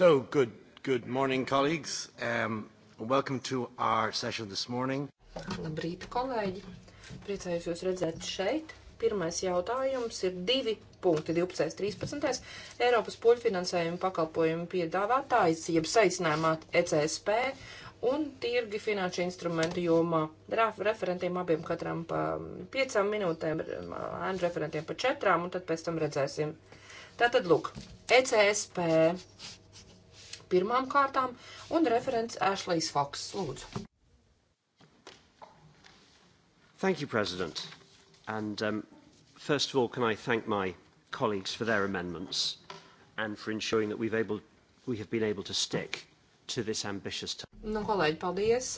So, good, good morning, colleagues. Um, welcome to our session this morning. Labrīt, kolēģi. Priecājos jūs redzēt šeit. Pirmais jautājums ir divi punkti 12. 13. Eiropas poļu finansējumu pakalpojumu piedāvātājs, jeb saicinājumā ECSP un tirgi finanšu instrumentu jomā. Referentiem abiem katram pa piecām minūtēm, ēnu referentiem pa četrām, un tad pēc tam redzēsim. Tātad, lūk, ECSP pirmām kārtām, un referents Ashley's Fox. Lūdzu. Thank you, President. And um, first of all, can I thank my colleagues for their amendments and for ensuring that we've able, we have been able to stick to this ambitious target. Nu, kolēģi, paldies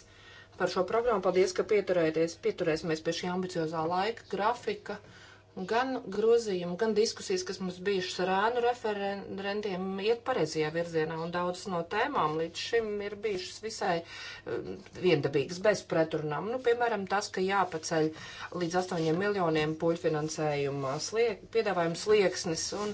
par šo programmu. Paldies, ka pieturēties, pieturēsimies pie šī ambiciozā laika grafika. Uh, gan grozījumi, gan diskusijas, kas mums bijušas ar ēnu referentiem, iet pareizajā virzienā, un daudzas no tēmām līdz šim ir bijušas visai um, viendabīgas, bez pretrunām. Nu, piemēram, tas, ka jāpaceļ līdz 8 miljoniem puļu finansējuma sliek, piedāvājuma slieksnis un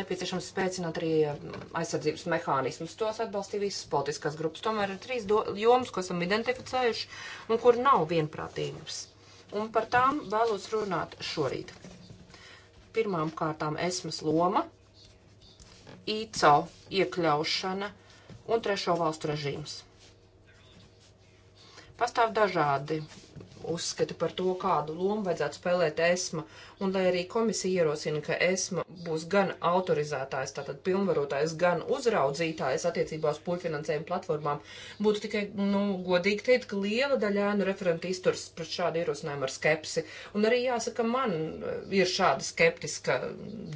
nepieciešams spēcināt arī um, aizsardzības mehānismus. Tos atbalstīja visas politiskās grupas. Tomēr ir trīs jomas, ko esam identificējuši un kur nav vienprātības un par tām vēlos runāt šorīt. Pirmām kārtām esmas loma, ICO iekļaušana un trešo valstu režīms. Pastāv dažādi uzskati par to, kādu lomu vajadzētu spēlēt ESMA, un lai arī komisija ierosina, ka ESMA būs gan autorizētājs, tātad pilnvarotājs, gan uzraudzītājs attiecībā uz puļfinansējumu platformām, būtu tikai, nu, godīgi teikt, ka liela daļa ēnu referenta izturs pret šādu ierosinājumu ar skepsi, un arī jāsaka, man e, ir šāda skeptiska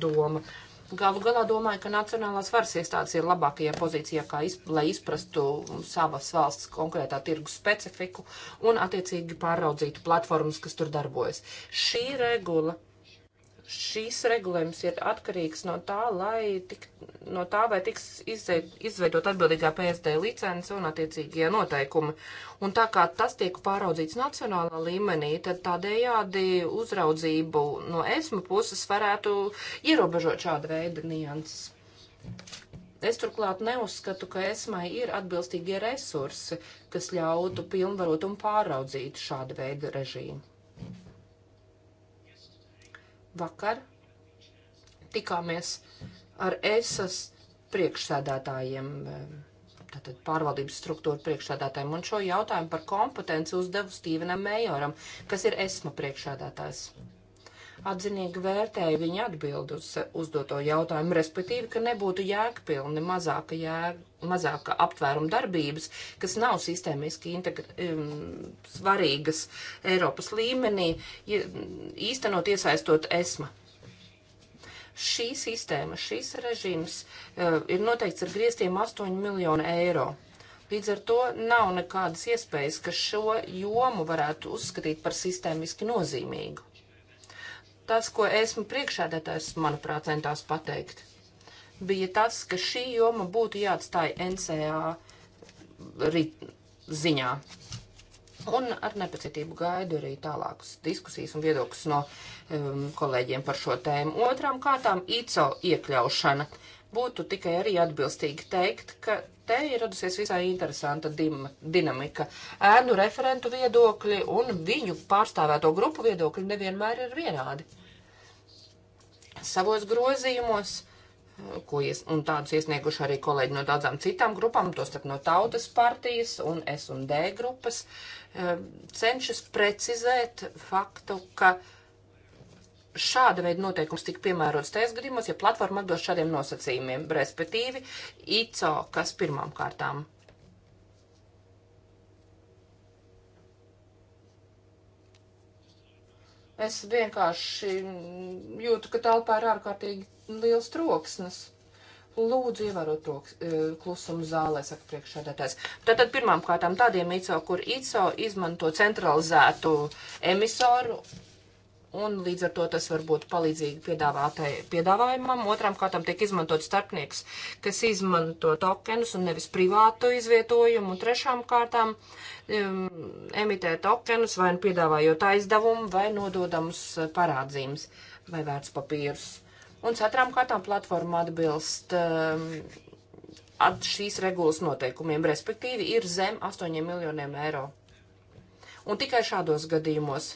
doma. Uh, Galu galā domāju, ka nacionālās varas iestādes ir labākajā pozīcijā, kā izp lai izprastu savas valsts konkrētā tirgus specifiku un attiecīgi pārraudzītu platformas, kas tur darbojas. Šī regula šīs regulējums ir atkarīgs no tā, lai tik, no tā vai tiks izve, izveidot atbildīgā PSD licence un attiecīgie noteikumi. Un tā kā tas tiek pāraudzīts nacionālā līmenī, tad tādējādi uzraudzību no esmu puses varētu ierobežot šāda veida nianses. Es turklāt neuzskatu, ka esmai ir atbilstīgie resursi, kas ļautu pilnvarot un pāraudzīt šādu veidu režīmu vakar tikāmies ar ESAS priekšsēdētājiem, tātad pārvaldības struktūra priekšsēdētājiem, un šo jautājumu par kompetenci uzdevu Stīvenam Mējoram, kas ir ESMA priekšsēdētājs atzinīgi vērtēja viņa atbildu uz uzdoto jautājumu, respektīvi, ka nebūtu jēgpilni mazāka, jēg, mazāka aptvēruma darbības, kas nav sistēmiski integra, um, svarīgas Eiropas līmenī, ja, īstenot iesaistot ESMA. Šī sistēma, šīs režīms uh, ir noteikts ar grieztiem 8 miljonu eiro. Līdz ar to nav nekādas iespējas, ka šo jomu varētu uzskatīt par sistēmiski nozīmīgu. Tas, ko esmu priekšādētājs, manuprāt, centās pateikt, bija tas, ka šī joma būtu jāatstāja NCA ziņā. Un ar nepacietību gaidu arī tālākas diskusijas un viedokļus no um, kolēģiem par šo tēmu. Otrām kārtām ICO iekļaušana. Būtu tikai arī atbilstīgi teikt, ka te ir radusies visai interesanta dinamika. Ēnu referentu viedokļi un viņu pārstāvēto grupu viedokļi nevienmēr ir vienādi. Savos grozījumos, ko ies, un tādus iesnieguši arī kolēģi no daudzām citām grupām, tostarp no Tautas partijas un S&D grupas, eh, cenšas precizēt faktu, ka uh, šāda veida noteikums tika piemērots tajos gadījumos, ja platforma atbilst šādiem nosacījumiem, respektīvi ICO, kas pirmām kārtām. Es vienkārši jūtu, ka telpā ir ārkārtīgi liels troksnis. Lūdzu, ievērot troks, e, klusumu zālē, saka priekšsēdētājs. Tātad pirmām kārtām tādiem ICO, kur ICO izmanto centralizētu emisoru un līdz ar to tas var būt palīdzīgi piedāvājumam. Otram kārtam tiek izmantot starpnieks, kas izmanto tokenus un nevis privātu izvietojumu, un trešām kārtām um, emitē tokenus vai nu piedāvājot aizdevumu vai nododamus parādzīmes vai vērtspapīrus. Un ceturām kārtām platforma atbilst um, at šīs regulas noteikumiem, respektīvi ir zem 8 miljoniem eiro. Un tikai šādos gadījumos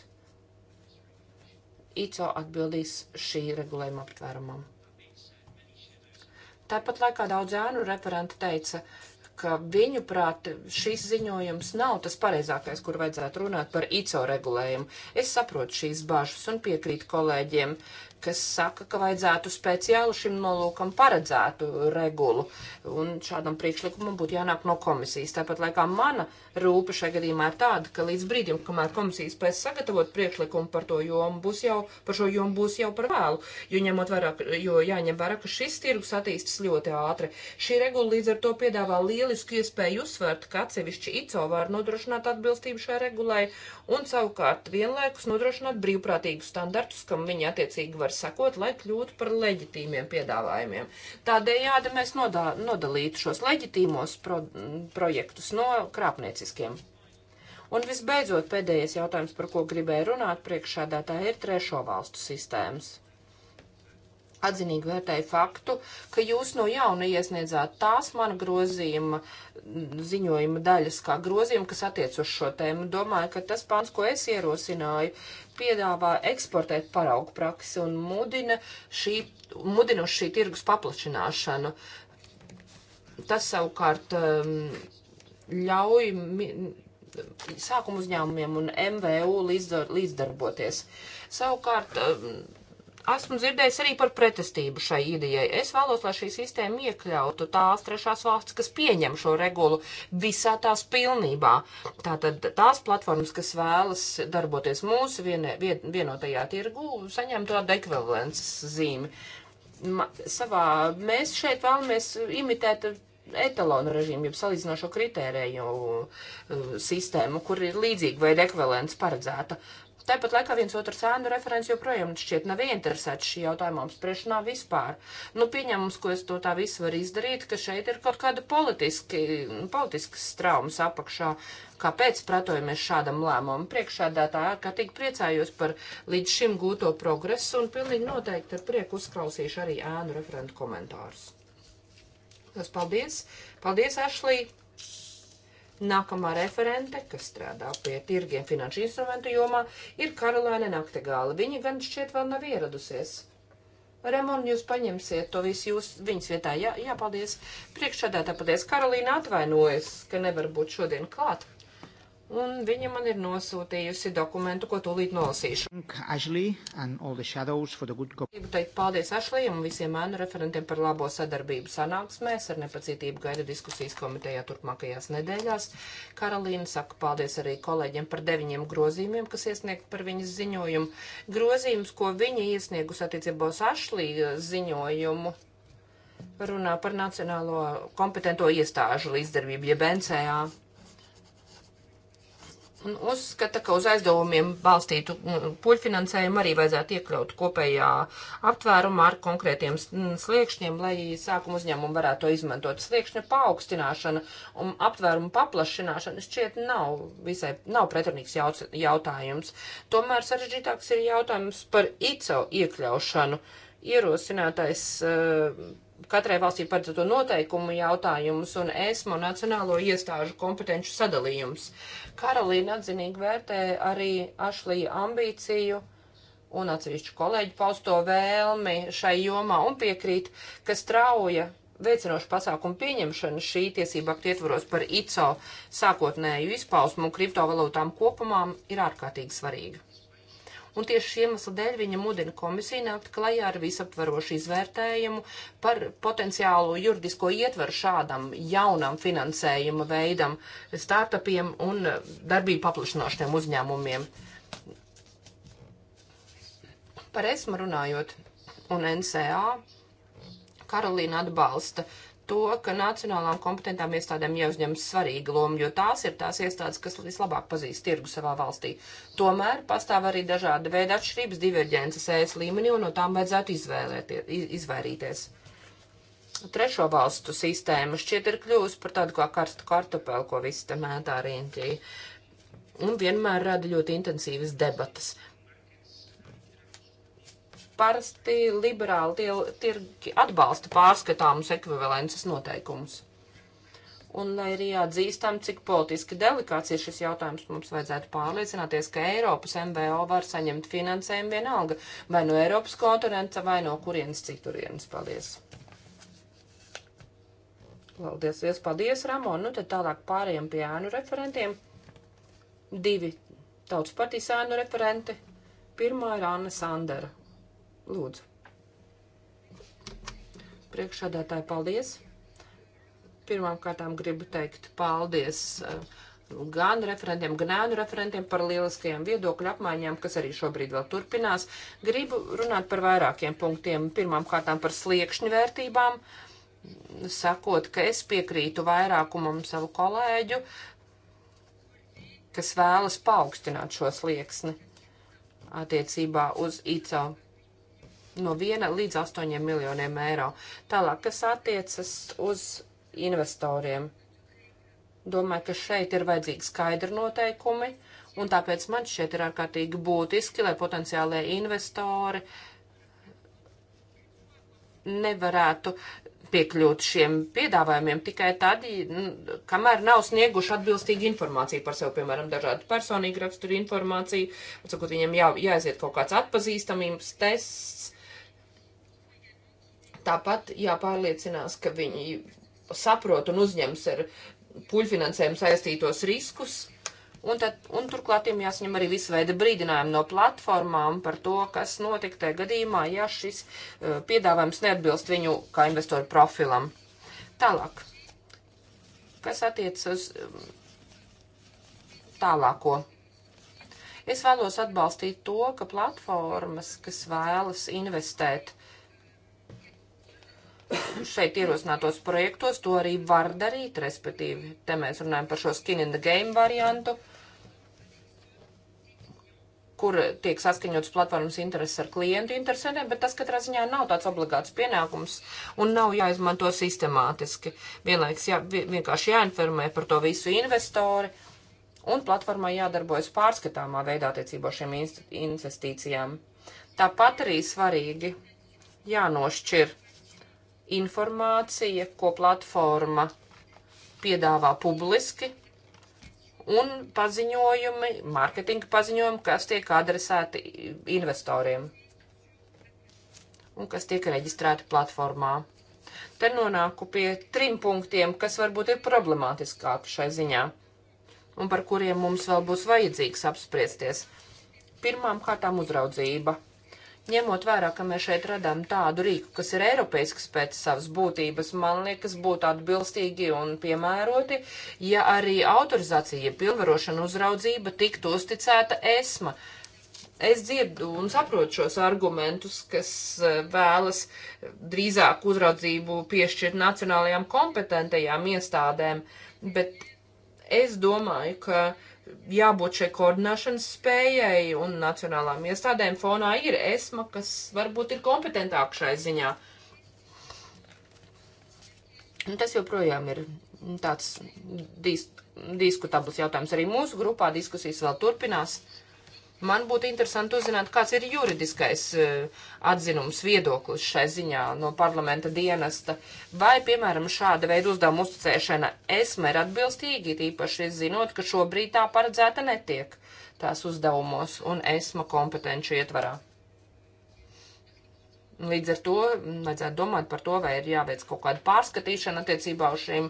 ICO atbildīs šī regulējuma aptvērumam. Tāpat laikā daudz ēnu referenti teica, ka viņu prāt šis ziņojums nav tas pareizākais, kur vajadzētu runāt par ICO regulējumu. Es saprotu šīs bažas un piekrītu kolēģiem, kas saka, ka vajadzētu speciāli šim nolūkam paredzētu regulu, un šādam priekšlikumam būtu jānāk no komisijas. Tāpat laikā mana rūpe šajā gadījumā ir tāda, ka līdz brīdim, kamēr komisija spēs sagatavot priekšlikumu par to jomu, būs jau, par šo jomu būs jau par vēlu, jo ņemot vairāk, jo jāņem vairāk, ka šis tirgus attīstas ļoti ātri. Šī regula līdz ar to piedāvā lielisku iespēju uzsvērt, ka atsevišķi ICO var nodrošināt atbilstību šai regulai, un savukārt vienlaikus nodrošināt brīvprātīgus standartus, kam viņi attiecīgi var var sekot, lai kļūtu par leģitīmiem piedāvājumiem. Tādējādi mēs nodā, nodalītu šos leģitīmos pro, projektus no krāpnieciskiem. Un visbeidzot, pēdējais jautājums, par ko gribēju runāt priekšādā, tā ir trešo valstu sistēmas atzinīgi vērtēju faktu, ka jūs no jauna iesniedzāt tās mana grozījuma mm, ziņojuma daļas, kā grozījuma, kas attiec uz šo tēmu. Domāju, ka tas pāns, ko es ierosināju, piedāvā eksportēt paraugu praksi un mudina šī, mudina uz šī tirgus paplašināšanu. Tas savukārt um, ļauj sākumu uzņēmumiem un MVU līdzdar, līdzdarboties. Savukārt um, Esmu dzirdējis arī par pretestību šai idejai. Es vēlos, lai šī sistēma iekļautu tās trešās valsts, kas pieņem šo regulu visā tās pilnībā. Tātad tās platformas, kas vēlas darboties mūsu vienē, vien, vienotajā tirgu, saņem tādu ekvivalences zīmi. Ma, savā, mēs šeit vēlamies imitēt etalonu režīmu, jeb salīdzinošo kritēriju uh, sistēmu, kur ir līdzīga veida ekvivalents paredzēta. Tāpat laikā viens otrs ēnu referents joprojām šķiet nav ieinteresēts šī jautājuma apspriešanā vispār. Nu, pieņemums, ko es to tā visu varu izdarīt, ka šeit ir kaut kāda politiski, politiskas traumas apakšā. Kāpēc pretojamies šādam lēmumam? Priekšādātāji ārkārtīgi priecājos par līdz šim gūto progresu un pilnīgi noteikti ar prieku uzklausīšu arī ēnu referentu komentārus. Tas paldies! Paldies, Ešlī! Nākamā referente, kas strādā pie tirgiem finanšu instrumentu jomā, ir Karolaina Naktegāla. Viņa gan šķiet vēl nav ieradusies. Remon, jūs paņemsiet to visu jūs viņas vietā. Jā, jā paldies. Priekšādā tā paldies. Karolīna atvainojas, ka nevar būt šodien klāt un viņa man ir nosūtījusi dokumentu, ko tūlīt nolasīšu. Gribu teikt paldies Ašlijam un visiem ēnu referentiem par labo sadarbību sanāksmēs, ar nepacietību gaida diskusijas komitejā turpmākajās nedēļās. Karolīna saka paldies arī kolēģiem par deviņiem grozījumiem, kas iesniegt par viņas ziņojumu. Grozījums, ko viņa iesniegus attiecībos Ašlija eh, ziņojumu, runā par Nacionālo kompetento iestāžu līdzdarbību, jeb NCA. Ja un uzskata, ka uz aizdevumiem balstītu mm, puļu finansējumu arī vajadzētu iekļaut kopējā aptvērumā ar konkrētiem mm, sliekšņiem, lai sākuma uzņēmumu varētu to izmantot. Sliekšņa paaugstināšana un aptvērumu paplašināšana šķiet nav visai, nav pretrunīgs jautājums. Tomēr sarežģītāks ir jautājums par ICO iekļaušanu. Ierosinātais uh, katrai valstī paredzēto noteikumu jautājumus un ESMO nacionālo iestāžu kompetenci sadalījums. Karolīna atzinīgi vērtē arī Ašlija ambīciju un atsevišķu kolēģu pausto vēlmi šai jomā un piekrīt, ka strauja veicinošu pasākumu pieņemšana šī tiesība aktu ietvaros par ICO sākotnēju izpausmu un kriptovalūtām kopumā ir ārkārtīgi svarīga un tieši šī iemesla dēļ viņa mudina komisiju nākt klajā ar visaptvarošu izvērtējumu par potenciālo juridisko ietvaru šādam jaunam finansējuma veidam, startupiem un darbību paplašināšaniem uzņēmumiem. Par esmu runājot un NCA Karolīna atbalsta uh, to, ka nacionālām kompetentām iestādēm jāuzņemas svarīga loma, jo tās ir tās iestādes, kas vislabāk pazīst tirgu savā valstī. Tomēr pastāv arī dažāda veida atšķirības diverģences ES līmenī, un no tām vajadzētu izvairīties. Trešo valstu sistēma šķiet ir kļuvusi par tādu kā karstu kartupeli, ko visi te mētā riņķī. Un vienmēr rada ļoti intensīvas debatas parasti liberāli tirgi atbalsta pārskatāmus ekvivalences noteikumus. Un, lai arī atzīstam, cik politiski delikāts ir šis jautājums, mums vajadzētu pārliecināties, ka Eiropas MVO var saņemt finansējumu vienalga vai no Eiropas kontinenta, vai no kurienes citurienes. Paldies! Paldies, liels paldies, Ramon! Nu, tad tālāk pārējiem pie ēnu referentiem. Divi tautas partijas ēnu referenti. Pirmā ir Anna Sandera. Lūdzu. Priekšādātāji, paldies. Pirmām kārtām gribu teikt paldies uh, gan referentiem, gan ēnu referentiem par lieliskajām viedokļu apmaiņām, kas arī šobrīd vēl turpinās. Gribu runāt par vairākiem punktiem. Pirmām kārtām par sliekšņu vērtībām, sakot, ka es piekrītu vairākumam savu kolēģu, kas vēlas paaugstināt šo slieksni attiecībā uz ICO no 1 līdz 8 miljoniem eiro. Tālāk, kas attiecas uz investoriem. Domāju, ka šeit ir vajadzīgi skaidri noteikumi, un tāpēc man šķiet ir ārkārtīgi būtiski, lai potenciālie investori nevarētu piekļūt šiem piedāvājumiem tikai tad, kamēr nav snieguši atbilstīgu informāciju par sevi, piemēram, dažādu personīgu raksturu informāciju, atsakot, viņiem jā, jāaiziet kaut kāds atpazīstamības tests, Tāpat jāpārliecinās, ka viņi saprot un uzņems ar puļfinansējumu saistītos riskus. Un, tad, un turklāt jums jāsaņem arī visu veidu brīdinājumu no platformām par to, kas notiek tajā gadījumā, ja šis uh, piedāvājums neatbilst viņu kā investoru profilam. Tālāk, kas attiecas uz eh, um, tālāko Es vēlos atbalstīt to, ka platformas, kas vēlas investēt šeit ierosinātos projektos to arī var darīt, respektīvi, te mēs runājam par šo skin in the game variantu, kur tiek saskaņots platformas intereses ar klientu interesēm, bet tas katrā ziņā nav tāds obligāts pienākums un nav jāizmanto sistemātiski. Vienlaiks jā, vienkārši jāinformē par to visu investori un platformai jādarbojas pārskatāmā veidā attiecībā šiem investīcijām. Tāpat arī svarīgi jānošķirt informācija, ko platforma piedāvā publiski, un paziņojumi, mārketinga paziņojumi, kas tiek adresēti investoriem un kas tiek reģistrēti platformā. Te nonāku pie trim punktiem, kas varbūt ir problemātiskāki šai ziņā un par kuriem mums vēl būs vajadzīgs apspriesties. Pirmām kārtām uzraudzība – Ņemot vērā, ka mēs šeit radām tādu rīku, kas ir eiropeisks pēc savas būtības, man liekas, būtu atbilstīgi un piemēroti, ja arī autorizācija, pilnvarošana, uzraudzība tiktu uzticēta ESMA es dzirdu un saprotu šos argumentus, kas eh, vēlas drīzāk uzraudzību piešķirt nacionālajām kompetentajām iestādēm, bet es domāju, ka jābūt šai koordinēšanas spējai un nacionālām iestādēm fonā ir esma, kas varbūt ir kompetentāk šai ziņā. Un tas joprojām ir tāds dis diskutabls jautājums. Arī mūsu grupā diskusijas vēl turpinās. Man būtu interesanti uzzināt, kāds ir juridiskais e, atzinums, viedoklis šai ziņā no parlamenta dienesta. Vai, piemēram, šāda veida uzdevuma uzticēšana esma ir atbilstīga, tīpaši zinot, ka šobrīd tā paredzēta netiek tās uzdevumos un esma kompetenci ietvarā. Līdz ar to vajadzētu domāt par to, vai ir jāveic kaut kāda pārskatīšana attiecībā uz šīm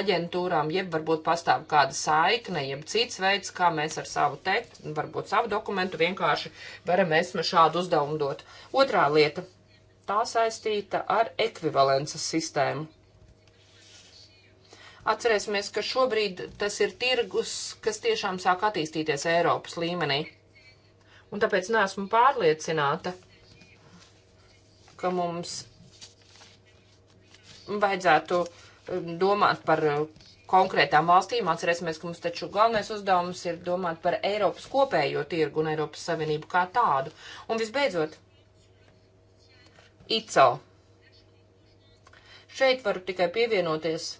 aģentūrām, jeb varbūt pastāv kāda saikne, jeb cits veids, kā mēs ar savu tekstu, varbūt savu dokumentu vienkārši varam esmu šādu uzdevumu dot. Otrā lieta - tā saistīta ar ekvivalences sistēmu. Atcerēsimies, ka šobrīd tas ir tirgus, kas tiešām sāk attīstīties Eiropas līmenī. Un tāpēc neesmu pārliecināta, ka mums vajadzētu um, domāt par uh, konkrētām valstīm. Atcerēsimies, ka mums taču galvenais uzdevums ir domāt par Eiropas kopējo tirgu un Eiropas Savienību kā tādu. Un visbeidzot, ICO. Šeit varu tikai pievienoties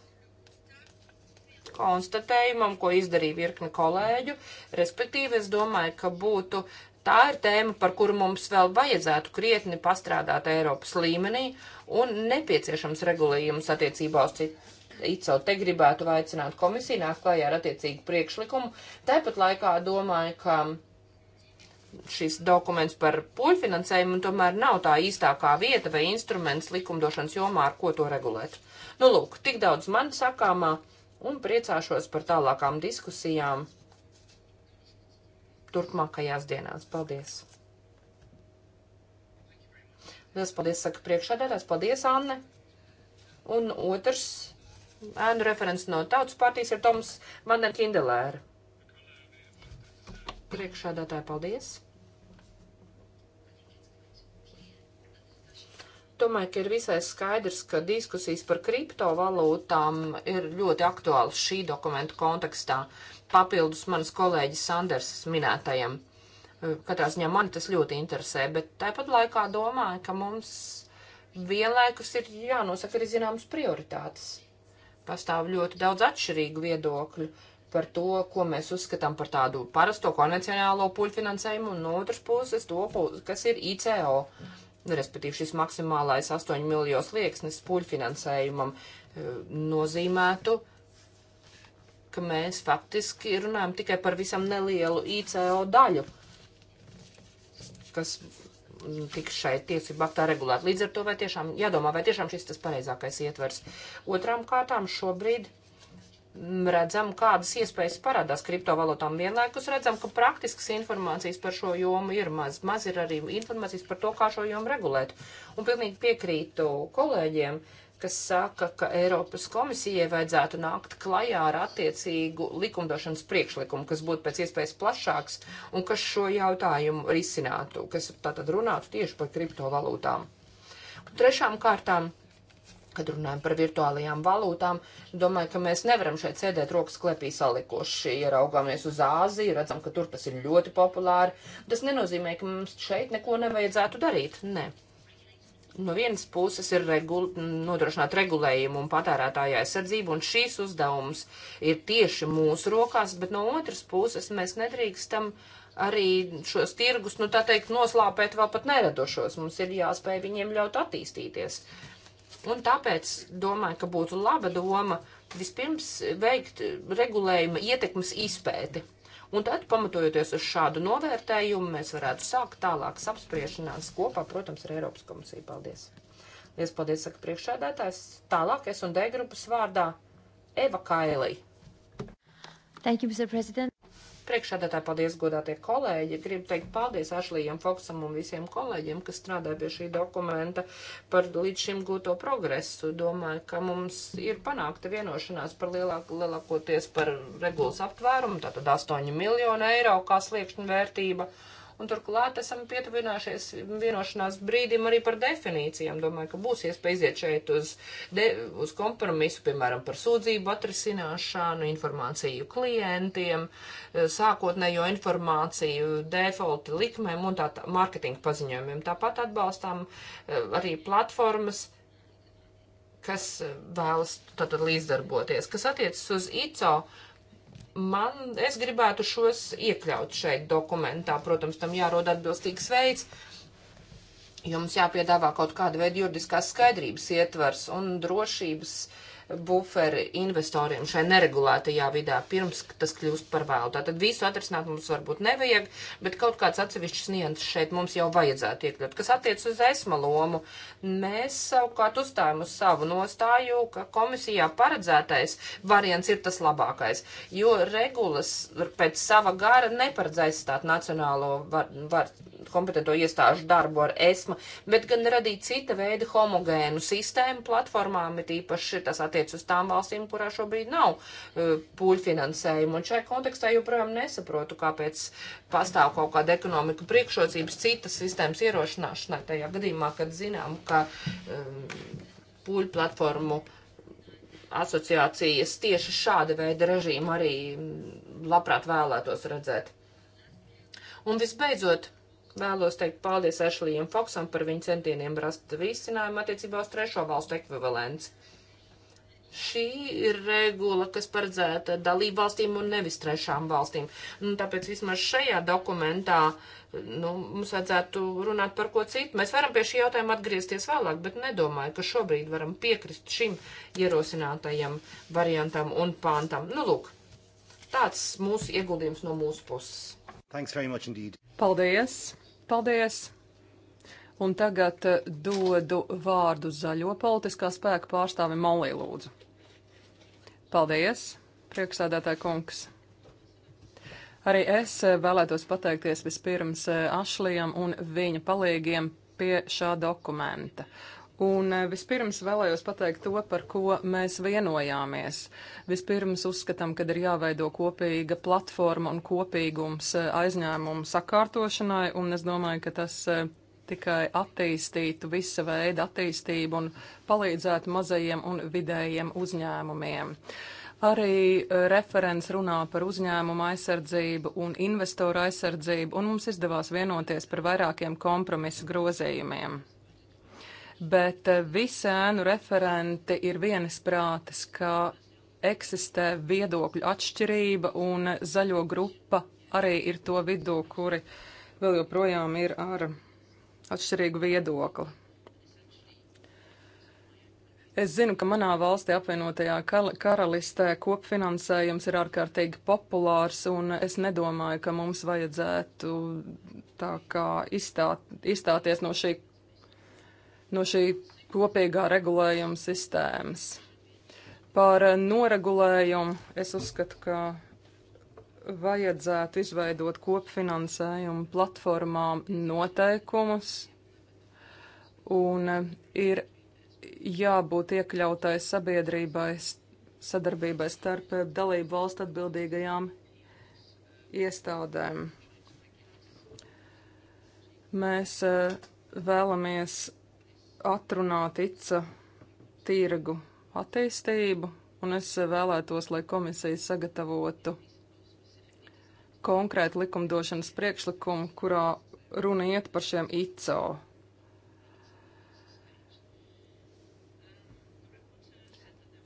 konstatējumam, ko izdarīja virkni kolēģu. Respektīvi, es domāju, ka būtu Tā ir tēma, par kuru mums vēl vajadzētu krietni pastrādāt Eiropas līmenī un nepieciešams regulējums attiecībā uz citu ICO te gribētu aicināt komisiju nāk klājā ar attiecīgu priekšlikumu. Tāpat laikā domāju, ka šis dokuments par poļfinansējumu tomēr nav tā īstākā vieta vai instruments likumdošanas jomā, ar ko to regulēt. Nu, lūk, tik daudz man sakāmā un priecāšos par tālākām diskusijām turpmākajās dienās. Paldies! Liels paldies, saka priekšādētājs. Paldies, Anne! Un otrs ēnu referents no tautas partijas ir Toms Vander Kindelēra. Priekšādātāji, paldies! Domāju, ka ir visai skaidrs, ka diskusijas par kriptovalūtām ir ļoti aktuāls šī dokumentu kontekstā. Uh, papildus manas kolēģis Sandersas minētajam. Katrā ziņā man tas ļoti interesē, bet tāpat laikā domāju, ka mums vienlaikus ir jānosaka arī zināmas prioritātes. Pastāv ļoti daudz atšķirīgu viedokļu par to, ko mēs uzskatām par tādu parasto konvencionālo puļu finansējumu, un no otras puses to, kas ir ICO, respektīvi šis maksimālais 8 miljos liekas puļu finansējumam nozīmētu uh, ka mēs faktiski runājam tikai par visam nelielu ICO daļu, kas mm, tiks šai tiesību aktā regulēt. Līdz ar to vai tiešām jādomā, vai tiešām šis tas pareizākais ietvers. Otrām kārtām šobrīd mm, redzam, kādas iespējas parādās kriptovalūtām. Vienlaikus redzam, ka praktiskas informācijas par šo jomu ir maz. Maz ir arī informācijas par to, kā šo jomu regulēt. Un pilnīgi piekrītu kolēģiem, uh, kas saka, ka Eiropas komisijai vajadzētu nākt klajā ar attiecīgu likumdošanas priekšlikumu, kas būtu pēc iespējas plašāks un kas šo jautājumu risinātu, kas tātad runātu tieši par kriptovalūtām. Trešām kārtām, kad runājam par virtuālajām valūtām, domāju, ka mēs nevaram šeit sēdēt rokas klepī salikoši, ieraugāmies uz Āziju, redzam, ka tur tas ir ļoti populāri. Tas nenozīmē, ka mums šeit neko nevajadzētu darīt. Nē. Ne no vienas puses ir regul, nodrošināt regulējumu un patērētāju aizsardzību, un šīs uzdevums ir tieši mūsu rokās, bet no otras puses mēs nedrīkstam arī šos tirgus, nu tā teikt, noslāpēt vēl pat neradošos. Mums ir jāspēj viņiem ļaut attīstīties. Un tāpēc domāju, ka būtu laba doma vispirms veikt regulējuma ietekmes izpēti Un tad, pamatojoties uz šādu novērtējumu, mēs varētu sākt tālākas apspriešanās kopā, protams, ar Eiropas komisiju. Paldies! Lies paldies, saka priekšēdētājs. Tālāk es un D grupas vārdā Eva Kailī. Thank you, Mr. President. Priekšādātā paldies godātie kolēģi. Gribu teikt paldies Ašlijam Foksam un visiem kolēģiem, kas strādā pie šī dokumenta par līdz šim gūto progresu. Domāju, ka mums ir panākta vienošanās par lielāk, lielākoties par regulas aptvērumu, tātad 8 miljonu eiro kā sliekšņa vērtība. Uh, un turklāt esam pietuvinājušies vienošanās brīdim arī par definīcijām. Domāju, ka būs iespēja iziet šeit uz, de, uz kompromisu, piemēram, par sūdzību atrisināšanu, informāciju klientiem, eh, sākotnējo informāciju, default likmēm un tā, tā marketinga paziņojumiem. Tāpat atbalstām eh, arī platformas kas eh, vēlas tātad līdzdarboties. Kas attiecas uz ICO, uh, Man, es gribētu šos iekļaut šeit dokumentā. Protams, tam jārod atbilstīgs veids. Jums jāpiedāvā kaut kāda veida juridiskās skaidrības ietvers un drošības uh, buferi investoriem šai neregulētajā vidā, pirms tas kļūst par vēlu. Tātad visu atrisināt mums varbūt nevajag, bet kaut kāds atsevišķs nianses šeit mums jau vajadzētu iekļaut. Kas attiec uz esma lomu, mēs savukārt uzstājam uz savu nostāju, ka komisijā paredzētais variants ir tas labākais, jo regulas pēc sava gara neparedz aizstāt nacionālo var, var, kompetento iestāžu darbu ar esma, bet gan radīt cita veida homogēnu sistēmu platformām, it īpaši tas attiec attiec uz tām valstīm, kurā šobrīd nav e, pūļu finansējumu. Un šai kontekstā joprojām nesaprotu, kāpēc pastāv kaut kāda ekonomika priekšrocības citas sistēmas ierošanāšanai tajā gadījumā, kad zinām, ka e, pūļu platformu asociācijas tieši šāda veida režīmu arī labprāt vēlētos redzēt. Un visbeidzot, vēlos teikt paldies Ešlijam Foksam par viņu centieniem rast risinājumu attiecībā uz trešo valstu ekvivalents šī ir regula, kas paredzēta dalību valstīm un nevis trešām valstīm. Nu, tāpēc vismaz šajā dokumentā nu, mums vajadzētu runāt par ko citu. Mēs varam pie šī jautājuma atgriezties vēlāk, bet nedomāju, ka šobrīd varam piekrist šim ierosinātajam variantam un pāntam. Nu, lūk, tāds mūsu ieguldījums no mūsu puses. Paldies! Paldies! Un tagad dodu vārdu zaļo politiskā spēka pārstāvi Malī lūdzu. Paldies, prieksēdētāji kungs. Arī es vēlētos pateikties vispirms Ašlijam un viņa palīgiem pie šā dokumenta. Un vispirms vēlējos pateikt to, par ko mēs vienojāmies. Vispirms uzskatām, ka ir jāveido kopīga platforma un kopīgums aizņēmumu sakārtošanai, un es domāju, ka tas tikai attīstītu visa veida attīstību un palīdzētu mazajiem un vidējiem uzņēmumiem. Arī e, referents runā par uzņēmumu aizsardzību un investoru aizsardzību, un mums izdevās vienoties par vairākiem kompromisu grozējumiem. Bet e, visi ēnu referenti ir vienas prātas, ka eksistē viedokļu atšķirība, un zaļo grupa arī ir to vidū, kuri vēl joprojām ir ar atšķirīgu viedokli. Es zinu, ka manā valstī apvienotajā karalistē kopfinansējums ir ārkārtīgi populārs, un es nedomāju, ka mums vajadzētu tā kā izstāt, izstāties no šī, no šī kopīgā regulējuma sistēmas. Par noregulējumu es uzskatu, ka vajadzētu izveidot kopfinansējumu platformām noteikumus, un ir jābūt iekļautai sabiedrībai sadarbībai starp dalību valstu atbildīgajām iestādēm. Mēs eh, vēlamies atrunāt ICA tirgu attīstību, un es eh, vēlētos, lai komisija sagatavotu konkrētu likumdošanas priekšlikumu, kurā runa iet par šiem ICO.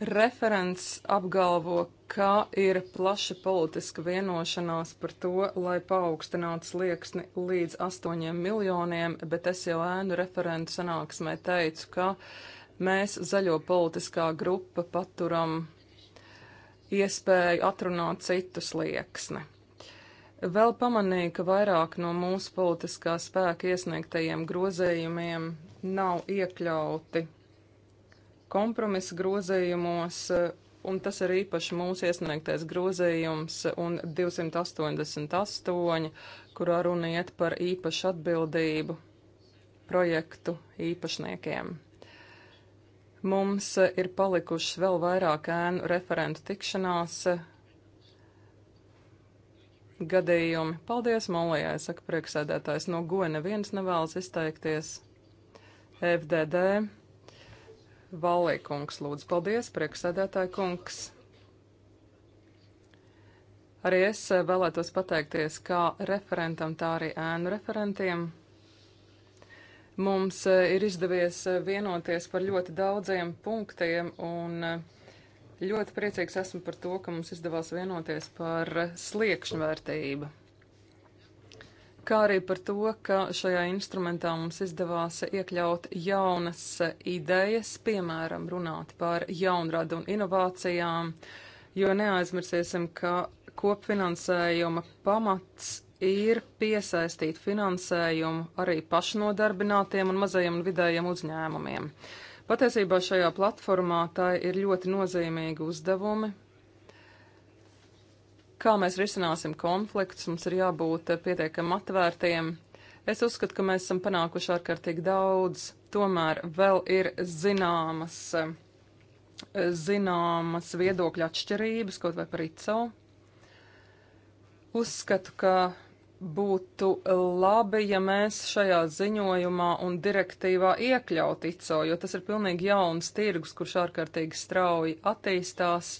Referents apgalvo, ka ir plaša politiska vienošanās par to, lai paaugstinātu slieksni līdz 8 miljoniem, bet es jau ēnu referentu sanāksmē teicu, ka mēs zaļo politiskā grupa paturam iespēju atrunāt citu slieksni. Vēl pamanīju, ka vairāk no mūsu politiskā spēka iesniegtajiem grozējumiem nav iekļauti kompromisa grozējumos, un tas ir īpaši mūsu iesniegtais grozējums un 288, kurā runa iet par īpašu atbildību projektu īpašniekiem. Mums ir palikušas vēl vairāk ēnu referentu tikšanās, gadījumi. Paldies, Molijai, saka priekšsēdētājs. No goja neviens nevēlas izteikties. FDD. Valī kungs, lūdzu, paldies, priekšsēdētāja kungs. Arī es vēlētos pateikties kā referentam, tā arī ēnu referentiem. Mums ir izdevies vienoties par ļoti daudziem punktiem un uh, Ļoti priecīgs esmu par to, ka mums izdevās vienoties par sliekšņu vērtību. Kā arī par to, ka šajā instrumentā mums izdevās iekļaut jaunas idejas, piemēram, runāt par jaunradu un inovācijām, jo neaizmirsīsim, ka kopfinansējuma pamats ir piesaistīt finansējumu arī pašnodarbinātiem un mazajiem un vidējiem uzņēmumiem. Uh, Patiesībā šajā platformā tā ir ļoti nozīmīga uzdevumi. Kā mēs risināsim konflikts, mums ir jābūt pietiekam atvērtiem. Es uzskatu, ka mēs esam panākuši ārkārtīgi daudz, tomēr vēl ir zināmas, zināmas viedokļa atšķirības, kaut vai par ICO. Uzskatu, ka būtu labi, ja mēs šajā ziņojumā un direktīvā iekļautu ICO, jo tas ir pilnīgi jauns tirgus, kurš ārkārtīgi strauji attīstās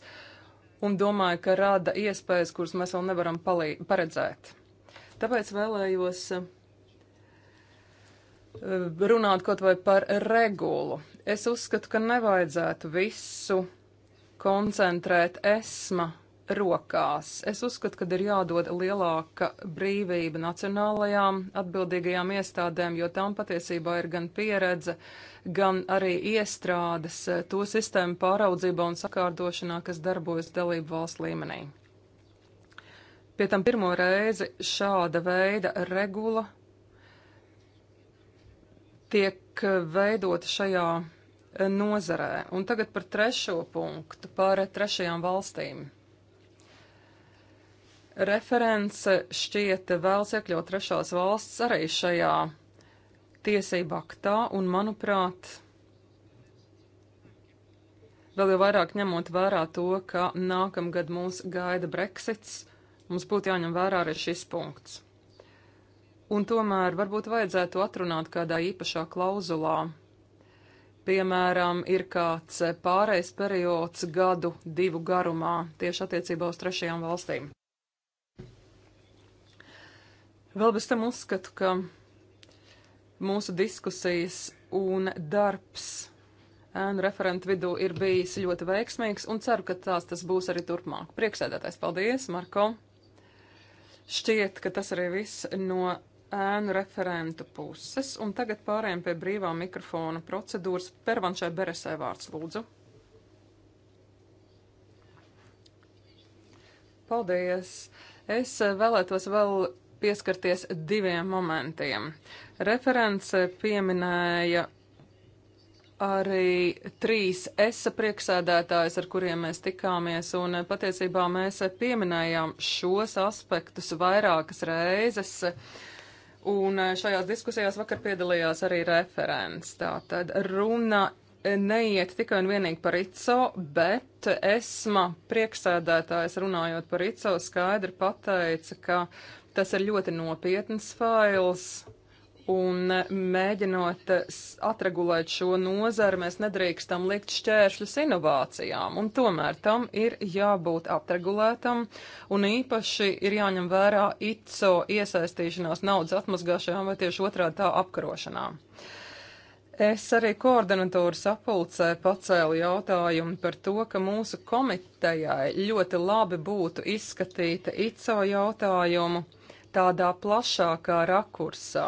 un domāju, ka rada iespējas, kuras mēs vēl nevaram paredzēt. Tāpēc vēlējos eh, runāt kaut vai par regulu. Es uzskatu, ka nevajadzētu visu koncentrēt esma rokās. Es uzskatu, ka ir jādod lielāka brīvība nacionālajām atbildīgajām iestādēm, jo tam patiesībā ir gan pieredze, gan arī iestrādes to sistēmu pāraudzībā un sakārdošanā, kas darbojas dalību valsts līmenī. Pie tam pirmo reizi šāda veida regula tiek veidota šajā nozarē. Un tagad par trešo punktu, par trešajām valstīm. Referents šķiet vēlas iekļaut trešās valsts arī šajā tiesību aktā, un manuprāt, vēl jau vairāk ņemot vērā to, ka nākamgad mūs gaida Brexits, mums būtu jāņem vērā arī šis punkts. Un tomēr varbūt vajadzētu atrunāt kādā īpašā klauzulā. Piemēram, ir kāds pārejas periods gadu divu garumā tieši attiecībā uz trešajām valstīm. Vēl bez tam uzskatu, ka mūsu diskusijas un darbs ēnu referentu vidū ir bijis ļoti veiksmīgs un ceru, ka tās tas būs arī turpmāk. Prieksēdētājs, paldies, Marko! Šķiet, ka tas arī viss no ēnu referentu puses, un tagad pārējām pie brīvā mikrofona procedūras. Pervanšai Beresai vārds lūdzu. Paldies! Es eh, vēlētos vēl pieskarties diviem momentiem. Referents pieminēja arī trīs ESA priekšsēdētājs, ar kuriem mēs tikāmies, un patiesībā mēs pieminējām šos aspektus vairākas reizes. Un šajās diskusijās vakar piedalījās arī referents. Tātad runa neiet tikai un vienīgi par ICO, bet ESMA priekšsēdētājs runājot par ICO skaidri pateica, ka Tas ir ļoti nopietns fails. Un mēģinot atregulēt šo nozari, mēs nedrīkstam likt šķēršļus inovācijām, un tomēr tam ir jābūt atregulētam, un īpaši ir jāņem vērā ICO iesaistīšanās naudas atmazgāšanā vai tieši otrādi tā apkarošanā. Es arī koordinatoru sapulcē pacēlu jautājumu par to, ka mūsu komitejai ļoti labi būtu izskatīta ICO jautājumu tādā plašākā rakursā.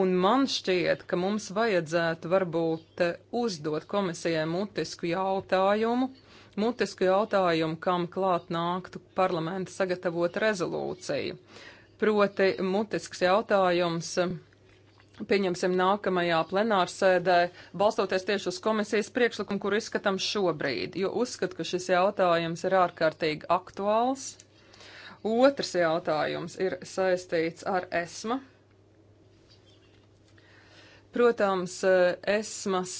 Un man šķiet, ka mums vajadzētu varbūt eh, uzdot komisijai mutisku jautājumu, mutisku jautājumu, kam klāt nāktu parlamenta sagatavot rezolūciju. Proti mutisks jautājums eh, pieņemsim nākamajā plenārsēdē, balstoties tieši uz komisijas priekšlikumu, kur izskatām šobrīd, jo uzskatu, ka šis jautājums ir ārkārtīgi aktuāls. Otrs jautājums ir saistīts ar esmu. Protams, esmas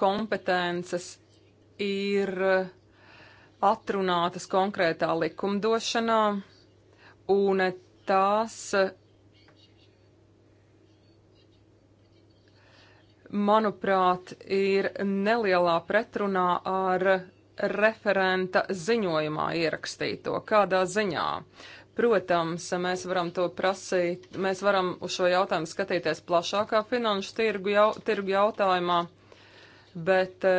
kompetences ir atrunātas konkrētā likumdošanā, un tās manuprāt, ir nelielā pretrunā ar referenta ziņojumā ierakstīto, kādā ziņā. Protams, mēs varam to prasīt, mēs varam uz šo jautājumu skatīties plašākā finanšu tirgu, jau, tirgu jautājumā, bet e,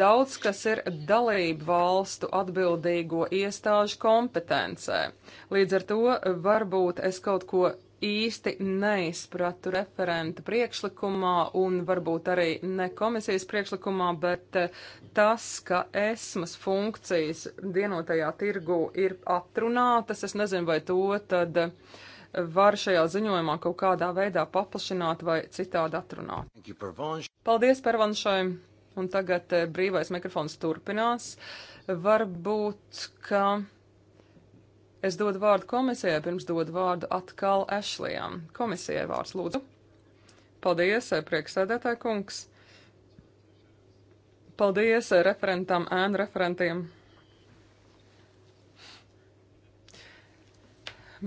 daudz kas ir dalību valstu atbildīgo iestāžu kompetencē. Līdz ar to varbūt es kaut ko īsti neizpratu referenta priekšlikumā un varbūt arī ne komisijas priekšlikumā, bet eh, tas, ka esmas funkcijas vienotajā tirgu ir atrunātas, es nezinu, vai to tad var šajā ziņojumā kaut kādā veidā paplašināt vai citādi atrunāt. Paldies, Pervanšai! Un tagad eh, brīvais mikrofons turpinās. Varbūt, ka Es dodu vārdu komisijai, pirms dodu vārdu atkal Ešlijam. Komisijai vārds lūdzu. Paldies, prieksēdētāji kungs. Paldies referentam, ēnu referentiem.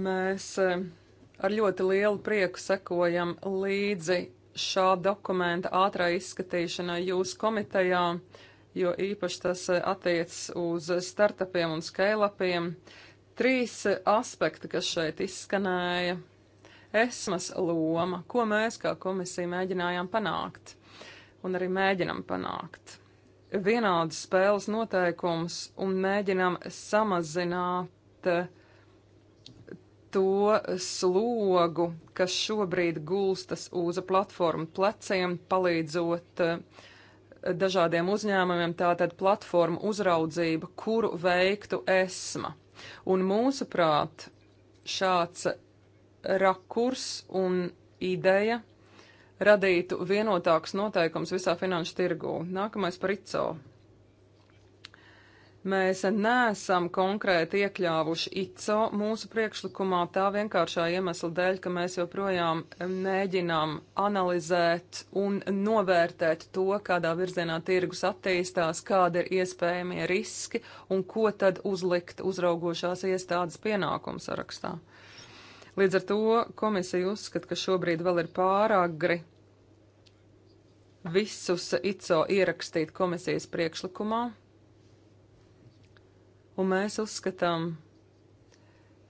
Mēs eh, ar ļoti lielu prieku sekojam līdzi šā dokumenta ātrā izskatīšanai jūsu komitejā, jo īpaši tas eh, attiecas uz startupiem un scale-upiem. Uh, Trīs aspekti, kas šeit izskanēja. Esmas loma, ko mēs kā komisija mēģinājām panākt un arī mēģinam panākt. Vienādas spēles noteikums un mēģinam samazināt eh, to slogu, kas šobrīd gulstas uz platformu pleciem, palīdzot uh, dažādiem uzņēmumiem, tātad platformu uzraudzība, kuru veiktu ESMA. Un mūsuprāt, šāds rakurs un ideja radītu vienotākus noteikumus visā finanšu tirgū. Nākamais par ICO. Mēs neesam konkrēti iekļāvuši ICO mūsu priekšlikumā tā vienkāršā iemesla dēļ, ka mēs joprojām mēģinām analizēt un novērtēt to, kādā virzienā tirgus attīstās, kāda ir iespējamie riski un ko tad uzlikt uzraugošās iestādes pienākumu sarakstā. Līdz ar to komisija uzskata, ka šobrīd vēl ir pārāk gri visus ICO ierakstīt komisijas priekšlikumā un mēs uzskatām,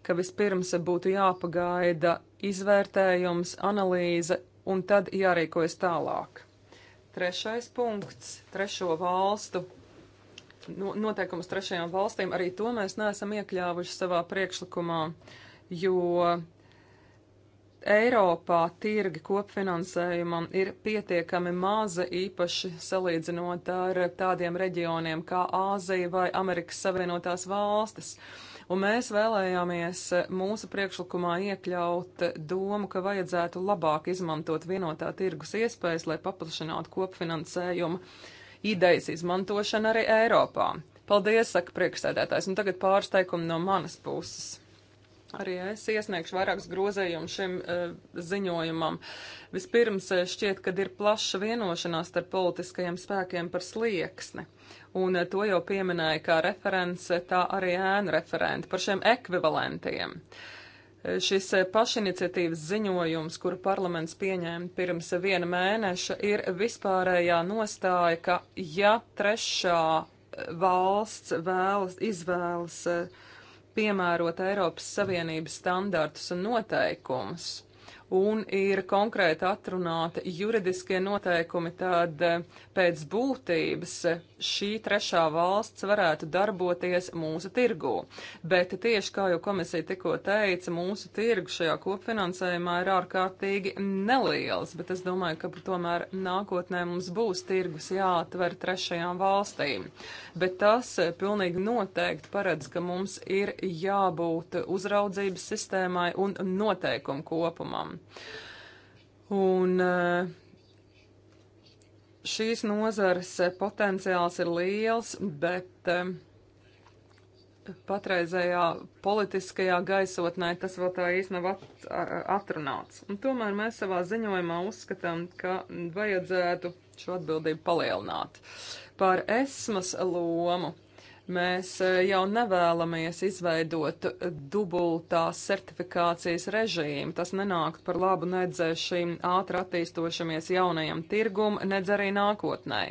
ka vispirms būtu jāpagaida izvērtējums, analīze un tad jārīkojas tālāk. Trešais punkts - trešo valstu noteikumus trešajām valstīm, arī to mēs neesam iekļāvuši savā priekšlikumā, jo Eiropā tirgi kopfinansējumam ir pietiekami maza, īpaši salīdzinot ar tādiem reģioniem kā Āzija vai Amerikas Savienotās valstis. Un mēs vēlējāmies mūsu priekšlikumā iekļaut domu, ka vajadzētu labāk izmantot vienotā tirgus iespējas, lai paplašinātu kopfinansējumu idejas izmantošanu arī Eiropā. Paldies, saka priekšsēdētājs, un tagad pārsteikumi no manas puses. Arī es iesniegšu vairākus grozējumus šim e, ziņojumam. Vispirms e, šķiet, ka ir plaša vienošanās starp politiskajiem spēkiem par slieksni. Un e, to jau pieminēja kā referents, e, tā arī ēna referenti par šiem ekvivalentiem. E, šis e, pašiniciatīvas ziņojums, kuru parlaments pieņēma pirms viena mēneša, ir vispārējā nostāja, ka ja trešā valsts vēlas izvēlas piemērot Eiropas Savienības standartus un noteikumus un ir konkrēti atrunāti juridiskie noteikumi, tad eh, pēc būtības šī trešā valsts varētu darboties mūsu tirgū. Bet tieši kā jau komisija tikko teica, mūsu tirgu šajā kopfinansējumā ir ārkārtīgi neliels, bet es domāju, ka tomēr nākotnē mums būs tirgus jāatver trešajām valstīm. Bet tas eh, pilnīgi noteikti paredz, ka mums ir jābūt uzraudzības sistēmai un noteikumu kopumam. Un eh, šīs nozares potenciāls ir liels, bet eh, patreizējā politiskajā gaisotnē tas vēl tā īsti nav at, atrunāts. Un tomēr mēs savā ziņojumā uzskatām, ka vajadzētu šo atbildību palielināt. Par esmas lomu Mēs e, jau nevēlamies izveidot dubultā certifikācijas režīmu. Tas nenākt par labu nedz šīm ātri attīstošamies jaunajam tirgum, nedz arī nākotnē.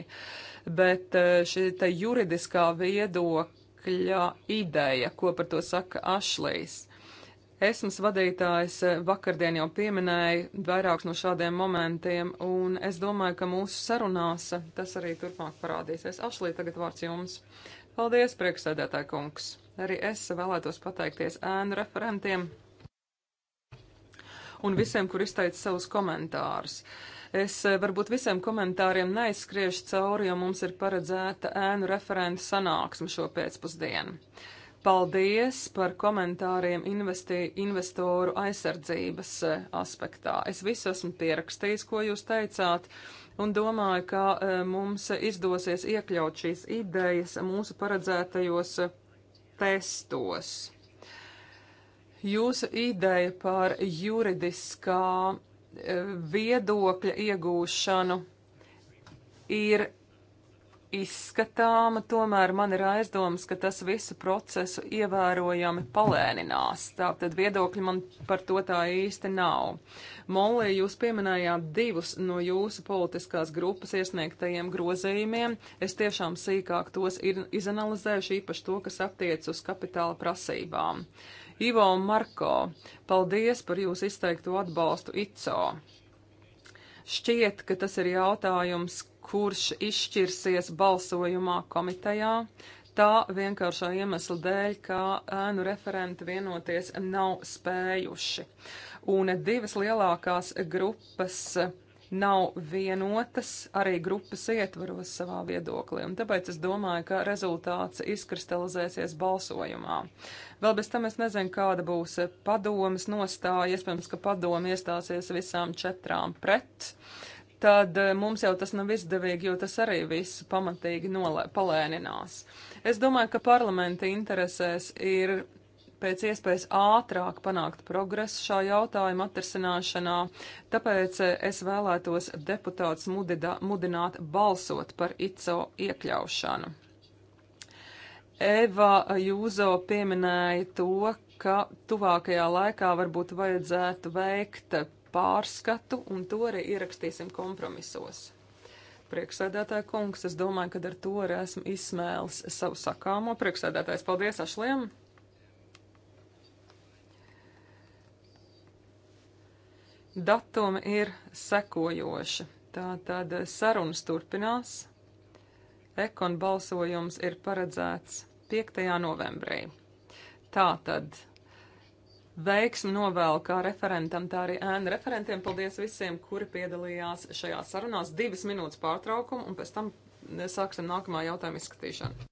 Bet e, šī te juridiskā viedokļa ideja, ko par to saka Ašlīs. Esmas vadītājs e, vakardien jau pieminēja vairākus no šādiem momentiem, un es domāju, ka mūsu sarunās tas arī turpmāk parādīsies. Ašlī, tagad vārds jums. Uh, Paldies, priekšsēdētā kungs. Arī es vēlētos pateikties ēnu referentiem un visiem, kur izteica savus komentārus. Es eh, varbūt visiem komentāriem neizskriešu cauri, jo mums ir paredzēta ēnu referenta sanāksme šo pēcpusdienu. Paldies par komentāriem investi, investoru aizsardzības eh, aspektā. Es visu esmu pierakstījis, ko jūs teicāt. Uh, un domāju, ka e, mums izdosies iekļaut šīs idejas mūsu paredzētajos testos. Jūsu ideja par juridiskā e, viedokļa iegūšanu ir izskatāma, tomēr man ir aizdomas, ka tas visu procesu ievērojami palēninās. Tātad viedokļi man par to tā īsti nav. Molī, jūs pieminējāt divus no jūsu politiskās grupas iesniegtajiem grozījumiem. Es tiešām sīkāk tos ir izanalizējuši, īpaši to, kas attiec uz kapitāla prasībām. Ivo un Marko, paldies par jūsu izteikto atbalstu ICO. Šķiet, ka tas ir jautājums, kurš izšķirsies balsojumā komitejā. Tā vienkāršā iemesla dēļ, ka ēnu referenti vienoties nav spējuši. Un divas lielākās grupas nav vienotas arī grupas ietvaros savā viedoklī. Un tāpēc es domāju, ka rezultāts izkristalizēsies balsojumā. Vēl bez tam es nezinu, kāda būs padomas nostāja. Iespējams, ka padoma iestāsies visām četrām pret. Uh, tad eh, mums jau tas nav izdevīgi, jo tas arī viss pamatīgi nolē, palēninās. Es domāju, ka parlamenta interesēs ir pēc iespējas ātrāk panākt progresu šā jautājuma atrisināšanā, tāpēc eh, es vēlētos deputāts mudida, mudināt balsot par ICO iekļaušanu. Eva Jūzo pieminēja to, ka tuvākajā laikā varbūt vajadzētu veikt pārskatu un to arī ierakstīsim kompromisos. Priekšsēdētāja kungs, es domāju, ka ar to arī esmu izsmēlis savu sakāmo. Priekšsēdētājs, paldies Ašliem! Datumi ir sekojoši. Tātad sarunas turpinās. Ekon balsojums ir paredzēts 5. novembrī. Tātad veiksmi novēlu kā referentam, tā arī ēnu referentiem. Paldies visiem, kuri piedalījās šajā sarunās. Divas minūtes pārtraukumu un pēc tam sāksim nākamā jautājuma izskatīšanu.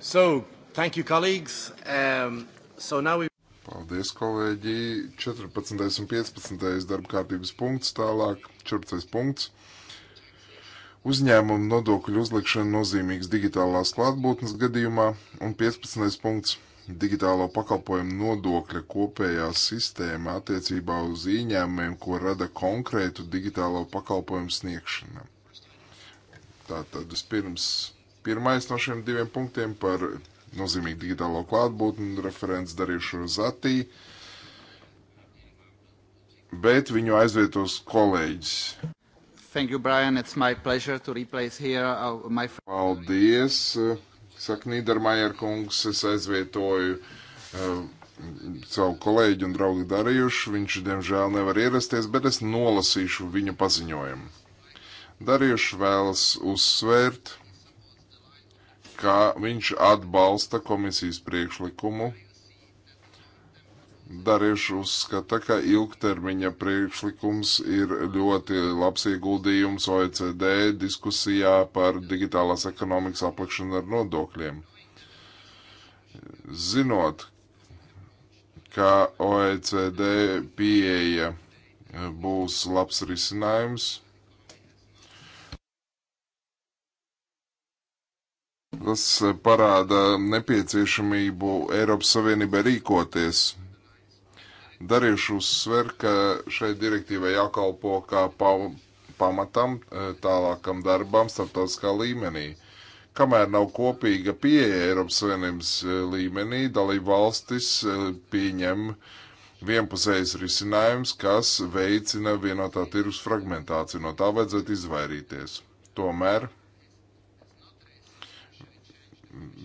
So, thank you, colleagues. Um, so now we... Paldies, kolēģi. 14. un 15. darba kārtības punkts, tālāk 14. punkts. Uzņēmuma nodokļu uzlikšana nozīmīgs digitālās klātbūtnes gadījumā un 15. punkts digitālo pakalpojumu nodokļa kopējā sistēma attiecībā uz ieņēmumiem, ko rada konkrētu digitālo pakalpojumu sniegšana. Tātad vispirms Pirmais no šiem diviem punktiem par nozīmīgu digitālo klātbūtni referents darīšu Zatī, bet viņu aizvietos kolēģis. Thank you, Brian. It's my pleasure to replace here uh, my friend. Paldies, uh, saka Nīdermajer kungs, es aizvietoju uh, savu kolēģi un draugu darījuši. Viņš, diemžēl, nevar ierasties, bet es nolasīšu viņa paziņojumu. Darījuši vēlas uzsvērt, ka viņš atbalsta komisijas priekšlikumu. Darīšu uzskata, ka ilgtermiņa priekšlikums ir ļoti labs ieguldījums OECD diskusijā par digitālās ekonomikas aplikšanu ar nodokļiem. Zinot, ka OECD pieeja būs labs risinājums, Tas parāda nepieciešamību Eiropas Savienībai rīkoties. Darīšu uzsver, ka šai direktīvai jākalpo kā pa, pamatam e, tālākam darbam starptautiskā līmenī. Kamēr nav kopīga pieeja Eiropas Savienības e, līmenī, dalību valstis e, pieņem vienpusējs risinājums, kas veicina vienotā tirgus fragmentāciju. No tā vajadzētu izvairīties. Tomēr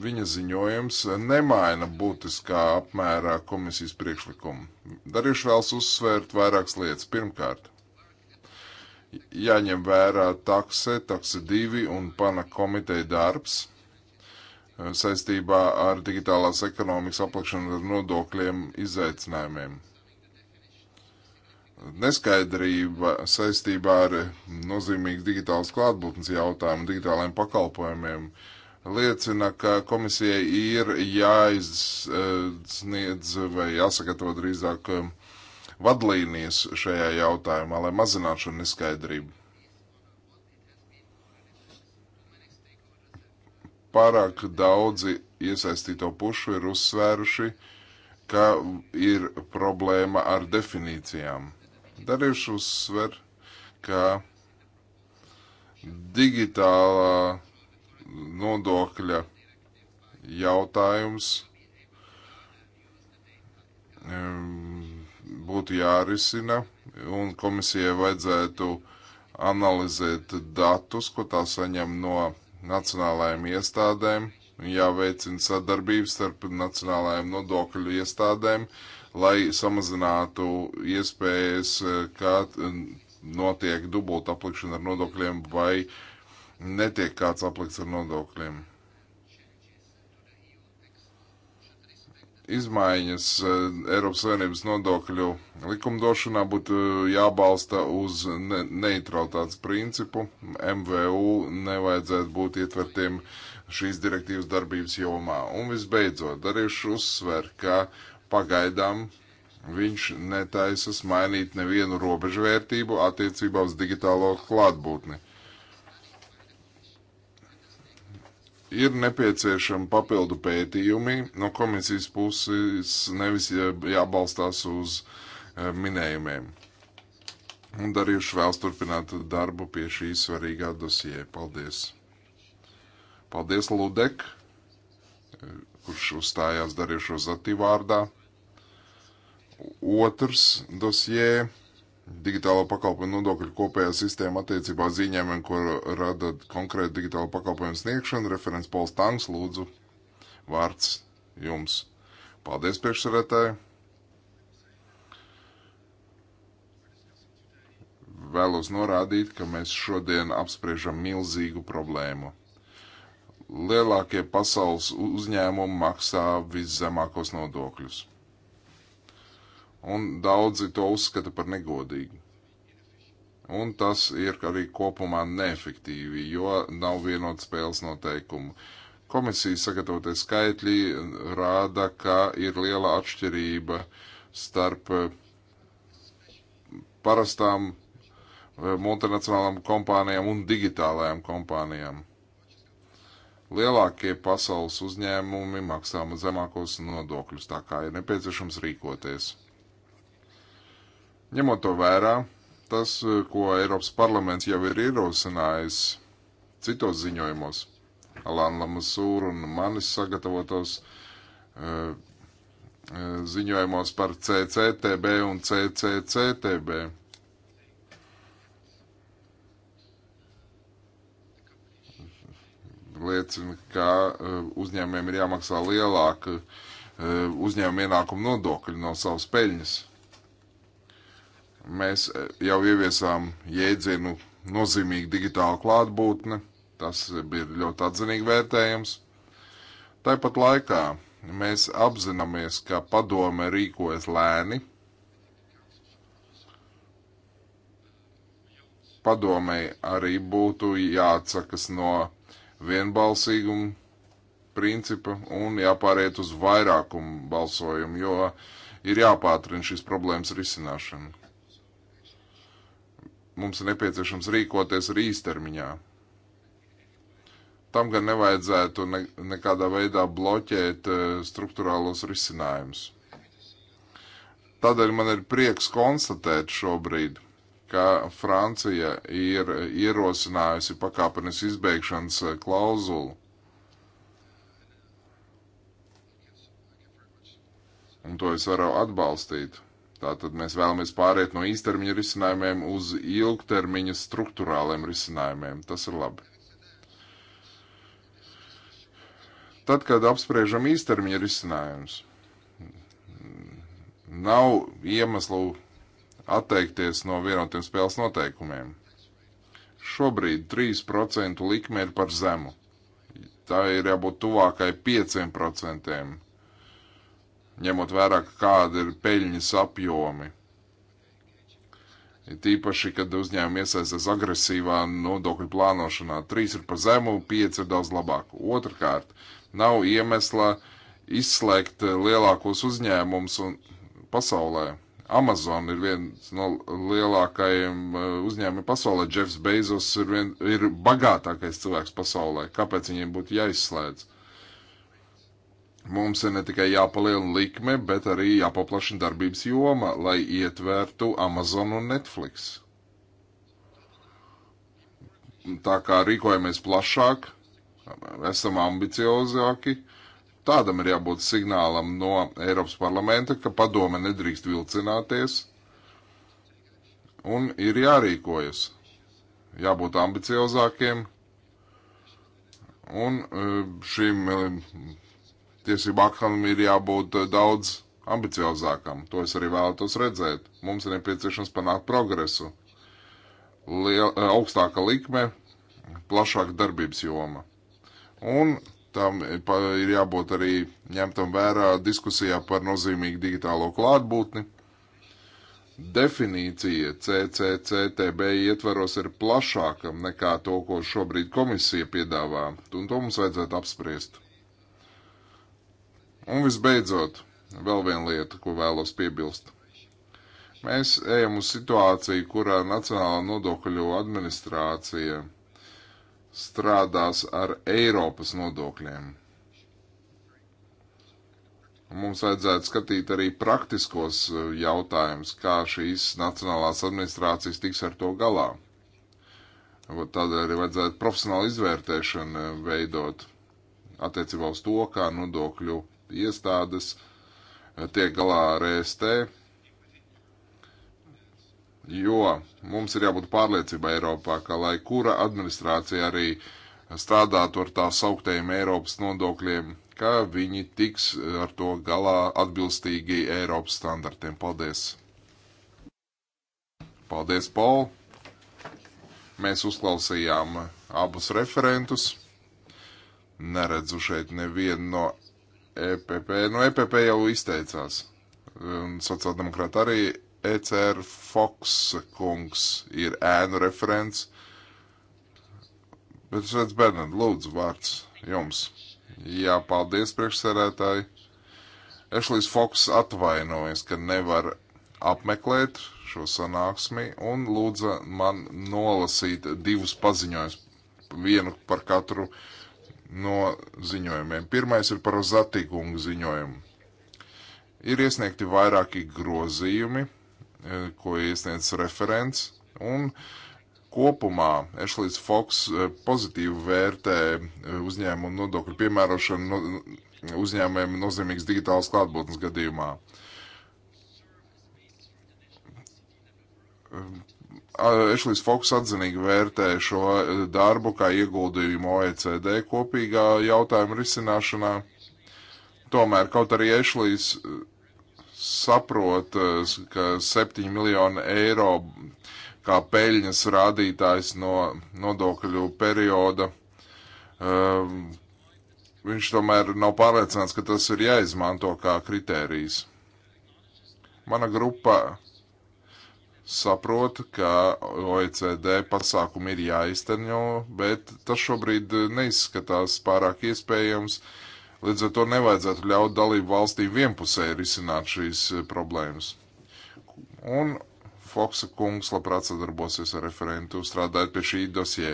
viņa ziņojums nemaina būtiskā apmērā komisijas priekšlikumu. Darīšu vēls uzsvērt vairākas lietas. Pirmkārt, jāņem vērā takse, takse divi un pana komiteja darbs eh, saistībā ar digitālās ekonomikas aplikšanu ar nodokļiem izaicinājumiem. Neskaidrība saistībā ar nozīmīgu digitālas klātbūtnes jautājumu, digitālajiem pakalpojumiem uh, liecina, ka komisijai ir jāizsniedz vai jāsagatavo drīzāk um, vadlīnijas šajā jautājumā, lai mazinātu šo neskaidrību. Pārāk daudzi iesaistīto pušu ir uzsvēruši, ka ir problēma ar definīcijām. Darījuši uzsver, ka digitālā nodokļa jautājums būtu jārisina, un komisijai vajadzētu analizēt datus, ko tā saņem no nacionālajām iestādēm, jāveicina sadarbība starp nacionālajām nodokļu iestādēm, lai samazinātu iespējas, ka notiek dubulta aplikšana ar nodokļiem vai uh, netiek kāds aplikts ar nodokļiem. Izmaiņas eh, Eiropas Savienības nodokļu likumdošanā būtu eh, jābalsta uz ne neutralitātes principu. MVU nevajadzētu būt ietvertiem šīs direktīvas darbības jomā. Un visbeidzot, darīšu uzsver, ka pagaidām viņš netaisas mainīt nevienu robežvērtību attiecībā uz digitālo klātbūtni ir nepieciešami papildu pētījumi no komisijas puses, nevis jābalstās uz eh, minējumiem. Un darījuši vēlas turpināt darbu pie šī svarīgā dosijē. Paldies! Paldies Ludek, kurš uzstājās darījušo Zati vārdā. Otrs dosijē digitālo pakalpojumu nodokļu kopējā sistēma attiecībā uz ieņēmumiem, ko rada konkrēti digitālo pakalpojumu sniegšana. Referents Pols Tanks, lūdzu, vārds jums. Paldies, priekšsarētāji! Vēlos norādīt, ka mēs šodien apspriežam milzīgu problēmu. Lielākie pasaules uzņēmumi maksā viszemākos nodokļus un daudzi to uzskata par negodīgu. Un tas ir arī kopumā neefektīvi, jo nav vienot spēles noteikumu. Komisijas sagatavotie skaitļi rāda, ka ir liela atšķirība starp eh, parastām eh, multinacionālām kompānijām un digitālajām kompānijām. Lielākie pasaules uzņēmumi maksā zemākos nodokļus, tā kā ir nepieciešams rīkoties. Ņemot to vērā, tas, ko Eiropas parlaments jau ir ierosinājis citos ziņojumos, Alana Lamasūra un manis sagatavotos uh, ziņojumos par CCTB un CCCTB. liecina, ka eh, uzņēmējiem ir jāmaksā lielāka uzņēmuma ienākuma nodokļa no savas peļņas. Mēs e, jau ieviesām jēdzienu nozīmīgi digitāla klātbūtne, tas bija ļoti atzinīgi vērtējams. Tāpat laikā mēs apzināmies, ka padome rīkojas lēni. Padomei arī būtu jāatsakas no vienbalsīguma principa un jāpāriet uz vairākumu balsojumu, jo ir jāpātrina šīs problēmas risināšana mums ir nepieciešams rīkoties arī īstermiņā. Tam gan nevajadzētu ne, nekādā veidā bloķēt eh, struktūrālos risinājumus. Tādēļ man ir prieks konstatēt šobrīd, ka Francija ir ierosinājusi pakāpenes izbeigšanas eh, klauzulu. Un to es varu atbalstīt. Tātad mēs vēlamies pāriet no īstermiņa risinājumiem uz ilgtermiņa struktūrāliem risinājumiem. Tas ir labi. Tad, kad apspriežam īstermiņa risinājumus, nav iemeslu atteikties no vienotiem spēles noteikumiem. Šobrīd 3% likme ir par zemu. Tā ir jābūt tuvākai 5% ņemot vērā, kāda ir peļņas apjomi. Ir tīpaši, kad uzņēmumi iesaistās agresīvā nodokļu plānošanā. Trīs ir pa zemu, pieci ir daudz labāk. Otrakārt, nav iemesla izslēgt lielākos uzņēmumus pasaulē. Amazon ir viens no lielākajiem eh, uzņēmumiem pasaulē. Jeffs Bezos ir, vien, ir bagātākais cilvēks pasaulē. Kāpēc viņiem būtu jāizslēdz? Mums ir ne tikai jāpalielina likme, bet arī jāpaplašina darbības joma, lai ietvertu Amazon un Netflix. Tā kā rīkojamies plašāk, esam ambiciozāki, tādam ir jābūt signālam no Eiropas parlamenta, ka padome nedrīkst vilcināties un ir jārīkojas. Jābūt ambiciozākiem un eh, šim tiesību aktam ir jābūt eh, daudz ambiciozākam. To es arī vēlētos redzēt. Mums ir nepieciešams panākt progresu. Liel, eh, augstāka likme, plašāka darbības joma. Un tam eh, ir jābūt arī ņemtam vērā diskusijā par nozīmīgu digitālo klātbūtni. Definīcija CCCTB ietveros ir plašāka nekā to, ko šobrīd komisija piedāvā, un to mums vajadzētu apspriest. Un visbeidzot, vēl viena lieta, ko vēlos piebilst. Mēs ejam uz situāciju, kurā Nacionālā nodokļu administrācija strādās ar Eiropas nodokļiem. Mums vajadzētu skatīt arī praktiskos eh, jautājumus, kā šīs nacionālās administrācijas tiks ar to galā. Tādēļ arī vajadzētu profesionālu izvērtēšanu eh, veidot attiecībā uz to, kā nodokļu iestādes eh, tiek galā ar EST, jo mums ir jābūt pārliecība Eiropā, ka lai kura administrācija arī strādātu ar tā sauktējiem Eiropas nodokļiem, ka viņi tiks eh, ar to galā atbilstīgi Eiropas standartiem. Paldies! Paldies, Paul! Mēs uzklausījām abus referentus. Neredzu šeit nevienu no EPP, nu EPP jau izteicās, un sociāldemokrāti arī ECR Fox kungs ir ēnu referents. Bet es redzu, Bernard, lūdzu, vārds jums. Jā, paldies priekšsēdētāji. Ešlijs Foks atvainojas, ka nevar apmeklēt šo sanāksmi un lūdza man nolasīt divus paziņojumus, vienu par katru uh, no ziņojumiem. Pirmais ir par Zatīkungu ziņojumu. Ir iesniegti vairāki grozījumi, e, ko iesniedz referents, un kopumā Ešlīs Foks e, pozitīvi vērtē e, uzņēmumu nodokļu piemērošanu uzņēmumiem nozīmīgas digitālas klātbūtnes gadījumā Ešlijs Foks atzinīgi vērtē šo darbu kā ieguldījumu OECD kopīgā jautājuma risināšanā. Tomēr, kaut arī Ešlijs saprot, ka 7 miljonu eiro kā peļņas rādītājs no nodokļu perioda, um, viņš tomēr nav pārliecināts, ka tas ir jāizmanto kā kritērijs. Mana grupa saprot, ka OECD pasākumi ir jāizterņo, bet tas šobrīd neizskatās pārāk iespējams. Līdz ar to nevajadzētu ļaut dalību valstīm vienpusēji risināt šīs e, problēmas. Un Foksa kungs labprāt sadarbosies ar referentu strādājot pie šī dosjē.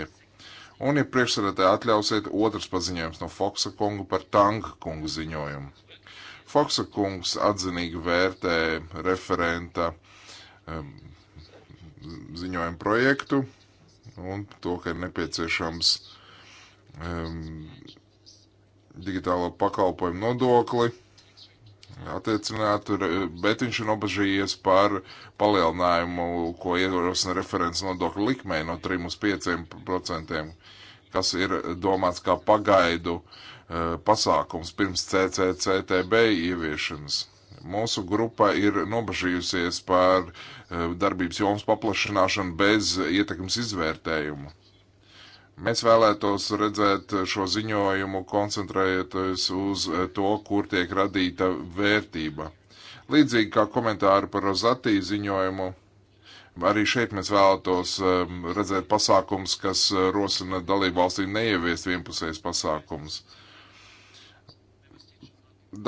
Un, ja priekšsēdētāji atļausiet, otrs paziņojums no Foksa kungu par Tanga kungu ziņojumu. Foksa kungs atzinīgi vērtē referenta um, ziņojumu projektu un to, ka ir nepieciešams um, digitālo pakalpojumu nodokli attiecinātu, bet viņš ir nobažījies par palielinājumu, ko ierosina referents nodokļu likmē no 3 uz 5%, kas ir domāts kā pagaidu uh, pasākums pirms CCCTB ieviešanas. Mūsu grupa ir nobežījusies par eh, darbības jomas paplašināšanu bez ietekmes izvērtējumu. Mēs vēlētos redzēt šo ziņojumu koncentrējoties uz eh, to, kur tiek radīta vērtība. Līdzīgi kā komentāri par Rozatī ziņojumu, arī šeit mēs vēlētos ehm, redzēt pasākums, kas eh, rosina dalību valstīm neieviest vienpusējs pasākums.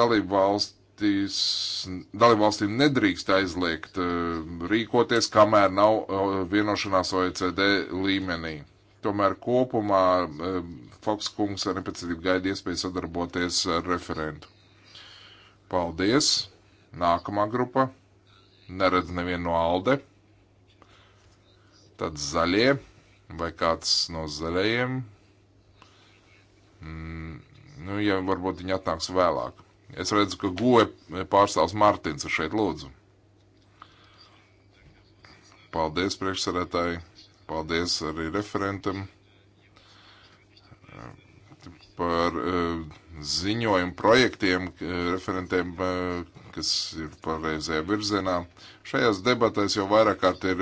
Dalību valsts dalībvalstīm nedrīkst aizliegt eh, rīkoties, kamēr nav eh, vienošanās OECD līmenī. Tomēr kopumā eh, Foks kungs ar nepacietību gaida iespēju sadarboties ar referentu. Paldies! Nākamā grupa. Neredz nevienu no Alde. Tad zaļie vai kāds no zaļajiem. Mm, nu, ja varbūt viņi atnāks vēlāk. Es redzu, ka goja pārstāvs Mārtiņš ir šeit, lūdzu. Paldies priekšsarētāji, paldies arī referentam eh, par eh, ziņojumu projektiem, eh, referentiem, kas ir pareizajā virzienā. Šajās debatēs jau vairāk kārt ir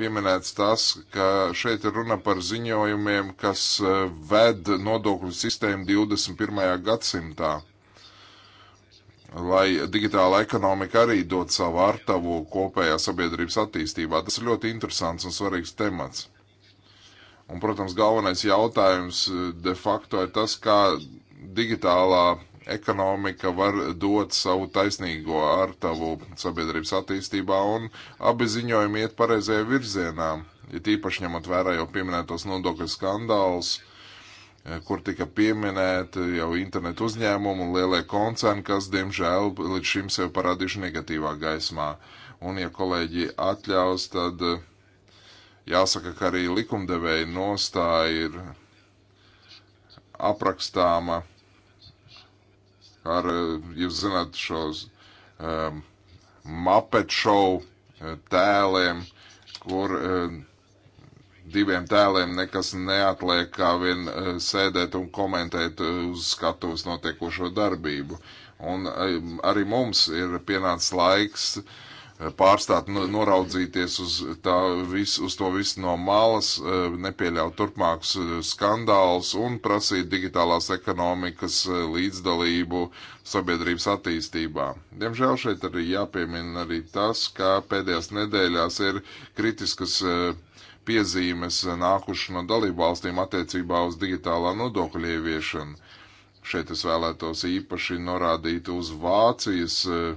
pieminēts tas, ka šeit ir runa par ziņojumiem, kas ved nodokļu sistēmu 21. gadsimtā lai digitāla ekonomika arī dod savu artavu kopējā sabiedrības attīstībā. Tas ir ļoti interesants un svarīgs temats. Un, protams, galvenais jautājums eh, de facto ir tas, kā digitālā ekonomika var dot savu taisnīgo artavu sabiedrības attīstībā, un abi ziņojumi iet pareizajā virzienā, ir ja tīpaši ņemot vērā jau pieminētos nodokļu skandālus Eh, kur tika pieminēta jau internetu uzņēmumu un lielie koncerni, kas, diemžēl, līdz šim sev parādījuši negatīvā gaismā. Un, ja kolēģi atļaus, tad eh, jāsaka, ka arī likumdevēja nostāja ir aprakstāma ar, eh, jūs zināt, šos um, Muppet Show tēliem, kur um, diviem tēliem nekas neatliek, kā vien eh, sēdēt un komentēt uz skatuves notiekošo darbību. Un eh, arī mums ir pienācis laiks eh, pārstāt noraudzīties uz, tā, vis, uz to visu no malas, nepieļaut turpmākus skandālus un prasīt digitālās ekonomikas līdzdalību sabiedrības attīstībā. Diemžēl šeit arī jāpiemina arī tas, ka pēdējās nedēļās ir kritiskas uh, piezīmes nākuši no dalībvalstīm attiecībā uz digitālā nodokļa ieviešanu. Šeit es vēlētos īpaši norādīt uz Vācijas eh,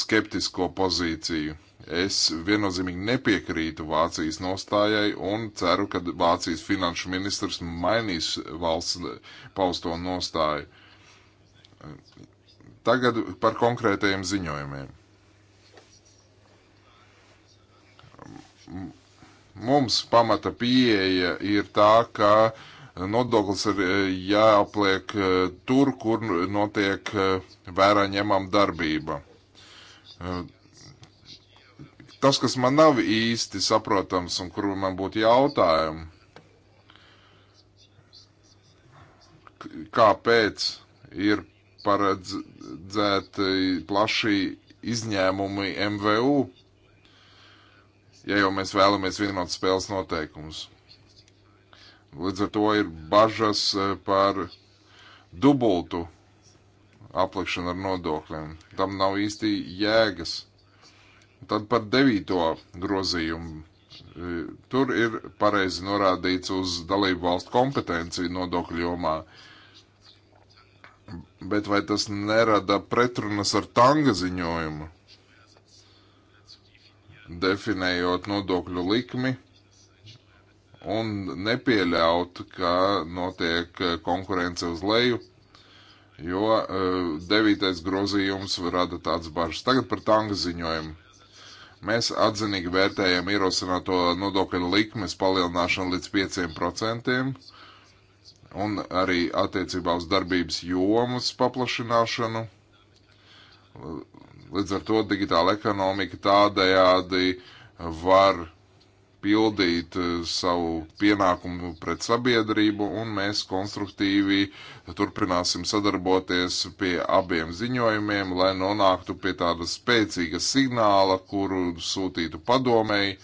skeptisko pozīciju. Es viennozīmīgi nepiekrītu Vācijas nostājai un ceru, ka Vācijas finanšu ministrs mainīs valsts pausto nostāju. Tagad par konkrētajiem ziņojumiem Mums pamata pieeja ir tā, ka nodoklis ir e, jāapliek e, tur, kur notiek e, vērā ņemam darbība. Tas, kas man nav īsti saprotams un kur man būtu jautājumi, kāpēc ir paredzēti plaši izņēmumi MVU ja jau mēs vēlamies vienot spēles noteikumus. Līdz ar to ir bažas e, par dubultu aplikšanu ar nodokļiem. Tam nav īsti jēgas. Tad par devīto grozījumu. E, tur ir pareizi norādīts uz dalību valstu kompetenciju nodokļu jomā. Bet vai tas nerada pretrunas ar tanga ziņojumu? definējot nodokļu likmi un nepieļaut, ka notiek eh, konkurence uz leju, jo eh, devītais grozījums rada tāds bažas. Tagad par tanga ziņojumu. Mēs atzinīgi vērtējam ierosināto nodokļu likmes palielināšanu līdz 5% un arī attiecībā uz darbības jomas paplašināšanu, Līdz ar to digitāla ekonomika tādējādi var pildīt eh, savu pienākumu pret sabiedrību, un mēs konstruktīvi turpināsim sadarboties pie abiem ziņojumiem, lai nonāktu pie tāda spēcīga signāla, kuru sūtītu padomēji,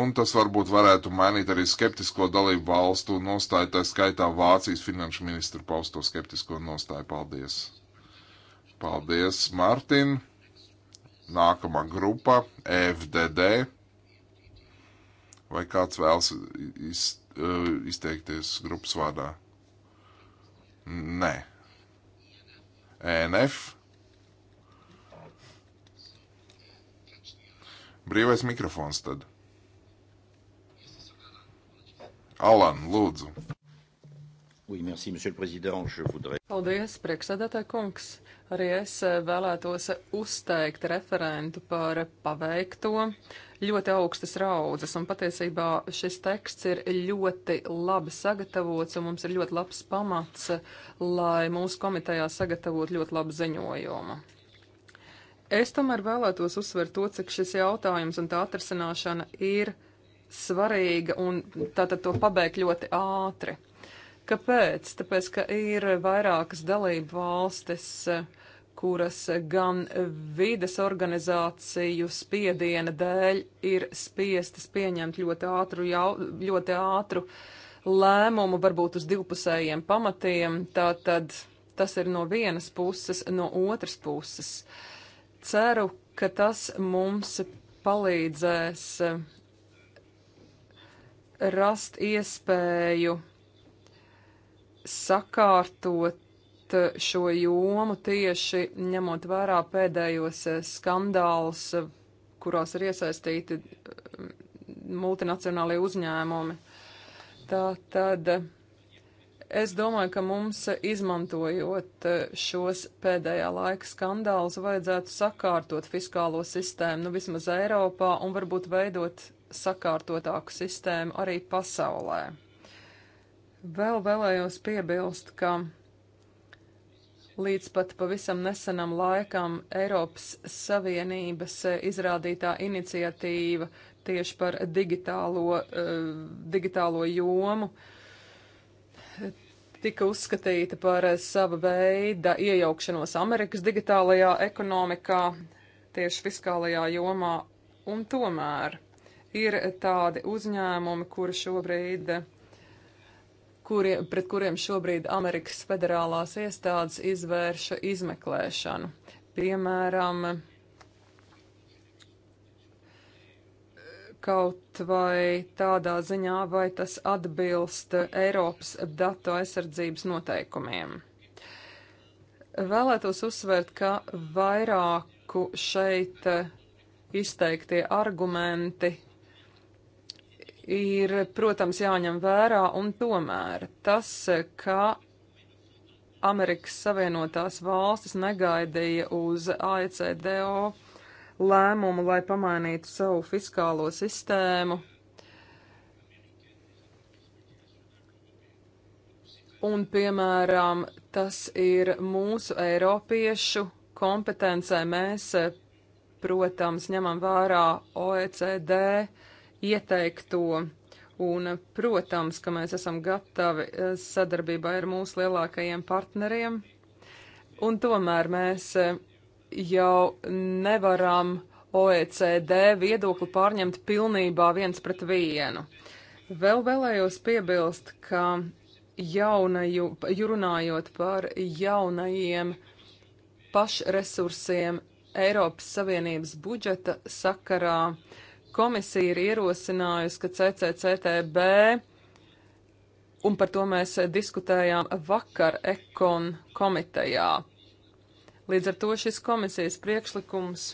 un tas varbūt varētu mainīt arī skeptisko dalību valstu nostāju, tā skaitā Vācijas finanšu ministru pausto skeptisko nostāju. Paldies! Paldies, Mārtiņ. Nākamā grupa - FDD. Vai kāds vēlas iz, uh, izteikties grupas vārdā? Nē. ENF. Brīvais mikrofons tad. Alan, lūdzu. Oui, merci, Paldies, priekšsēdētāj kungs. Arī es eh, vēlētos uzteikt referentu par paveikto. Ļoti augstas raudzes, un patiesībā šis teksts ir ļoti labi sagatavots, un mums ir ļoti labs pamats, lai mūsu komitejā sagatavot ļoti labu ziņojumu. Es tomēr vēlētos uzsvert to, cik šis jautājums un tā atrasināšana ir svarīga, un tātad to pabeigt ļoti ātri. Kāpēc? Tāpēc, ka ir vairākas dalību valstis, uh, kuras gan vides organizāciju spiediena dēļ ir spiestas pieņemt ļoti ātru, jau, ļoti ātru lēmumu, varbūt uz divpusējiem pamatiem. Tātad tas ir no vienas puses, no otras puses. Ceru, ka tas mums palīdzēs eh, rast iespēju sakārtot pētīt šo jomu tieši ņemot vērā pēdējos eh, skandāls, eh, kurās ir iesaistīti eh, multinacionālie uzņēmumi. Tā tad es domāju, ka mums izmantojot šos pēdējā laika skandālus vajadzētu sakārtot fiskālo sistēmu, nu vismaz Eiropā, un varbūt veidot sakārtotāku sistēmu arī pasaulē. Vēl vēlējos piebilst, ka Līdz pat pavisam nesenam laikam Eiropas Savienības eh, izrādītā iniciatīva tieši par digitālo, eh, digitālo jomu eh, tika uzskatīta par sava veida iejaukšanos Amerikas digitālajā ekonomikā, tieši fiskālajā jomā, un tomēr ir tādi uzņēmumi, kuri šobrīd kuri, pret kuriem šobrīd Amerikas federālās iestādes izvērša izmeklēšanu. Piemēram, kaut vai tādā ziņā, vai tas atbilst Eiropas datu aizsardzības noteikumiem. Vēlētos uzsvērt, ka vairāku šeit izteiktie argumenti ir, protams, jāņem vērā, un tomēr tas, ka Amerikas Savienotās valstis negaidīja uz AECDO lēmumu, lai pamainītu savu fiskālo sistēmu. Un, piemēram, tas ir mūsu Eiropiešu kompetencē. Mēs, protams, ņemam vērā OECD uh, ieteikto. Un, protams, ka mēs esam gatavi eh, sadarbībā ar mūsu lielākajiem partneriem, un tomēr mēs eh, jau nevaram OECD viedokli pārņemt pilnībā viens pret vienu. Vēl vēlējos piebilst, ka jaunaju, runājot par jaunajiem pašresursiem Eiropas Savienības budžeta sakarā, uh, komisija ir ierosinājusi, ka CCCTB, un par to mēs diskutējām vakar Ekon komitejā. Līdz ar to šis komisijas priekšlikums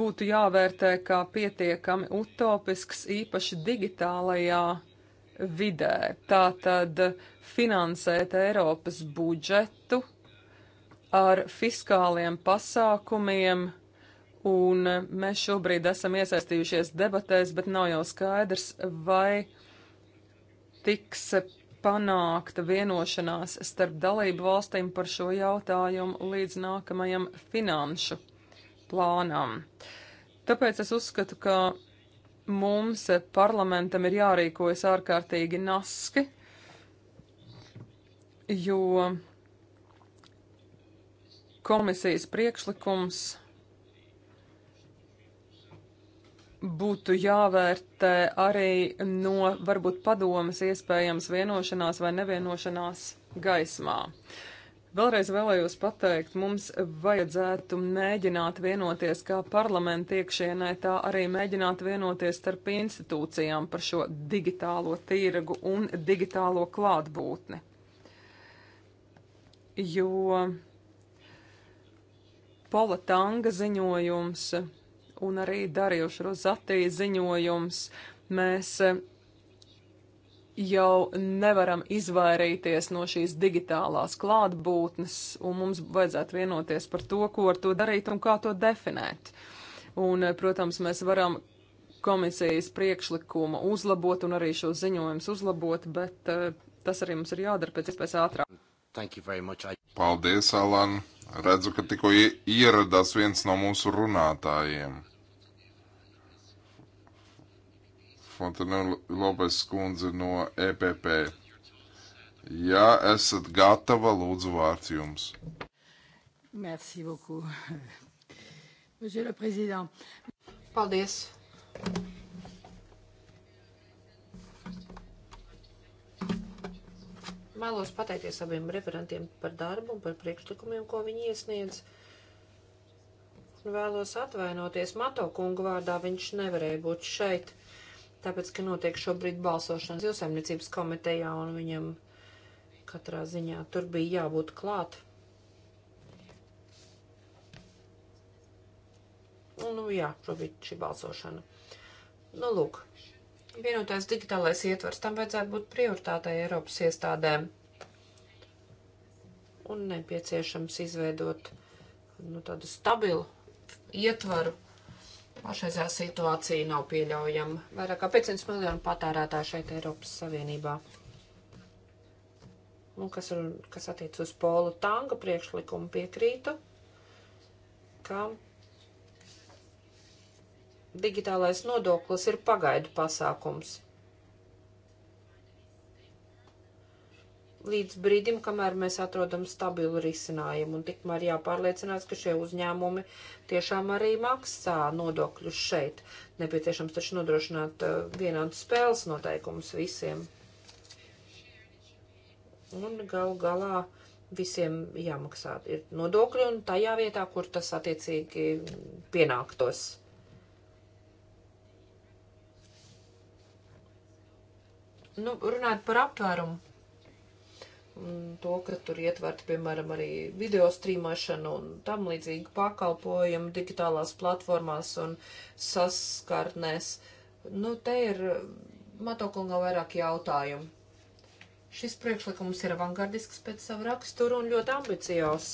būtu jāvērtē kā pietiekami utopisks, īpaši digitālajā vidē. Tātad finansēt Eiropas budžetu ar fiskāliem pasākumiem, Un mēs šobrīd esam iesaistījušies debatēs, bet nav jau skaidrs, vai tiks panākta vienošanās starp dalību valstīm par šo jautājumu līdz nākamajam finanšu plānam. Tāpēc es uzskatu, ka mums parlamentam ir jārīkojas ārkārtīgi naski, jo komisijas priekšlikums būtu jāvērtē arī no varbūt padomas iespējams vienošanās vai nevienošanās gaismā. Vēlreiz vēlējos pateikt, mums vajadzētu mēģināt vienoties kā parlamenta iekšienē, tā arī mēģināt vienoties starp institūcijām par šo digitālo tirgu un digitālo klātbūtni. Jo Pola Tanga ziņojums un arī Darījuša Rozatī ziņojums. Mēs eh, jau nevaram izvairīties no šīs digitālās klātbūtnes, un mums vajadzētu vienoties par to, ko ar to darīt un kā to definēt. Un, eh, protams, mēs varam komisijas priekšlikuma uzlabot un arī šo ziņojumus uzlabot, bet uh, tas arī mums ir jādara pēc iespējas ātrāk. Paldies, Alan! Redzu, ka tikko ieradās viens no mūsu runātājiem. Fontanela Lopes kundze no EPP. Ja esat gatava, lūdzu vārds jums. Merci beaucoup, monsieur le président. Paldies, Mēlos pateikties abiem referentiem par darbu un par priekšlikumiem, ko viņi iesniedz. Vēlos atvainoties Mato kungu vārdā, viņš nevarēja būt šeit, tāpēc, ka notiek šobrīd balsošanas zilsaimniecības komitejā un viņam katrā ziņā tur bija jābūt klāt. Un, nu jā, šobrīd šī balsošana. Nu, lūk, Vienotais digitālais ietvars tam vajadzētu būt prioritātei Eiropas iestādēm. Un nepieciešams izveidot nu, tādu stabilu ietvaru. Pašreizējā situācija nav pieļaujama. Vairāk kā 500 miljonu patērētāju šeit Eiropas Savienībā. Un kas, ir, kas attiec uz polu tanga priekšlikumu piekrītu, ka digitālais nodoklis ir pagaidu pasākums. Līdz brīdim, kamēr mēs atrodam stabilu risinājumu, un tikmēr jāpārliecinās, ka šie uzņēmumi tiešām arī maksā nodokļus šeit. Nepieciešams taču nodrošināt eh, vienādus spēles noteikumus visiem. Un gal galā visiem jāmaksā ir nodokļi un tajā vietā, kur tas attiecīgi pienāktos. Nu, runājot par aptvērumu, to, ka tur ietverta, piemēram, arī video strīmošana un tam līdzīgi pakalpojumi digitālās platformās un saskarnēs. Nu, te ir Matokunga vairāk jautājumu. Šis priekšlikums ir avangardisks pēc savu raksturu un ļoti ambiciozs.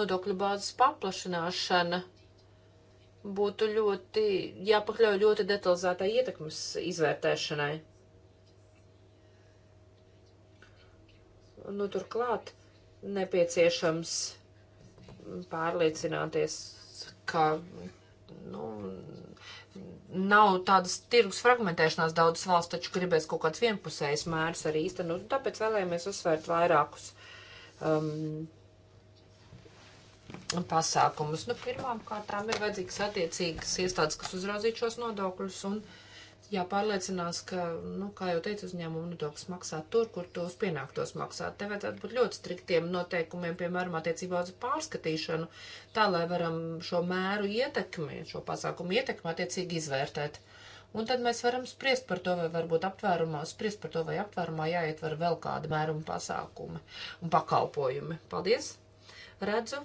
Nodokļu bāzes paplašināšana būtu ļoti jāpakļauj ļoti detalizētai ietekmes izvērtēšanai. Nu, turklāt nepieciešams pārliecināties, ka nu, nav tādas tirgus fragmentēšanās daudzas valsts, taču gribēs kaut kāds vienpusējs mērs arī īstenot. Nu, tāpēc vēlējāmies uzsvērt vairākus um, pasākumus. Nu, pirmām kārtām ir vajadzīgas attiecīgas iestādes, kas uzraudzīšos nodokļus un uh, jāpārliecinās, ka, nu, kā jau teicu, uzņēmumu nodoklis nu, maksā tur, kur tos pienāktos maksāt. Te vajadzētu būt ļoti striktiem noteikumiem, piemēram, attiecībā uz pārskatīšanu, tā lai varam šo mēru ietekmi, šo pasākumu ietekmi attiecīgi izvērtēt. Un tad mēs varam spriest par to, vai varbūt aptvērumā, spriest par to, vai aptvērumā jāietver vēl kāda mēruma pasākumi un pakalpojumi. Paldies! Redzu,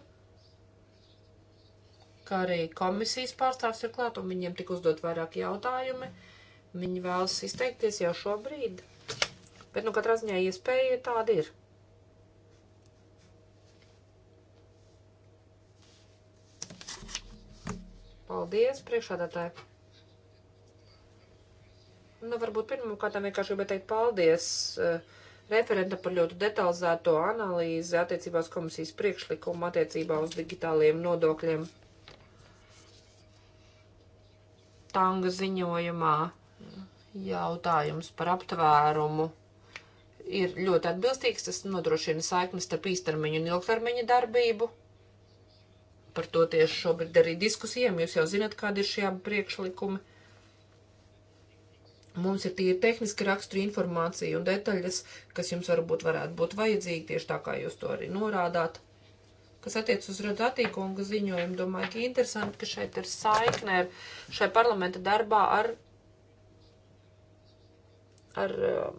ka arī komisijas pārstāvs ir klāt, un viņiem tik uzdot vairāk jautājumi. Mm. Viņi vēlas izteikties jau šobrīd. Bet, nu, katrā ziņā iespēja tāda ir. Paldies, priekšādātāji. Nu, varbūt pirmkārt vienkārši gribētu teikt paldies uh, referenta par ļoti detalizēto analīzi attiecībā uz komisijas priekšlikumu attiecībā uz digitāliem nodokļiem. Tanga ziņojumā Jautājums par aptvērumu ir ļoti atbilstīgs. Tas nodrošina saiknes starp īstermiņu un ilgtermiņa darbību. Par to tieši šobrīd arī diskusijām. Jūs jau zinat, kādi ir šie priekšlikumi. Mums ir tīri tehniski raksturi informācija un detaļas, kas jums varbūt varētu būt vajadzīgi, tieši tā kā jūs to arī norādāt. Kas attiec uz redzatīkunga ziņojumu, domāju, ka interesanti, ka šeit ir saikne ar šai parlamenta darbā ar ar um,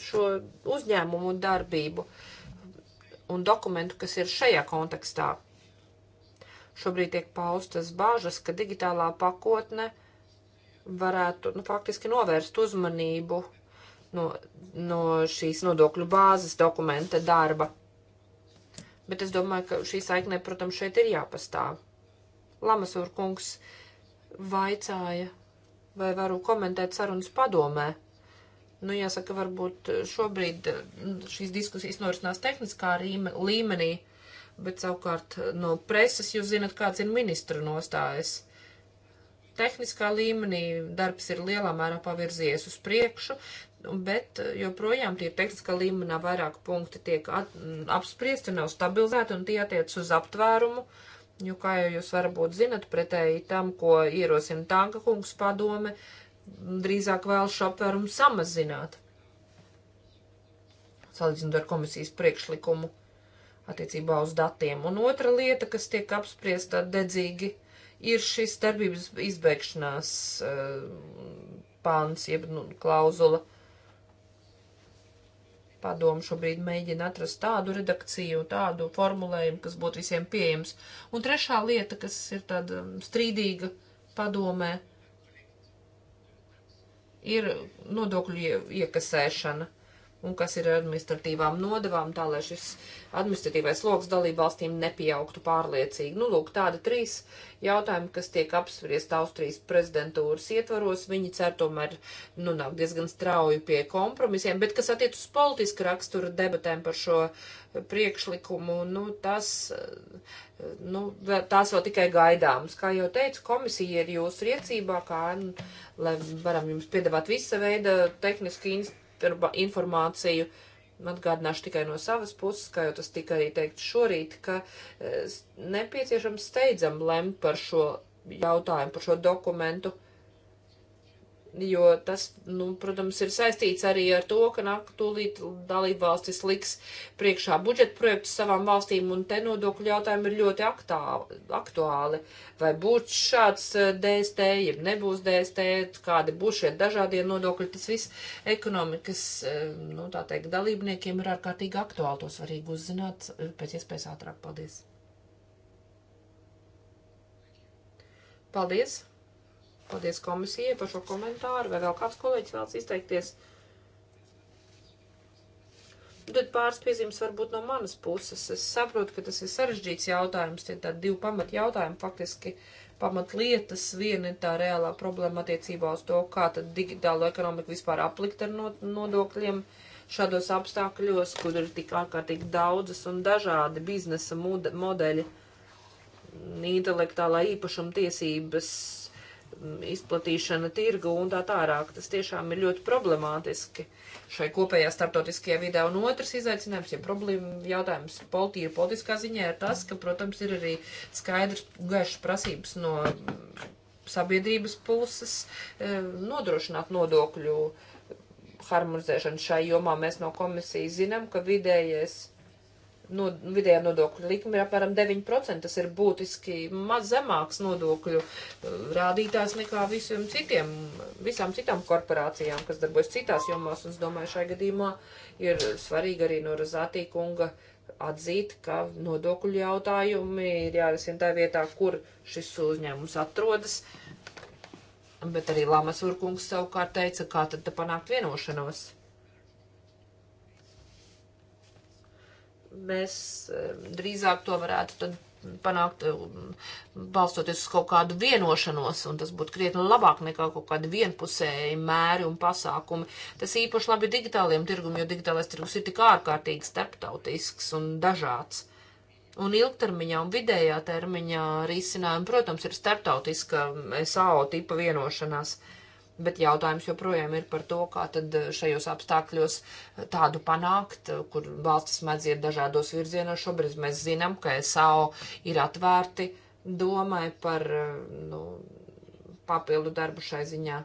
šo uzņēmumu un darbību un dokumentu, kas ir šajā kontekstā. Šobrīd tiek paustas bāžas, ka digitālā pakotne varētu nu, faktiski novērst uzmanību no, no šīs nodokļu bāzes dokumenta darba. Bet es domāju, ka šī saiknē, protams, šeit ir jāpastāv. Lamasur kungs vaicāja vai varu komentēt sarunas padomē. Nu, jāsaka, varbūt šobrīd mm, šīs diskusijas norisinās tehniskā rīme, līmenī, bet savukārt eh, no preses jūs zinat, kāds ir ministra nostājas tehniskā līmenī darbs ir lielā mērā pavirzies uz priekšu, bet eh, joprojām tie tehniskā līmenī vairāk punkti tiek at, mm, apspriesti, nav stabilizēti un tie attiec uz aptvērumu, uh, Jo, kā jau jūs varbūt zinat, pretēji tam, ko ierosina Tanka kungs padome, drīzāk vēl šo apvērumu samazināt. Salīdzinot ar komisijas priekšlikumu attiecībā uz datiem. Un otra lieta, kas tiek apspriesta dedzīgi, ir šis darbības izbeigšanās uh, pāns, jeb nu, klauzula. Uh, Padomu šobrīd mēģina atrast tādu redakciju, tādu formulējumu, kas būtu visiem pieejams. Un trešā lieta, kas ir tāda um, strīdīga padomē, ir nodokļu iekasēšana un kas ir administratīvām nodevām, tā lai šis administratīvais sloks dalību valstīm nepieaugtu pārliecīgi. Nu, lūk, tādi trīs jautājumi, kas tiek apspriest Austrijas prezidentūras ietvaros. Viņi cer tomēr nonākt nu, diezgan strauji pie kompromisiem, bet kas attiec uz politisku raksturu debatēm par šo priekšlikumu, nu, tas, nu, tās vēl tikai gaidāmas. Kā jau teicu, komisija ir jūsu rīcībā, kā, nu, lai varam jums piedāvāt visa veida tehniski institūciju informāciju. Atgādināšu tikai no savas puses, kā jau tas tika arī teikt šorīt, ka eh, nepieciešams steidzam lemt par šo jautājumu, par šo dokumentu. Uh, jo tas, nu, protams, ir saistīts arī ar to, ka nāk tūlīt dalībvalstis liks priekšā budžeta projektu savām valstīm, un te nodokļu jautājumi ir ļoti aktā, aktuāli. Vai būs šāds eh, DST, ja nebūs DST, kādi būs šie dažādie nodokļi, tas viss ekonomikas, eh, nu, tā teikt, dalībniekiem ir ārkārtīgi aktuāli, to svarīgi uzzināt eh, pēc iespējas ātrāk. Paldies! Paldies! Paldies komisijai par šo komentāru. Vai vēl kāds kolēģis vēlas izteikties? Tad pāris piezīmes varbūt no manas puses. Es saprotu, ka tas ir sarežģīts jautājums. Tie tādi divi pamat jautājumi faktiski pamatlietas. Viena ir tā reālā problēma attiecībā uz to, kā tad digitālo ekonomiku vispār aplikt ar nodokļiem šādos apstākļos, kur ir tik ārkārtīgi daudzas un dažādi biznesa modeļi, intelektuālā īpašuma tiesības, izplatīšana tirgu un tā tālāk. Tas tiešām ir ļoti problemātiski šai kopējā starptautiskajā vidē. Un otrs izaicinājums, ja problēma jautājums politīra politiskā ziņā ir tas, ka, protams, ir arī skaidrs gaišas prasības no sabiedrības puses e, nodrošināt nodokļu harmonizēšanu šai jomā. Mēs no komisijas zinām, ka vidējais no, nu, vidējā nodokļa likme ir apmēram 9%. Tas ir būtiski maz zemāks nodokļu uh, rādītājs nekā visiem citiem, visām citām korporācijām, kas darbojas citās jomās. Un es domāju, šai gadījumā ir svarīgi arī no Razātī kunga atzīt, ka nodokļu jautājumi ir jārisina tā vietā, kur šis uzņēmums atrodas. Bet arī Lamas Urkungs savukārt teica, kā tad panākt vienošanos. mēs drīzāk to varētu tad panākt, balstoties uz kaut kādu vienošanos, un tas būtu krietni labāk nekā kaut kādi vienpusēji mēri un pasākumi. Tas īpaši labi digitāliem tirgumiem, jo digitālais tirgus ir tik ārkārtīgi starptautisks un dažāds. Un ilgtermiņā un vidējā termiņā risinājumi, protams, ir starptautiska SAO tipa vienošanās. Uh, bet jautājums joprojām ir par to, kā tad eh, šajos apstākļos eh, tādu panākt, eh, kur valstis mēdz iet dažādos virzienos. Šobrīd mēs zinām, ka SAO ir atvērti domai par nu, papildu darbu šai ziņā.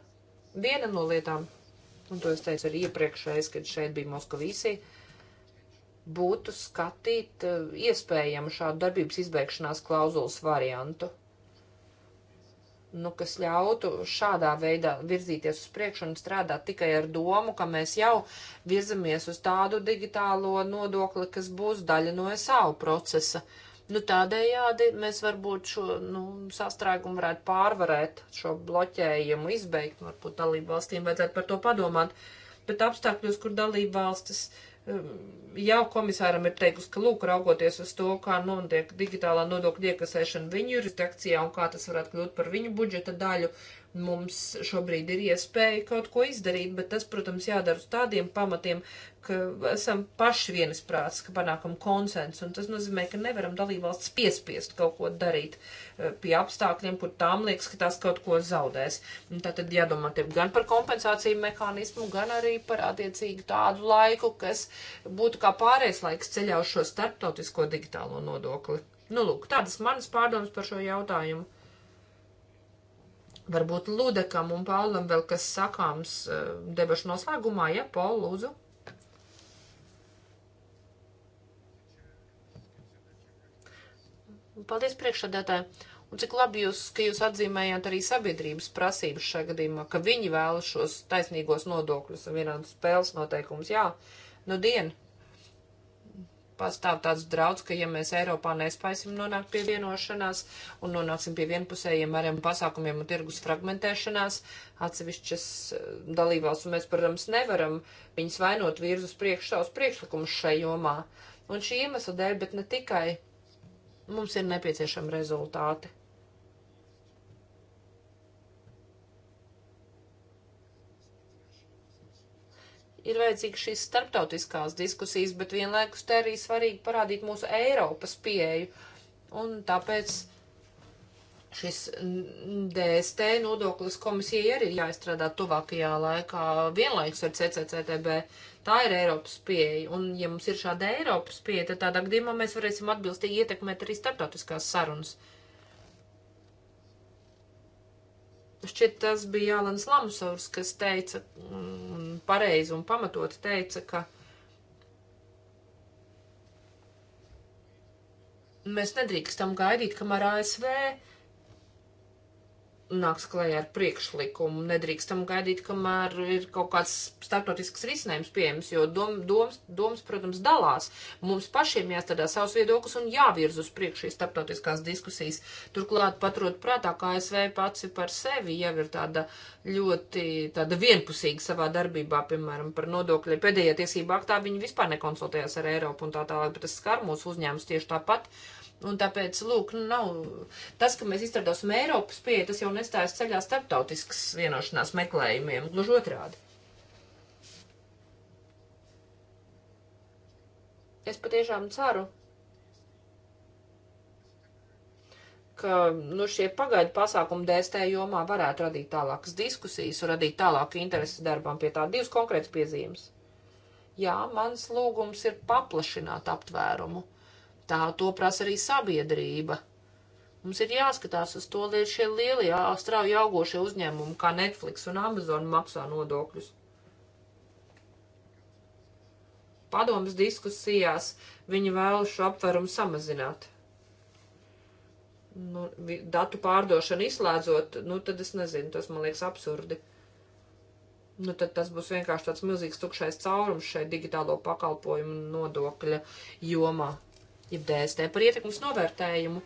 Viena no lietām, un to es teicu arī iepriekšējais, kad šeit bija Moskavīsija, būtu skatīt iespējamu šādu darbības izbeigšanās klauzulas variantu nu, kas ļautu šādā veidā virzīties uz priekšu un strādāt tikai ar domu, ka mēs jau virzamies uz tādu digitālo nodokli, kas būs daļa no savu procesa. Nu, tādējādi mēs varbūt šo nu, sastrēgumu varētu pārvarēt, šo bloķējumu izbeigt. Varbūt dalību valstīm vajadzētu par to padomāt. Bet apstākļos, kur dalību valstis uh, jau komisāram ir teikusi, ka lūk, raugoties uz to, kā notiek digitālā nodokļa iekasēšana viņu jurisdikcijā un kā tas varētu kļūt par viņu budžeta daļu, Mums šobrīd ir iespēja kaut ko izdarīt, bet tas, protams, jādara uz tādiem pamatiem, ka esam paši vienas prāts, ka panākam konsensu, un tas nozīmē, ka nevaram dalībvalsts piespiest kaut ko darīt eh, pie apstākļiem, kur tām liekas, ka tās kaut ko zaudēs. Un tā tad jādomā tiem gan par kompensāciju mehānismu, gan arī par attiecīgu tādu laiku, kas būtu kā pārējais laiks ceļā uz šo starptautisko digitālo nodokli. Nu, lūk, tādas manas pārdomas par šo jautājumu. Varbūt Ludekam un Paulam vēl kas sakāms e, debašu noslēgumā, ja, Paul, lūdzu. Paldies priekšsādātāji. Un cik labi jūs, ka jūs atzīmējāt arī sabiedrības prasības šajā gadījumā, ka viņi vēlas šos taisnīgos nodokļus un vienādas spēles noteikumus. Jā, nu dien, pastāv tāds draudz, ka ja mēs Eiropā nespēsim nonākt pie vienošanās un nonāksim pie vienpusējiem ariem pasākumiem un tirgus fragmentēšanās, atsevišķas eh, dalībās, un mēs, protams, nevaram viņas vainot virz uz priekšu savus priekšlikumus šai jomā. Un šī iemesla dēļ, bet ne tikai, mums ir nepieciešami rezultāti. ir vajadzīgs šīs starptautiskās diskusijas, bet vienlaikus te arī svarīgi parādīt mūsu Eiropas pieeju. Un tāpēc šis DST nodoklis komisijai arī ir jāizstrādā tuvākajā laikā vienlaikus ar CCCTB. Tā ir Eiropas pieeja, un ja mums ir šāda Eiropas pieeja, tad tādā gadījumā mēs varēsim atbilstīgi ietekmēt arī starptautiskās sarunas. Uh, Šķiet, tas bija Jālans Lamsovs, kas teica, un pareizi un pamatot teica, ka mēs nedrīkstam gaidīt, kamēr ASV uh, nāks klajā ar priekšlikumu. Nedrīkstam gaidīt, kamēr ir kaut kāds startautisks risinājums pieejams, jo dom, doms, doms, protams, dalās. Mums pašiem jāstrādā savus viedokļus un jāvirz uz priekšu šīs startautiskās diskusijas. Turklāt paturot prātā, ka ASV pats par sevi jau ir tāda ļoti tāda vienpusīga savā darbībā, piemēram, par nodokļiem. Pēdējā tiesība aktā viņi vispār nekonsultējās ar Eiropu un tā tālāk, bet tas skar mūsu uzņēmums tieši tāpat. Uh, Un tāpēc, lūk, nu, nav tas, ka mēs izstrādāsim Eiropas pieeja, tas jau nestājas ceļā starptautiskas vienošanās meklējumiem, gluži otrādi. Es patiešām ceru, ka nu, šie pagaidu pasākumi DST jomā varētu radīt tālākas diskusijas un radīt tālāku interesi darbam pie tā divas konkrētas piezīmes. Jā, mans lūgums ir paplašināt aptvērumu Tā to prasa arī sabiedrība. Mums ir jāskatās uz to, lai šie lielie, strauji augošie uzņēmumi, kā Netflix un Amazon, maksā nodokļus. Padomas diskusijās viņi vēl šo aptvērumu samazināt. Nu, datu pārdošanu izslēdzot, nu tad es nezinu, tas man liekas absurdi. Nu, tad tas būs vienkārši tāds milzīgs tukšais caurums šai digitālo pakalpojumu nodokļa jomā jeb DST par ietekmes novērtējumu.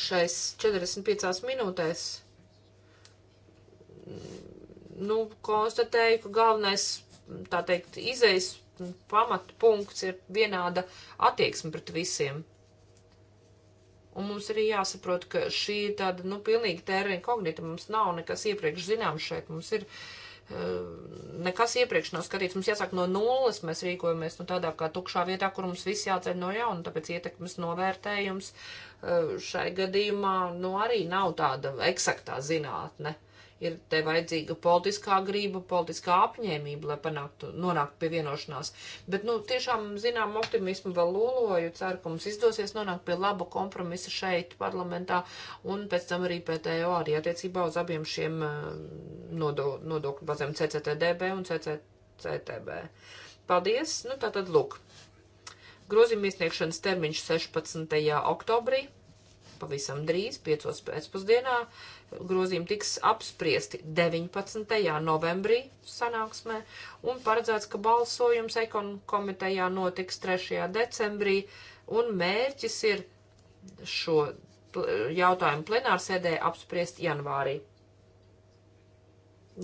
Šais 45 minūtēs mm, nu, konstatēju, ka galvenais, tā teikt, izejas pamatpunkts ir vienāda attieksme pret visiem. Un mums arī jāsaprot, ka šī ir tāda, nu, pilnīgi tērēna kognita. Mums nav nekas iepriekš zināms šeit. Mums ir uh, Ehm, nekas iepriekš nav skatīts. Mums jāsāk no nulles, mēs rīkojamies nu, tādā kā tukšā vietā, kur mums viss jāceļ no jauna, tāpēc ietekmes novērtējums ehm, šai gadījumā nu, arī nav tāda eksaktā zinātne. Ne? Ir te vajadzīga politiskā grība, politiskā apņēmība, lai panāktu, nonāktu pie vienošanās. Bet, nu, tiešām, zinām, optimismu vēl loloju, ceru, ka mums izdosies nonākt pie laba kompromisa šeit parlamentā un pēc tam arī PTO arī attiecībā uz abiem šiem eh, nodo, nodokļu bazēm CCTDB un CCTB. Paldies! Nu, tātad, lūk, grozījuma iesniegšanas termiņš 16. oktobrī pavisam drīz, 5. pēcpusdienā grozījumi tiks apspriesti 19. novembrī sanāksmē un paredzēts, ka balsojums ekon komitejā notiks 3. decembrī un mērķis ir šo jautājumu plenārsēdē apspriest janvārī.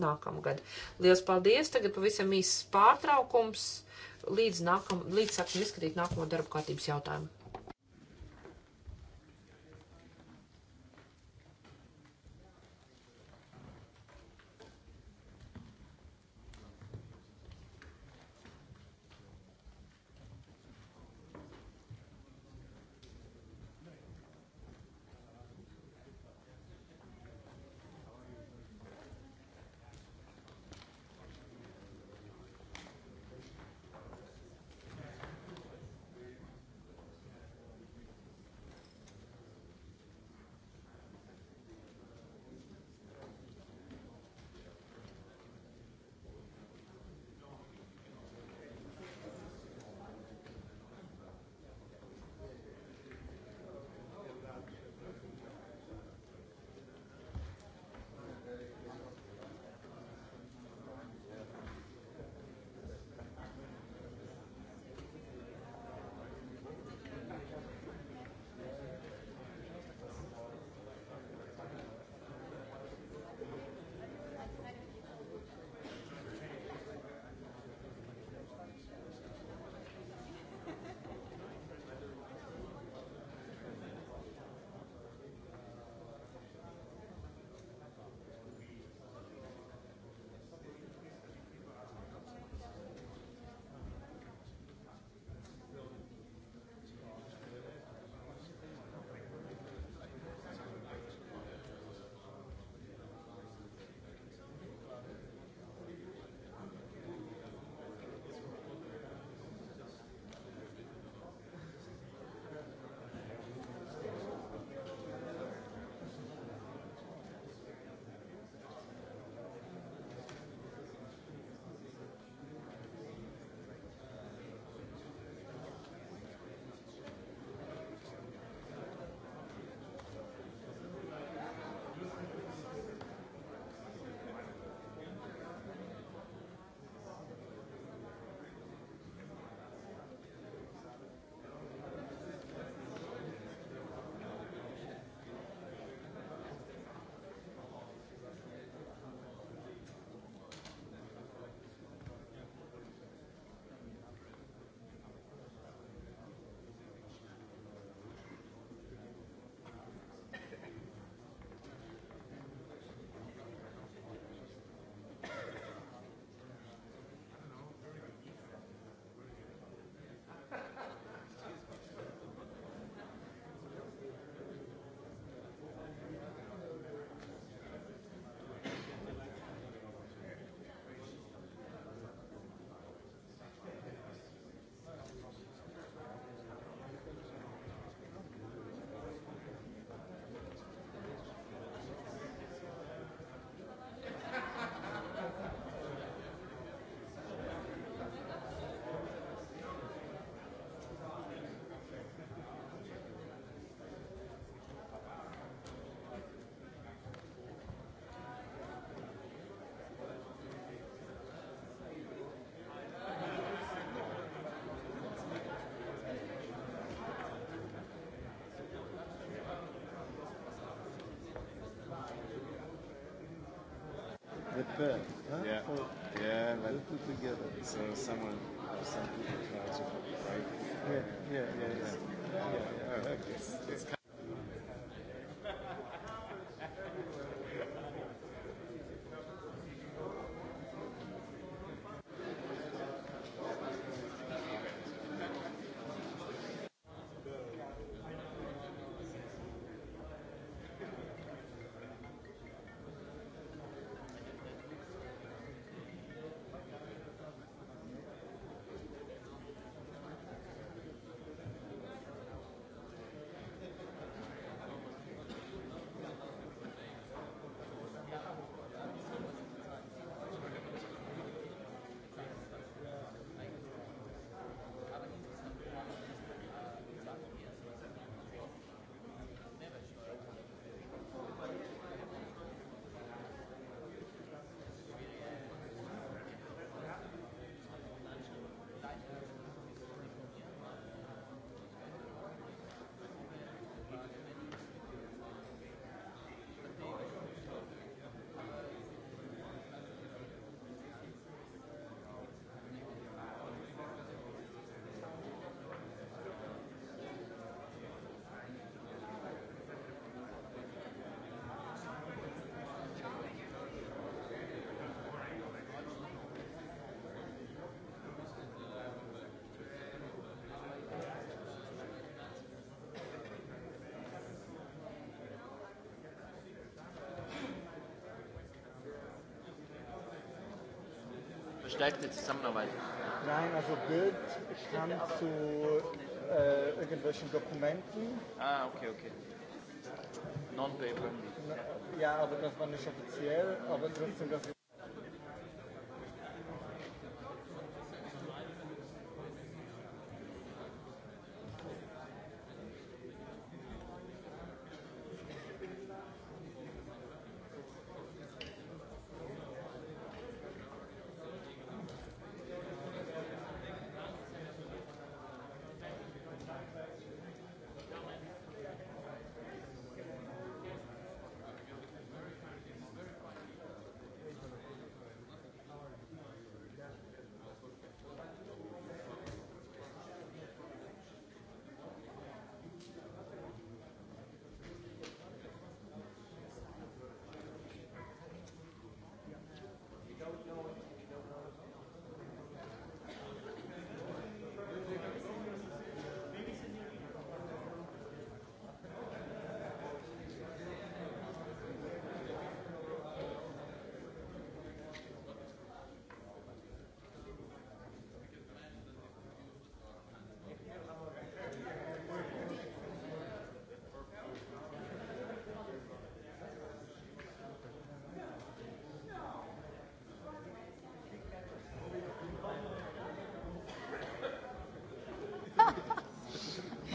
Nākamgad. Lielas paldies! Tagad pavisam īsts pārtraukums līdz, nākam, līdz sākam izskatīt nākamo darba kārtības jautājumu. fair. Huh? Yeah. Or yeah. But put together. So someone, some people try to break. Yeah. Yeah. Yeah. Yeah. yeah. yeah. yeah. yeah. yeah. yeah. yeah. yeah. yeah. stärkt die Zusammenarbeit? Nein, also Bild stand zu äh, irgendwelchen Dokumenten. Ah, okay, okay. Non-paper. Ja, aber das war nicht offiziell, aber trotzdem, dass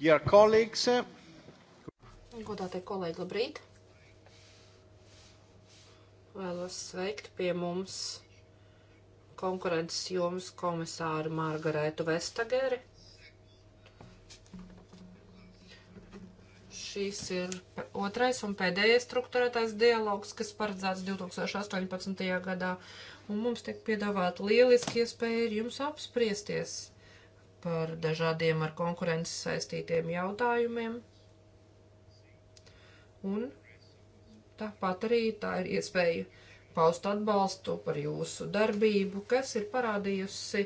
Dear colleagues. Godātie kolēģi, labrīt. Vēlos sveikt pie mums konkurences jomas komisāru Margaretu Vestageri. Šīs ir otrais un pēdējais struktūrētais dialogs, kas paredzēts 2018. gadā, un mums tiek piedāvāta lieliski iespēja ar jums apspriesties par dažādiem ar konkurences saistītiem jautājumiem. Un tāpat arī tā ir iespēja paust atbalstu par jūsu darbību, kas ir parādījusi,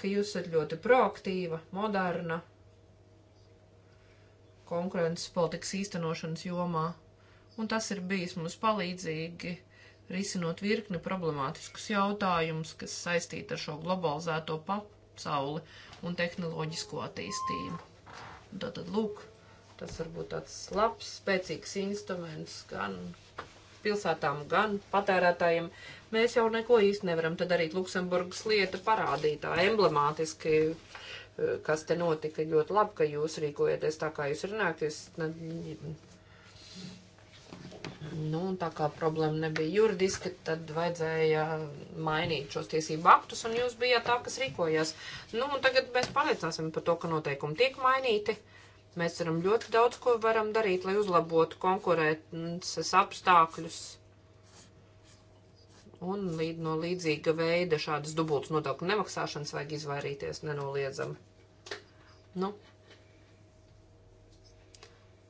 ka jūs esat ļoti proaktīva, moderna konkurences politikas īstenošanas jomā, un tas ir bijis mums palīdzīgi risinot virkni problemātiskus jautājumus, kas saistīti ar šo globalizēto papu sauli un tehnoloģisko attīstību. Tātad, lūk, tas varbūt tāds labs, spēcīgs instruments gan pilsētām, gan patērētājiem. Mēs jau neko īsti nevaram te darīt. Luksemburgas lieta parādīja tā emblemātiski eh, kas te notika. Ļoti labi, ka jūs rīkojaties tā, kā jūs runājat. Jūs Nu, tā kā problēma nebija juridiska, tad vajadzēja mainīt šos tiesību aktus, un jūs bijāt tā, kas rīkojās. Nu, un tagad mēs pārliecināsim par to, ka noteikumi tiek mainīti. Mēs varam ļoti daudz ko varam darīt, lai uzlabotu konkurences apstākļus. Un līd, no līdzīga veida šādas dubultas nodokļu nemaksāšanas vajag izvairīties nenoliedzami. Nu,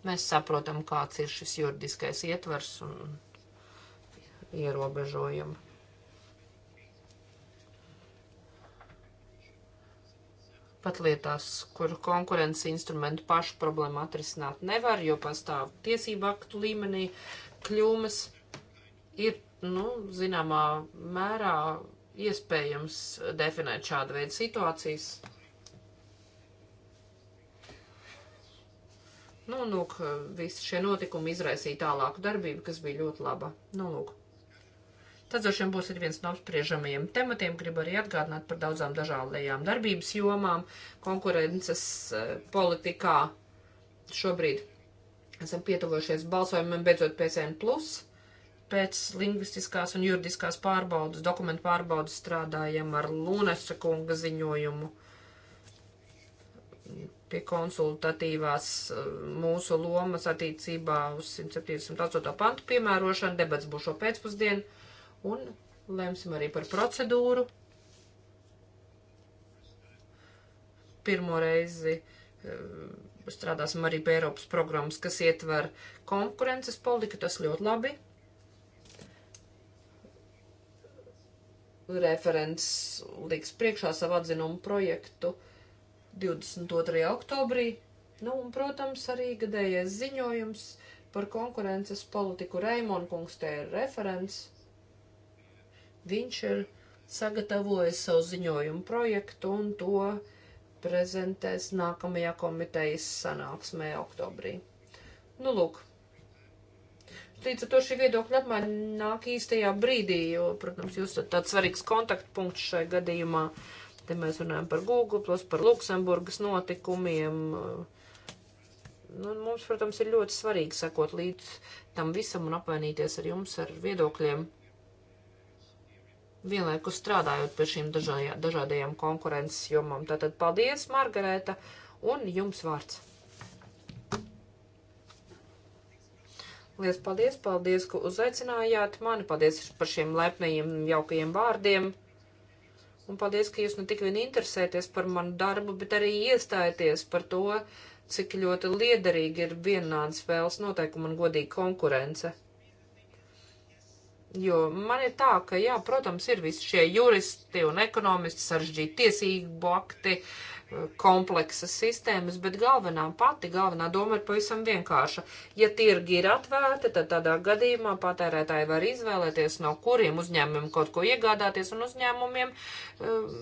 Mēs saprotam, kāds ir šis juridiskais ietvers un ierobežojumi. pat lietās, kur konkurences instrumentu pašu problēmu atrisināt nevar, jo pastāv tiesību aktu līmenī kļūmes, ir, nu, zināmā mērā iespējams definēt šādu veidu situācijas. Nu, lūk, visi šie notikumi izraisīja tālāku darbību, kas bija ļoti laba. Nu, lūk. Tas droši vien būs viens no apspriežamajiem tematiem. Gribu arī atgādināt par daudzām dažādajām darbības jomām, konkurences eh, politikā. Šobrīd esam pietuvojušies balsojumam beidzot PCN plus. Pēc lingvistiskās un juridiskās pārbaudas, dokumentu pārbaudas strādājam ar Lūnesa kunga ziņojumu pie konsultatīvās eh, mūsu lomas attiecībā uz 178. pantu piemērošanu. Debats būs šo pēcpusdienu un lemsim arī par procedūru. Pirmo reizi eh, strādāsim arī pie Eiropas programmas, kas ietver konkurences politiku. Tas ļoti labi. Referents liks priekšā savu atzinumu projektu 22. oktobrī. Nu, un, protams, arī gadējais ziņojums par konkurences politiku Raimond kungs te ir referents. Viņš ir sagatavojis savu ziņojumu projektu un to prezentēs nākamajā komitejas sanāksmē oktobrī. Nu, lūk. Līdz ar to šī viedokļa apmaiņa nāk īstajā brīdī, jo, protams, jūs esat tāds svarīgs kontaktpunkts šai gadījumā. Uh, Te mēs runājam par Google, plus par Luksemburgas notikumiem. Nu, mums, protams, ir ļoti svarīgi sakot līdz tam visam un apvainīties ar jums ar viedokļiem. Vienlaikus strādājot pie šīm dažājā, dažādajām konkurences jomām. Tātad paldies, Margareta, un jums vārds. Lielas paldies, paldies, ka uzaicinājāt mani, paldies par šiem lepnajiem, jaukajiem vārdiem. Un paldies, ka jūs ne tik vien interesēties par manu darbu, bet arī iestājaties par to, cik ļoti liederīgi ir vienāds spēles noteikumi un godīga konkurence. Jo man ir tā, ka, jā, protams, ir visi šie juristi un ekonomisti saržģīti tiesību akti, uh, kompleksas sistēmas, bet galvenā pati, galvenā doma ir pavisam vienkārša. Ja tirgi ir atvērti, tad tādā gadījumā patērētāji var izvēlēties, no kuriem uzņēmumiem kaut ko iegādāties, un uzņēmumiem eh,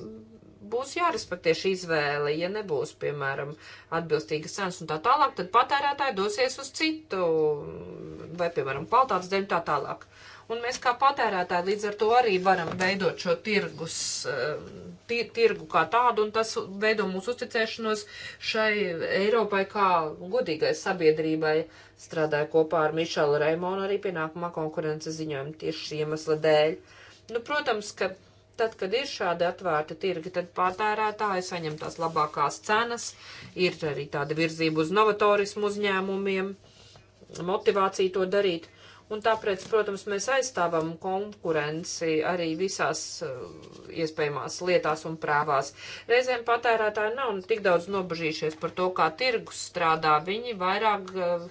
būs jārespektē šī izvēle. Ja nebūs, piemēram, atbilstīga cenas un tā tālāk, tad patērētāji dosies uz citu, vai, piemēram, kvalitātes dēļ tā tālāk. Uh, un mēs kā patērētāji līdz ar to arī varam veidot šo tirgus, eh, tirgu kā tādu, un tas veido mūsu uzticēšanos šai Eiropai kā godīgai sabiedrībai. Strādāju kopā ar Mišelu Raimonu arī pienākumā konkurences ziņojumu tieši šī iemesla dēļ. Nu, protams, ka tad, kad ir šādi atvērti tirgi, tad pārtērētāji saņem tās labākās cenas, ir arī tāda virzība uz novatorismu uzņēmumiem, motivācija to darīt. Un tāpēc, protams, mēs aizstāvam konkurenci arī visās eh, iespējamās lietās un prāvās. Reizēm patērētāji nav tik daudz nobežījušies par to, kā tirgus strādā. Viņi vairāk uh,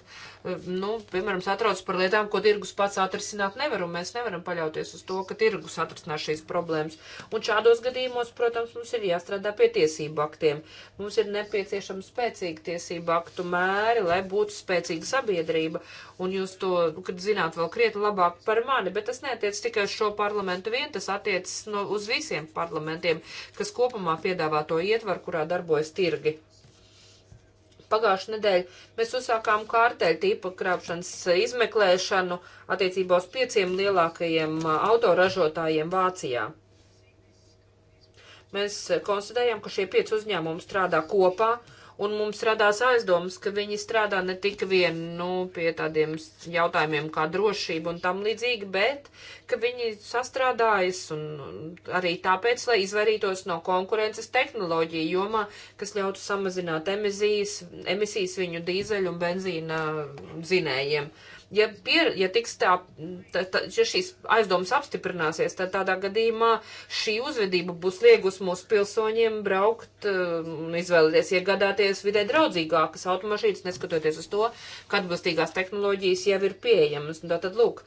nu, piemēram, satrauc par lietām, ko tirgus pats atrisināt nevar, un mēs nevaram paļauties uz to, ka tirgus atrisinās šīs problēmas. Un šādos gadījumos, protams, mums ir jāstrādā pie tiesību aktiem. Mums ir nepieciešama spēcīga tiesību aktu mēri, lai būtu spēcīga sabiedrība, un jūs to, kad zināt, vēl krietni labāk par mani, bet tas neatiec tikai uz šo parlamentu vien, tas attiecas no, uz visiem parlamentiem, kas kopumā piedāvā to ietvaru, kurā darbojas tirgi pagājušajā nedēļā mēs uzsākām kārtēļu tīpa krāpšanas izmeklēšanu attiecībā uz pieciem lielākajiem autoražotājiem Vācijā. Mēs konstatējām, ka šie pieci uzņēmumi strādā kopā un mums radās aizdomas, ka viņi strādā ne tik vien nu, pie tādiem jautājumiem kā drošība un tam līdzīgi, bet ka viņi sastrādājas un arī tāpēc, lai izvairītos no konkurences tehnoloģiju jomā, kas ļautu samazināt emisijas, emisijas viņu dīzeļu un benzīna zinējiem. Uh, ja, pier, ja tiks tā, tā, tā, ja šīs aizdomas apstiprināsies, tad tādā gadījumā šī uzvedība būs liegus mūsu pilsoņiem braukt um, un uh, izvēlēties iegādāties vidē draudzīgākas automašīnas, neskatoties uz to, ka atbilstīgās tehnoloģijas jau ir pieejamas. Tātad, lūk,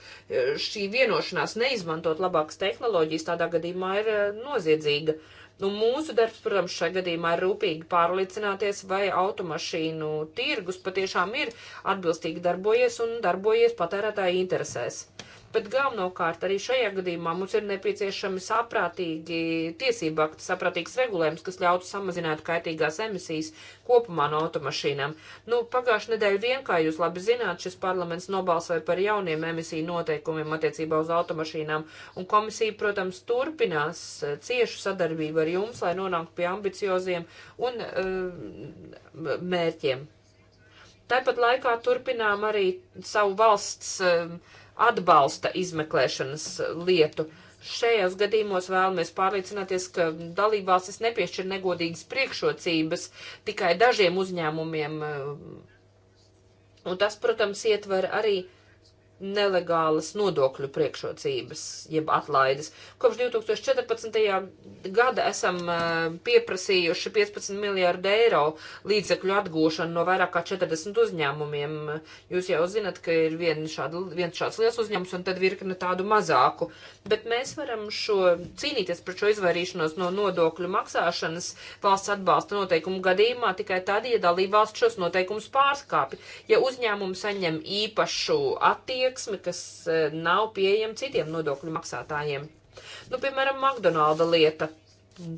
šī vienošanās neizmantot labākas tehnoloģijas tādā gadījumā ir uh, noziedzīga. Uh, Un nu, mūsu darbs, protams, šajā gadījumā ir rūpīgi pārliecināties, vai automašīnu tirgus patiešām ir atbilstīgi darbojies un darbojies patērētāju interesēs. Bet galvenokārt arī šajā gadījumā mums ir nepieciešami saprātīgi tiesību akti, saprātīgs regulējums, kas ļautu samazināt kaitīgās emisijas kopumā no automašīnām. Nu, pagājušajā nedēļā vien, kā jūs labi zināt, šis parlaments nobalsoja par jauniem emisiju noteikumiem attiecībā uz automašīnām, un komisija, protams, turpinās eh, ciešu sadarbību ar jums, lai nonāktu pie ambicioziem un uh, mērķiem. Tāpat laikā turpinām arī savu valsts uh, atbalsta izmeklēšanas lietu. Šajos gadījumos vēlamies pārliecināties, ka dalībvalstis nepiešķir negodīgas priekšrocības tikai dažiem uzņēmumiem. Un tas, protams, ietver arī uh, nelegālas nodokļu priekšrocības, jeb atlaides. Kopš 2014. gada esam pieprasījuši 15 miljārdu eiro līdzekļu atgūšanu no vairāk kā 40 uzņēmumiem. Jūs jau zinat, ka ir vien šāda, viens šāds liels uzņēmums un tad virkne tādu mazāku. Bet mēs varam šo, cīnīties par šo izvairīšanos no nodokļu maksāšanas valsts atbalsta noteikumu gadījumā tikai tad, ja dalībvalsts šos noteikumus pārskāpj. Ja uzņēmumi saņem īpašu attieksmi, attieksmi, kas eh, nav pieejama citiem nodokļu maksātājiem. Nu, piemēram, McDonalda lieta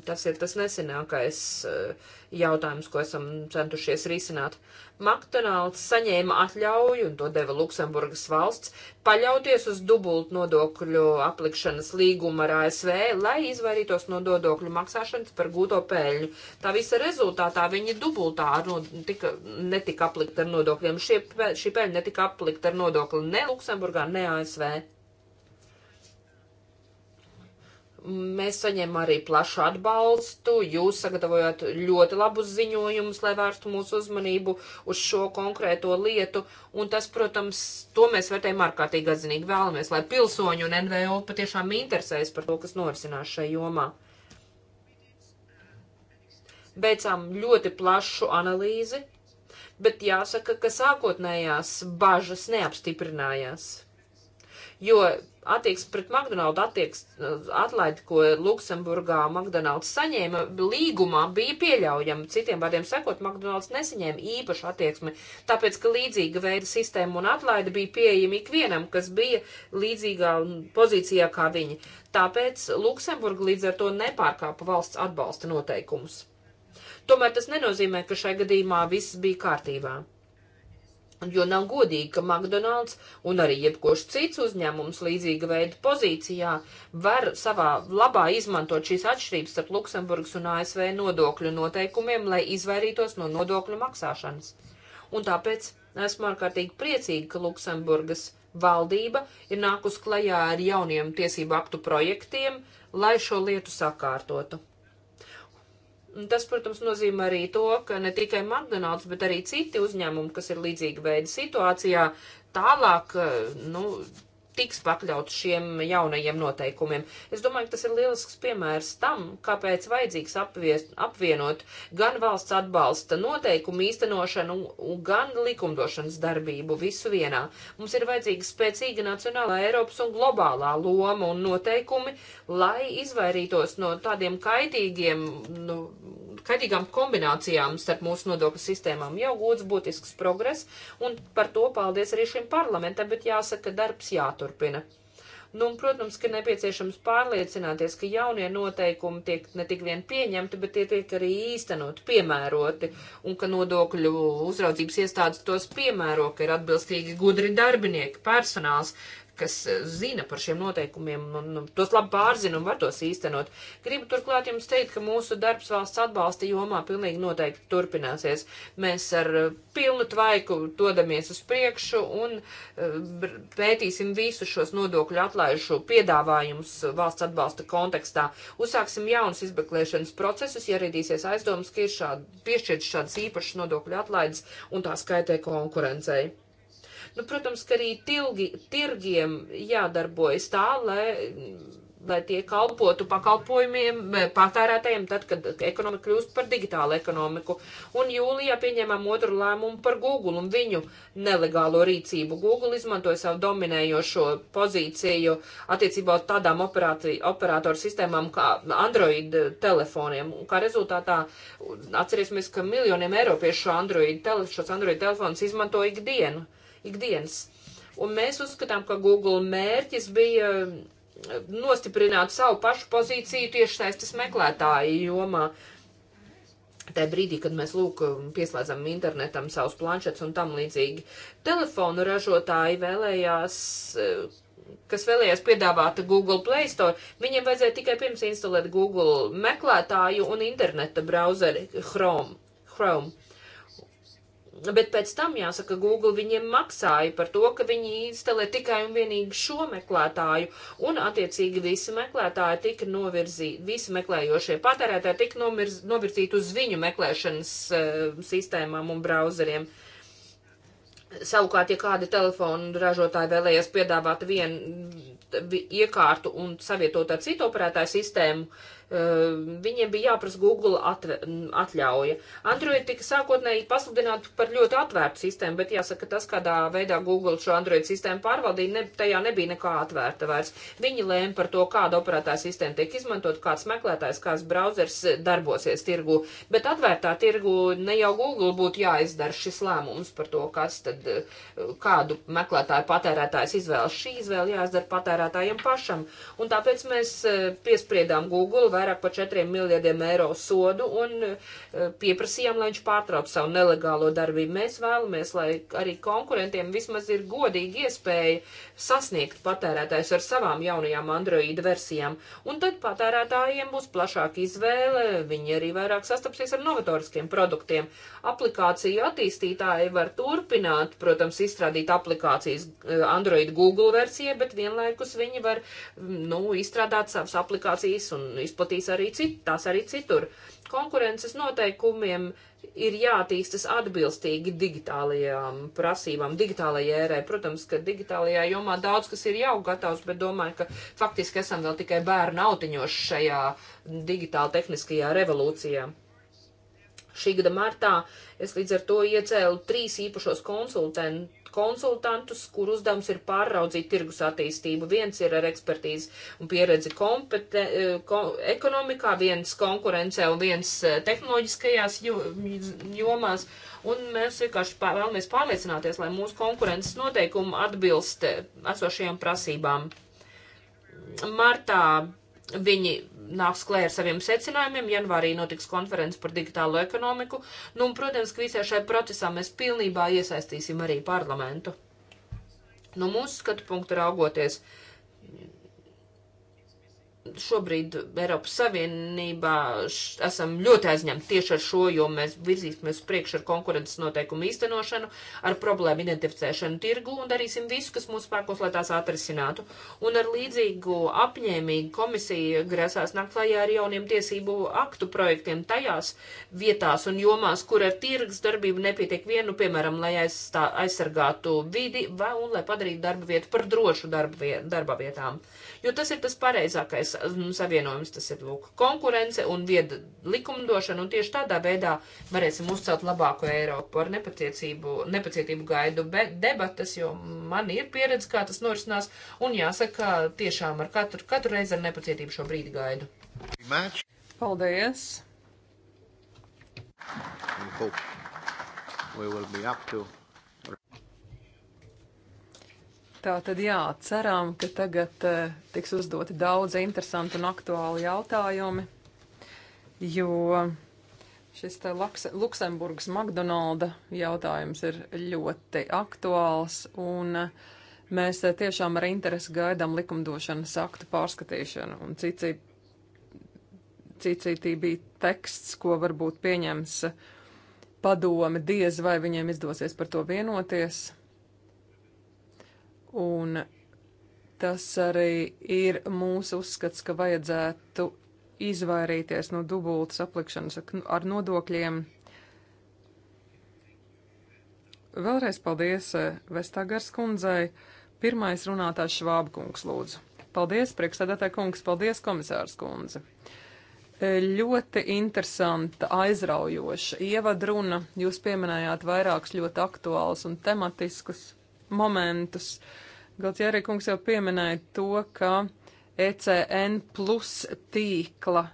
Tas ir tas nesenākais eh, jautājums, ko esam centušies risināt. McDonald's saņēma atļauju, un to deva Luksemburgas valsts, paļauties uz dubult nodokļu aplikšanas līgumu ar ASV, lai izvairītos no nodokļu maksāšanas par gūto peļņu. Tā visa rezultātā viņi dubultā no, tika, netika aplikta ar nodokļiem. Šie, šī peļņa netika aplikta ar nodokli ne Luksemburgā, ne ASV. Mēs saņēmām arī plašu atbalstu. Jūs sagatavojāt ļoti labus ziņojumus, lai vērstu mūsu uzmanību uz šo konkrēto lietu. Un tas, protams, to mēs vērtējam ārkārtīgi atzinīgi. Vēlamies, lai pilsoņi un NVO patiešām interesēs par to, kas norisinās šajā jomā. Beidzām ļoti plašu analīzi, bet jāsaka, ka sākotnējās bažas neapstiprinājās jo attieksme pret McDonaldu atlaidi, ko Luksemburgā McDonalds saņēma, līgumā bija pieļaujama. Citiem vārdiem sakot, McDonalds nesaņēma īpašu attieksmi, tāpēc, ka līdzīga veida sistēma un atlaida bija pieejama ikvienam, kas bija līdzīgā pozīcijā kā viņi. Tāpēc Luksemburga līdz ar to nepārkāpa valsts atbalsta noteikumus. Tomēr tas nenozīmē, ka šai gadījumā viss bija kārtībā. Jo nav godīgi, ka McDonald's un arī jebkurš cits uzņēmums līdzīga veida pozīcijā var savā labā izmantot šīs atšķirības starp Luksemburgas un ASV nodokļu noteikumiem, lai izvairītos no nodokļu maksāšanas. Un tāpēc esmu ārkārtīgi priecīga, ka Luksemburgas valdība ir nākus klajā ar jauniem tiesību aktu projektiem, lai šo lietu sakārtotu. Tas, protams, nozīmē arī to, ka ne tikai McDonald's, bet arī citi uzņēmumi, kas ir līdzīga veida situācijā, tālāk, eh, nu, tiks pakļauts šiem jaunajiem noteikumiem. Es domāju, ka tas ir lielisks piemērs tam, kāpēc vajadzīgs apviest, apvienot gan valsts atbalsta noteikumu īstenošanu, gan likumdošanas darbību visu vienā. Mums ir vajadzīga spēcīga nacionālā Eiropas un globālā loma un noteikumi, lai izvairītos no tādiem kaitīgiem nu, kaidīgām kombinācijām starp mūsu nodokļu sistēmām jau gūts būtisks progress, un par to paldies arī šim parlamentam, bet jāsaka, darbs jāturpina. Nu, un, protams, ka nepieciešams pārliecināties, ka jaunie noteikumi tiek ne tik vien pieņemti, bet tie tiek arī īstenot, piemēroti, un ka nodokļu uzraudzības iestādes tos piemēro, ka ir atbilstīgi gudri darbinieki, personāls, kas eh, zina par šiem noteikumiem un, un nu, tos labi pārzina un var tos īstenot. Gribu turklāt jums teikt, ka mūsu darbs valsts atbalsta jomā pilnīgi noteikti turpināsies. Mēs ar eh, pilnu tvaiku dodamies uz priekšu un eh, pētīsim visus šos nodokļu atlaižu piedāvājumus valsts atbalsta kontekstā. Uzsāksim jaunus izbeklēšanas procesus, ja redīsies aizdomas, ka ir šādi, piešķirts šādas īpašas nodokļu atlaides un tā skaitē konkurencei. Nu, protams, ka arī tilgi, tirgiem jādarbojas tā, lai, lai tie kalpotu pakalpojumiem e, patērētājiem tad, kad ekonomika kļūst par digitālu ekonomiku. Un jūlijā pieņēmām otru lēmumu par Google un viņu nelegālo rīcību. Google izmantoja savu dominējošo pozīciju attiecībā uz tādām operatoru sistēmām kā Android telefoniem. Un kā rezultātā atcerēsimies, ka miljoniem eiropiešu Android, šos Android telefonus izmanto ikdienu ikdienas. Un mēs uzskatām, ka Google mērķis bija eh, nostiprināt savu pašu pozīciju tieši saistas meklētāju jomā. Tā brīdī, kad mēs lūk pieslēdzam internetam savus planšetus un tam līdzīgi, telefonu ražotāji vēlējās, eh, kas vēlējās piedāvāt Google Play Store, viņiem vajadzēja tikai pirms instalēt Google meklētāju un interneta brauzeri Chrome. Chrome. Bet pēc tam, jāsaka, Google viņiem maksāja par to, ka viņi instalē tikai un vienīgi šo meklētāju, un attiecīgi visi meklētāji tika novirzīti, visi meklējošie patērētāji tika nomirz, novirzīti uz viņu meklēšanas uh, sistēmām un browseriem. Savukārt, ja kādi telefonu ražotāji vēlējās piedāvāt vienu iekārtu un savietot ar citu operētāju sistēmu, uh, viņiem bija jāprasa Google atļauja. Android tika sākotnēji pasludināta par ļoti atvērtu sistēmu, bet jāsaka, tas, kādā veidā Google šo Android sistēmu pārvaldīja, ne, tajā nebija nekā atvērta vairs. Viņi lēma par to, kāda operētāja sistēma tiek izmantot, kāds meklētājs, kāds brauzers darbosies tirgu, bet atvērtā tirgu ne jau Google būtu jāizdara šis lēmums par to, kas tad, kādu meklētāju patērētājs izvēlas. Šī izvēle jāizdara patērētājiem pašam, un tāpēc mēs eh, piespriedām Google vai vairāk par 4 miljardiem eiro sodu un eh, pieprasījām, lai viņš pārtrauc savu nelegālo darbību. Mēs vēlamies, lai arī konkurentiem vismaz ir godīgi iespēja sasniegt patērētājs ar savām jaunajām Android versijām. Un tad patērētājiem būs plašāka izvēle, viņi arī vairāk sastapsies ar novatoriskiem produktiem. Aplikāciju attīstītāji var turpināt, protams, izstrādīt aplikācijas eh, Android Google versija, bet vienlaikus viņi var mm, nu, izstrādāt savas aplikācijas un izplatīt izplatīs arī, cit, tās arī citur. Konkurences noteikumiem ir jātīstas atbilstīgi digitālajām prasībām, digitālajai ērē. Protams, ka digitālajā jomā daudz kas ir jau gatavs, bet domāju, ka faktiski esam vēl tikai bērnu autiņos šajā digitāla tehniskajā revolūcijā šī gada martā. Es līdz ar to iecēlu trīs īpašos konsultantus konsultantus, kur uzdevums ir pārraudzīt tirgus attīstību. Viens ir ar ekspertīzi un pieredzi kompete, ko, ekonomikā, viens konkurencē un viens eh, tehnoloģiskajās jomās. Un mēs vienkārši pār, vēlamies pārliecināties, lai mūsu konkurences noteikumi atbilst eh, esošajām prasībām. Martā viņi nāks klē ar saviem secinājumiem. Janvārī notiks konferences par digitālo ekonomiku. Nu, un, protams, ka visā šajā procesā mēs pilnībā iesaistīsim arī parlamentu. No nu, mūsu skatu punktu raugoties, šobrīd Eiropas Savienībā esam ļoti aizņemti tieši ar šo, jo mēs virzīsimies priekš ar konkurences noteikumu īstenošanu, ar problēmu identificēšanu tirgu un darīsim visu, kas mūsu spēkos, lai tās atrisinātu. Un ar līdzīgu apņēmīgu komisija grasās nākt klajā ar jauniem tiesību aktu projektiem tajās vietās un jomās, kur ar tirgus darbību nepietiek vienu, piemēram, lai aizstā, aizsargātu vidi vai un lai padarītu darba vietu par drošu darba viet, darba vietām jo tas ir tas pareizākais nu, savienojums, tas ir lūk, konkurence un vieda likumdošana, un tieši tādā veidā varēsim uzcelt labāko Eiropu ar nepacietību, nepacietību gaidu debatas, jo man ir pieredze, kā tas norisinās, un jāsaka, tiešām ar katru, katru reizi ar nepacietību šo brīdi gaidu. Paldies! We hope we will be up to Tā tad jā, ceram, ka tagad eh, tiks uzdoti daudz interesanti un aktuāli jautājumi, jo šis te Luksemburgas McDonalda jautājums ir ļoti aktuāls un eh, mēs eh, tiešām ar interesi gaidām likumdošanas aktu pārskatīšanu un CCTB teksts, ko varbūt pieņems padome, diez vai viņiem izdosies par to vienoties. Un tas arī ir mūsu uzskats, ka vajadzētu izvairīties no dubultas aplikšanas ar nodokļiem. Vēlreiz paldies eh, Vestāgars kundzei. Pirmais runātājs Švāba kungs lūdzu. Paldies, priekšsēdētāji kungs, paldies, komisārs kundze. E, ļoti interesanta, aizraujoša ievadruna. Jūs pieminējāt vairākus ļoti aktuālus un tematiskus momentus. Galtjērī kungs jau pieminēja to, ka ECN plus tīkla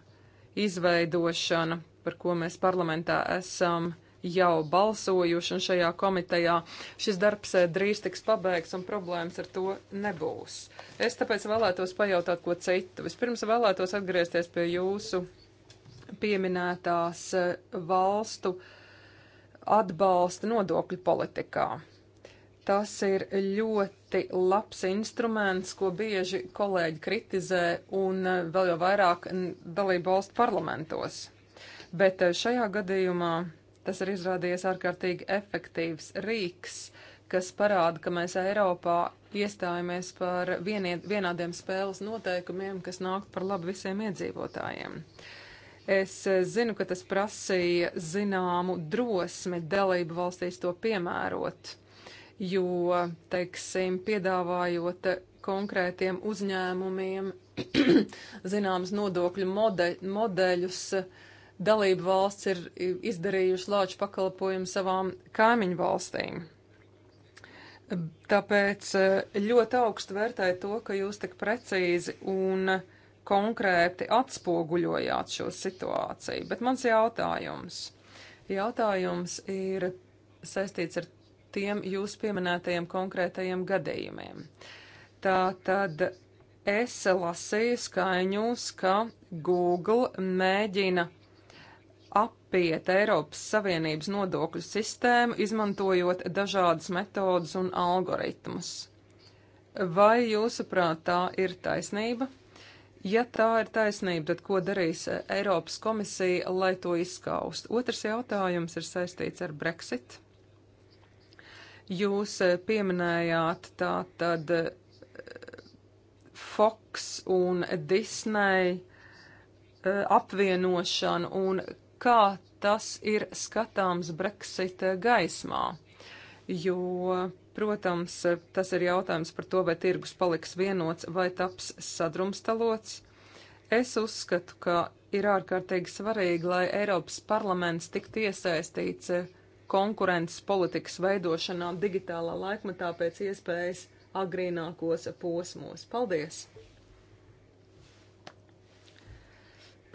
izveidošana, par ko mēs parlamentā esam jau balsojuši un šajā komitejā šis darbs eh, drīz tiks pabeigts un problēmas ar to nebūs. Es tāpēc vēlētos pajautāt ko citu. Vispirms vēlētos atgriezties pie jūsu pieminētās eh, valstu atbalsta nodokļu politikā. Tas ir ļoti labs instruments, ko bieži kolēģi kritizē un vēl jau vairāk dalību valstu parlamentos. Bet eh, šajā gadījumā tas ir izrādījies ārkārtīgi efektīvs rīks, kas parāda, ka mēs Eiropā iestājamies par vienie, vienādiem spēles noteikumiem, kas nāk par labu visiem iedzīvotājiem. Es eh, zinu, ka tas prasīja zināmu drosmi dalību valstīs to piemērot jo, teiksim, piedāvājot konkrētiem uzņēmumiem zināmas nodokļu mode, modeļus, dalību valsts ir izdarījuši lāču pakalpojumu savām kaimiņu valstīm. Tāpēc eh, ļoti augstu vērtēju to, ka jūs tik precīzi un konkrēti atspoguļojāt šo situāciju. Bet mans jautājums. Jautājums ir saistīts ar tiem jūs pieminētajiem konkrētajiem gadījumiem. Tā tad es lasīju skaņus, ka Google mēģina apiet Eiropas Savienības nodokļu sistēmu, izmantojot dažādas metodas un algoritmus. Vai jūsuprāt tā ir taisnība? Ja tā ir taisnība, tad ko darīs Eiropas komisija, lai to izskaust? Otrs jautājums ir saistīts ar Brexit. Jūs eh, pieminējāt tā tad eh, Fox un Disney eh, apvienošanu un kā tas ir skatāms Brexit gaismā. Jo, protams, tas ir jautājums par to, vai tirgus paliks vienots vai taps sadrumstalots. Es uzskatu, ka ir ārkārtīgi svarīgi, lai Eiropas parlaments tiktu iesaistīts konkurences politikas veidošanā digitālā laikmetā pēc iespējas agrīnākos posmos. Paldies!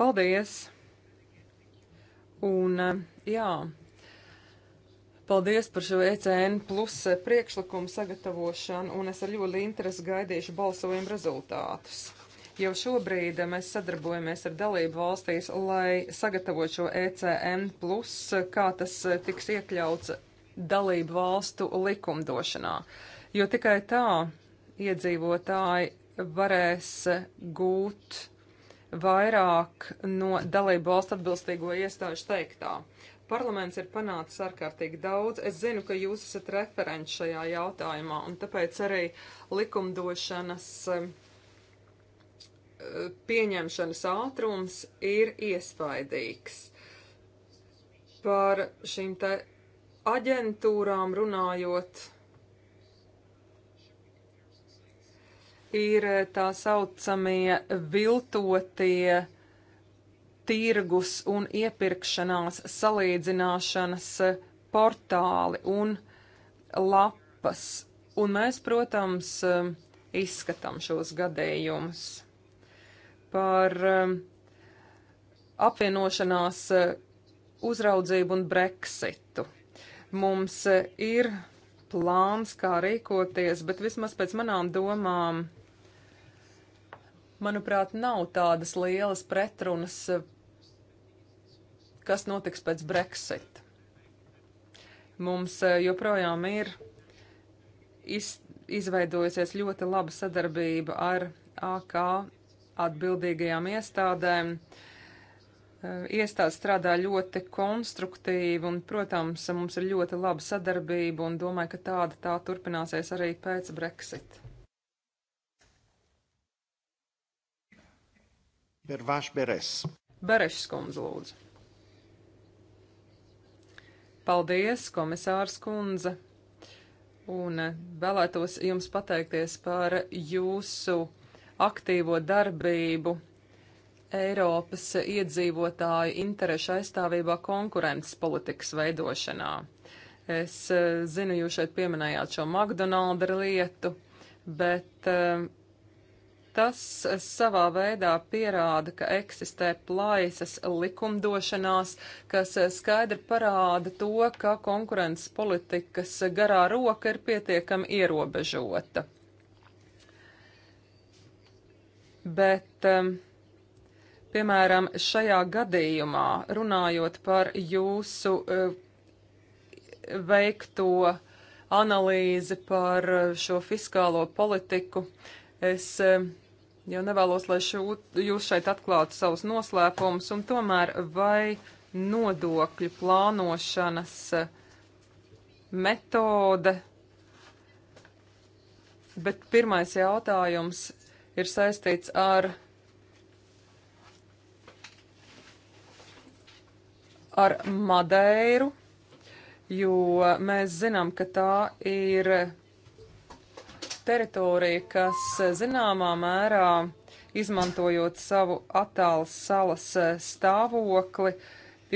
Paldies! Un eh, jā, paldies par šo ECN plus priekšlikumu sagatavošanu, un es ar ļoti interesi gaidīšu balsojumu rezultātus. Jau šobrīd mēs sadarbojamies ar dalību valstīs, lai sagatavotu šo ECN, plus, kā tas eh, tiks iekļauts dalību valstu likumdošanā. Jo tikai tā iedzīvotāji varēs gūt vairāk no dalību valstu atbilstīgo iestāžu teiktā. Parlaments ir panācis ārkārtīgi daudz. Es zinu, ka jūs esat referents šajā jautājumā, un tāpēc arī likumdošanas uh, pieņemšanas ātrums ir iespaidīgs. Par šīm te aģentūrām runājot, ir eh, tā saucamie viltotie tirgus un iepirkšanās salīdzināšanas eh, portāli un lapas. Un mēs, protams, eh, izskatām šos gadījumus par um, apvienošanās uh, uzraudzību un Brexitu. Mums uh, ir plāns, kā rīkoties, bet vismaz pēc manām domām, manuprāt, nav tādas lielas pretrunas, uh, kas notiks pēc Brexit. Mums joprojām ir iz, izveidojusies ļoti laba sadarbība ar AK atbildīgajām iestādēm. E, iestādes strādā ļoti konstruktīvi un, protams, mums ir ļoti laba sadarbība un domāju, ka tāda tā turpināsies arī pēc Brexit. Bervāš Beres. Berešs kundze lūdzu. Paldies, komisārs kundze, un e, vēlētos jums pateikties par jūsu aktīvo darbību Eiropas iedzīvotāju interešu aizstāvībā konkurences politikas veidošanā. Es eh, zinu, jūs šeit pieminējāt šo McDonald's lietu, bet eh, tas savā veidā pierāda, ka eksistē plaisas likumdošanās, kas eh, skaidri parāda to, ka konkurences politikas garā roka ir pietiekami ierobežota bet, piemēram, šajā gadījumā, runājot par jūsu e, veikto analīzi par e, šo fiskālo politiku, es e, jau nevēlos, lai šo, jūs šeit atklātu savus noslēpumus, un tomēr vai nodokļu plānošanas metode Bet pirmais jautājums ir saistīts ar, ar Madeiru, jo mēs zinām, ka tā ir teritorija, kas zināmā mērā izmantojot savu attāls salas eh, stāvokli,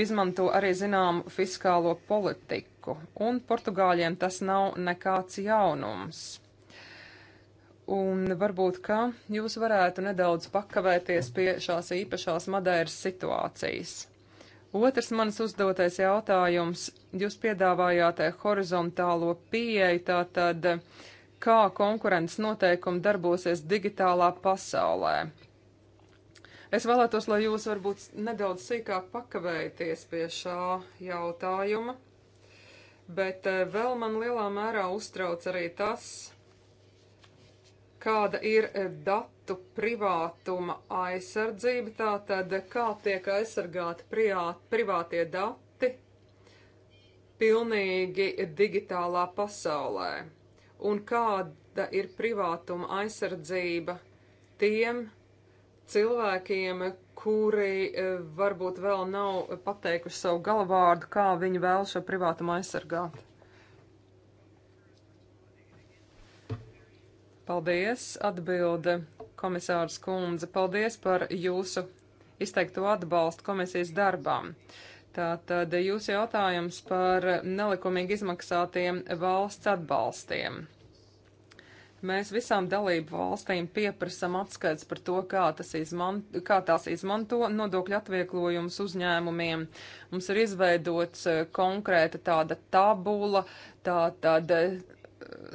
izmanto arī zināmu fiskālo politiku, un Portugāļiem tas nav nekāds jaunums un varbūt, ka jūs varētu nedaudz pakavēties pie šās īpašās Madeiras situācijas. Otrs mans uzdotais jautājums. Jūs piedāvājāt horizontālo pieeju, tātad kā konkurences noteikumi darbosies digitālā pasaulē. Es vēlētos, lai jūs varbūt nedaudz sīkāk pakavēties pie šā jautājuma, bet eh, vēl man lielā mērā uztrauc arī tas, kāda ir e, datu privātuma aizsardzība, tātad kā tiek aizsargāti priāt, privātie dati pilnīgi digitālā pasaulē, un kāda ir privātuma aizsardzība tiem cilvēkiem, kuri e, varbūt vēl nav pateikuši savu galvārdu, kā viņi vēl šo privātumu aizsargāt. Paldies, atbilde komisārs kundze. Paldies par jūsu izteikto atbalstu komisijas darbām. Tātad jūsu jautājums par nelikumīgi izmaksātiem valsts atbalstiem. Mēs visām dalību valstīm pieprasam atskaits par to, kā, izman, kā tās izmanto nodokļu atvieglojumus uzņēmumiem. Mums ir izveidots eh, konkrēta tāda tabula, tātad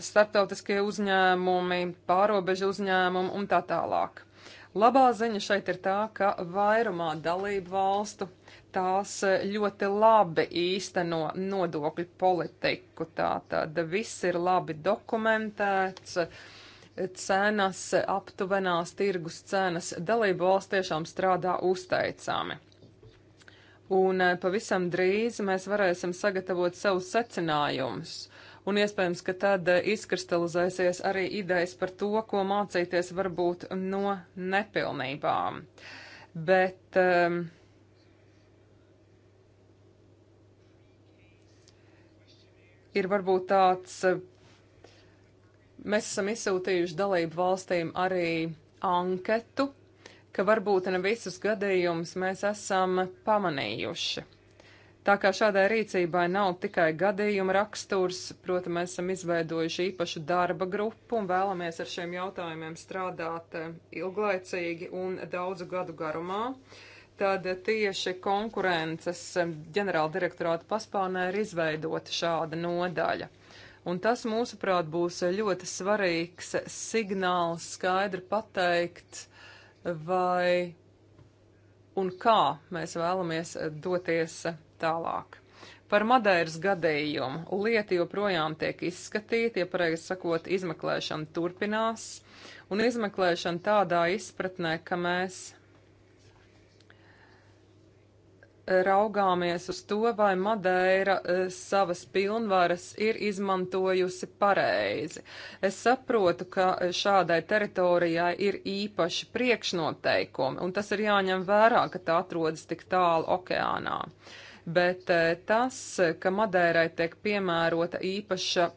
starptautiskie uzņēmumi, pārobežu uzņēmumi un tā tālāk. Labā ziņa šeit ir tā, ka vairumā dalību valstu tās ļoti labi īsteno nodokļu politiku. Tātad viss ir labi dokumentēts, cenas, aptuvenās tirgus cenas. Dalību valsts tiešām strādā uzteicami un eh, pavisam drīz mēs varēsim sagatavot savus secinājumus un iespējams, ka tad izkristalizēsies arī idejas par to, ko mācīties varbūt no nepilnībām. Bet um, ir varbūt tāds, uh, mēs esam izsūtījuši dalību valstīm arī anketu, ka varbūt ne visus gadījumus mēs esam pamanījuši. Tā kā šādai rīcībai nav tikai gadījuma raksturs, protams, mēs esam izveidojuši īpašu darba grupu un vēlamies ar šiem jautājumiem strādāt eh, ilglaicīgi un daudzu gadu garumā tad eh, tieši konkurences eh, ģenerāla direktorāta paspārnē ir izveidota šāda nodaļa. Un tas, mūsuprāt, būs ļoti svarīgs signāls skaidri pateikt, vai un kā mēs vēlamies doties tālāk. Par Madeiras gadījumu lieta joprojām tiek izskatīta, ja pareizi sakot, izmeklēšana turpinās, un izmeklēšana tādā izpratnē, ka mēs e, raugāmies uz to, vai Madeira e, savas pilnvaras ir izmantojusi pareizi. Es saprotu, ka e, šādai teritorijai ir īpaši priekšnoteikumi, un tas ir jāņem vērā, ka tā atrodas tik tālu okeānā. Uh, bet eh, tas, ka Madērai tiek piemērota īpaša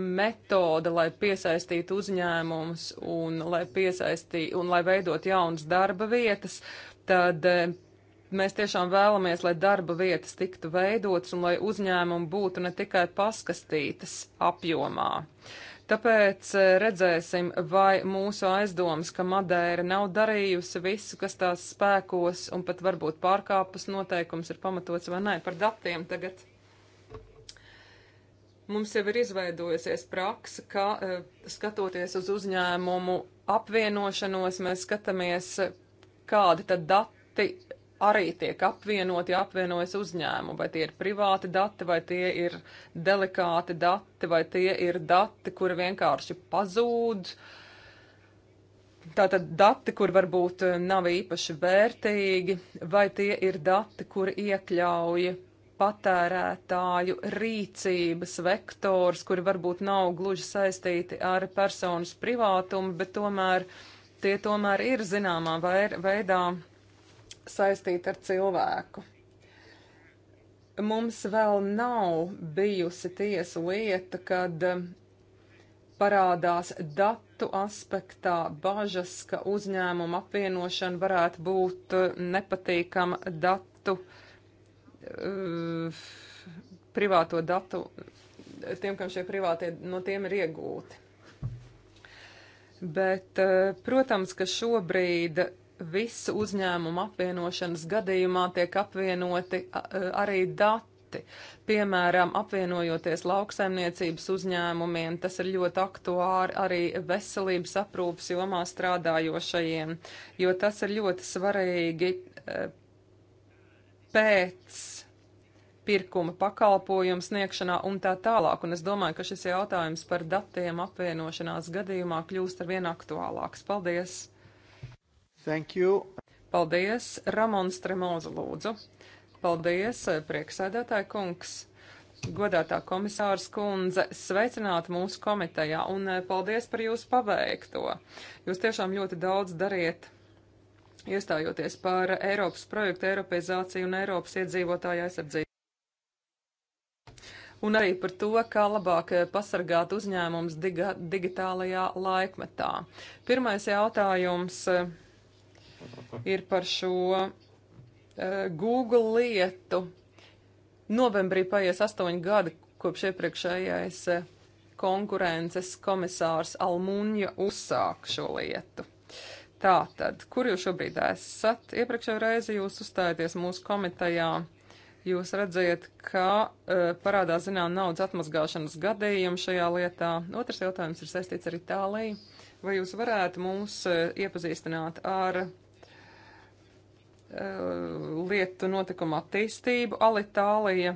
metode, lai piesaistītu uzņēmumus un lai piesaistītu un lai veidot jaunas darba vietas, tad eh, mēs tiešām vēlamies, lai darba vietas tiktu veidotas un lai uzņēmumi būtu ne tikai paskastītas apjomā. Uh, Tāpēc e, redzēsim, vai mūsu aizdoms, ka Madeira nav darījusi visu, kas tās spēkos un pat varbūt pārkāpus noteikums ir pamatots vai nē par datiem tagad. Mums jau ir izveidojusies praksa, ka e, skatoties uz uzņēmumu apvienošanos, mēs skatāmies, kādi tad dati arī tiek apvienoti, apvienojas uzņēmumi, vai tie ir privāti dati, vai tie ir delikāti dati, vai tie ir dati, kuri vienkārši pazūd. Tātad dati, kur varbūt nav īpaši vērtīgi, vai tie ir dati, kur iekļauj patērētāju rīcības vektors, kuri varbūt nav gluži saistīti ar personas privātumu, bet tomēr tie tomēr ir zināmā veidā saistīta ar cilvēku. Mums vēl nav bijusi tiesa lieta, kad um, parādās datu aspektā bažas, ka uzņēmuma apvienošana varētu būt uh, nepatīkama datu, uh, privāto datu, tiem, kam šie privātie no tiem ir iegūti. Bet, uh, protams, ka šobrīd visu uzņēmumu apvienošanas gadījumā tiek apvienoti e, arī dati. Piemēram, apvienojoties lauksaimniecības uzņēmumiem, tas ir ļoti aktuāri arī veselības aprūpas jomā strādājošajiem, jo tas ir ļoti svarīgi e, pēc pirkuma pakalpojumu sniegšanā un tā tālāk. Un es domāju, ka šis jautājums par datiem apvienošanās gadījumā kļūst ar vien aktuālāks. Paldies! Thank you. Paldies, Ramons Tremoza lūdzu. Paldies, eh, prieksēdētāja kungs. Godātā komisārs kundze, sveicināt mūsu komitejā un eh, paldies par jūsu paveikto. Jūs tiešām ļoti daudz dariet iestājoties par Eiropas projektu Eiropeizāciju un Eiropas iedzīvotāju aizsardzību. Un arī par to, kā labāk eh, pasargāt uzņēmums diga, digitālajā laikmetā. Pirmais jautājums. Uh, ir par šo uh, Google lietu. Novembrī paies astoņi gadi, kopš iepriekšējais uh, konkurences komisārs Almunja uzsāk šo lietu. Tātad, kur jūs šobrīd esat? Iepriekšējā reize jūs uzstājaties mūsu komitejā jūs redzat, ka uh, parādās zinām naudas atmazgāšanas gadījumi šajā lietā. Otrs jautājums ir saistīts ar Itāliju. Vai jūs varētu mūs uh, iepazīstināt ar lietu notikuma attīstību. Alitālija,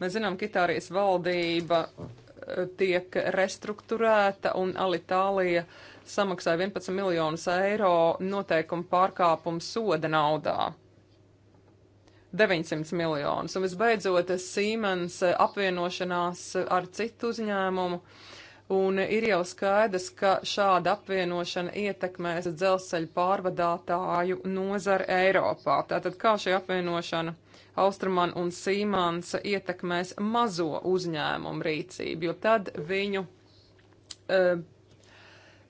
mēs zinām, ka Itālijas valdība eh, tiek restruktūrēta un Alitālija samaksāja 11 miljonus eiro noteikumu pārkāpumu soda naudā. 900 miljonus. Un visbeidzot, Siemens apvienošanās ar citu uzņēmumu. Uh, un ir jau skaidrs, ka šāda apvienošana ietekmēs dzelzceļa pārvadātāju nozari Eiropā. Tātad kā šī apvienošana Austruman un Sīmans ietekmēs mazo uzņēmumu rīcību, jo tad viņu. Uh,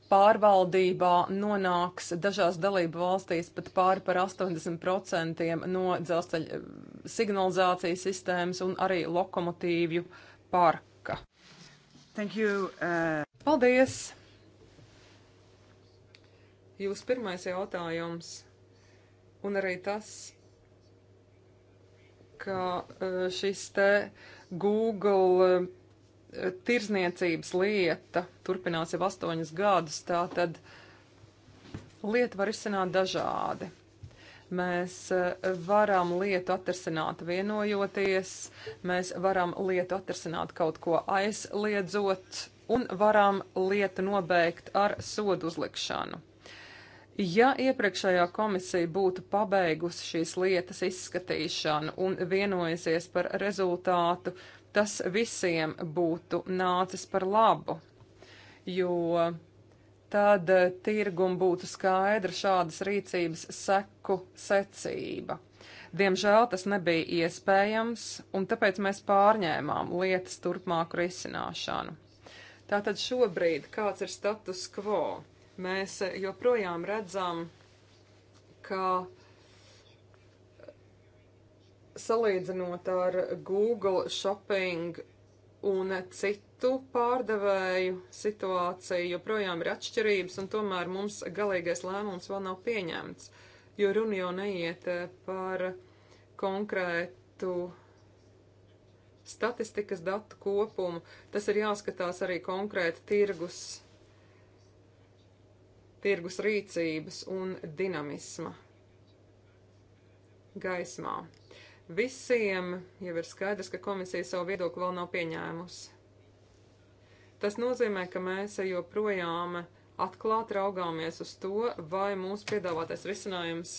pārvaldībā nonāks dažās dalību valstīs pat pāri par 80% no dzelzceļa e, signalizācijas sistēmas un arī lokomotīvju parka. Thank you. Uh... Paldies! Jūs pirmais jautājums un arī tas, ka uh, šis te Google uh, tirzniecības lieta turpinās jau astoņus gadus, tā tad lieta var izsināt dažādi. Mēs e, varam lietu atrasināt vienojoties, mēs varam lietu atrasināt kaut ko aizliedzot un varam lietu nobeigt ar sodu uzlikšanu. Ja iepriekšējā komisija būtu pabeigusi šīs lietas izskatīšanu un vienojusies par rezultātu, tas visiem būtu nācis par labu, jo tad tirgum būtu skaidra šādas rīcības seku secība. Diemžēl tas nebija iespējams, un tāpēc mēs pārņēmām lietas turpmāku risināšanu. Tātad šobrīd kāds ir status quo? Mēs joprojām redzam, ka salīdzinot ar Google shopping un citu pārdevēju situācija joprojām ir atšķirības, un tomēr mums galīgais lēmums vēl nav pieņemts, jo runa jau neiet eh, par konkrētu statistikas datu kopumu. Tas ir jāskatās arī konkrēti tirgus, tirgus rīcības un dinamisma gaismā visiem jau ir skaidrs, ka komisija savu viedokli vēl nav pieņēmusi. Tas nozīmē, ka mēs joprojām atklāti raugāmies uz to, vai mūsu piedāvātais risinājums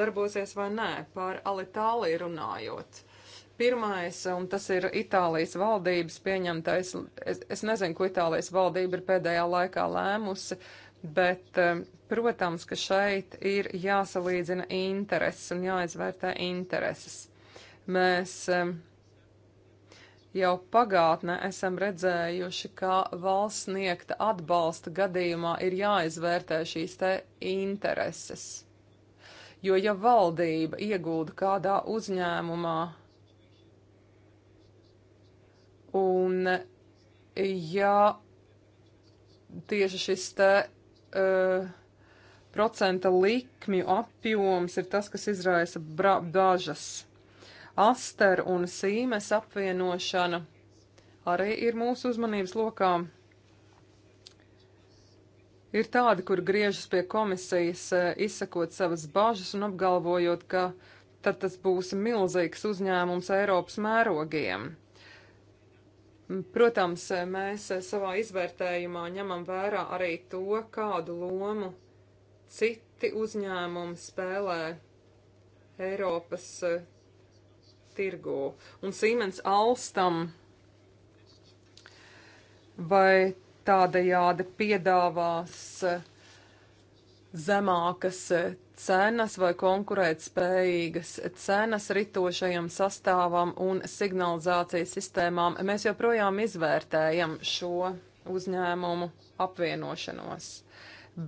darbosies vai nē, par Alitāliju runājot. Pirmais, un tas ir Itālijas valdības pieņemtais, es, es nezinu, ko Itālijas valdība ir pēdējā laikā lēmusi, bet eh, Protams, ka šeit ir jāsalīdzina intereses un jāizvērtē intereses. Mēs jau pagātnē esam redzējuši, ka valsts sniegta atbalsta gadījumā ir jāizvērtē šīs te intereses. Jo ja valdība iegūda kādā uzņēmumā un ja tieši šis te. Uh, procenta likmju apjoms ir tas, kas izraisa bāžas. Aster un sīmes apvienošana arī ir mūsu uzmanības lokā. Ir tādi, kur griežas pie komisijas, eh, izsakot savas bažas un apgalvojot, ka tad tas būs milzīgs uzņēmums Eiropas mērogiem. Protams, eh, mēs eh, savā izvērtējumā ņemam vērā arī to, kādu lomu citi uzņēmumi spēlē Eiropas uh, tirgu. Un Siemens Alstam vai tādajādi piedāvās uh, zemākas eh, cenas vai konkurētspējīgas cenas ritošajam sastāvam un signalizācijas sistēmām, mēs joprojām izvērtējam šo uzņēmumu apvienošanos.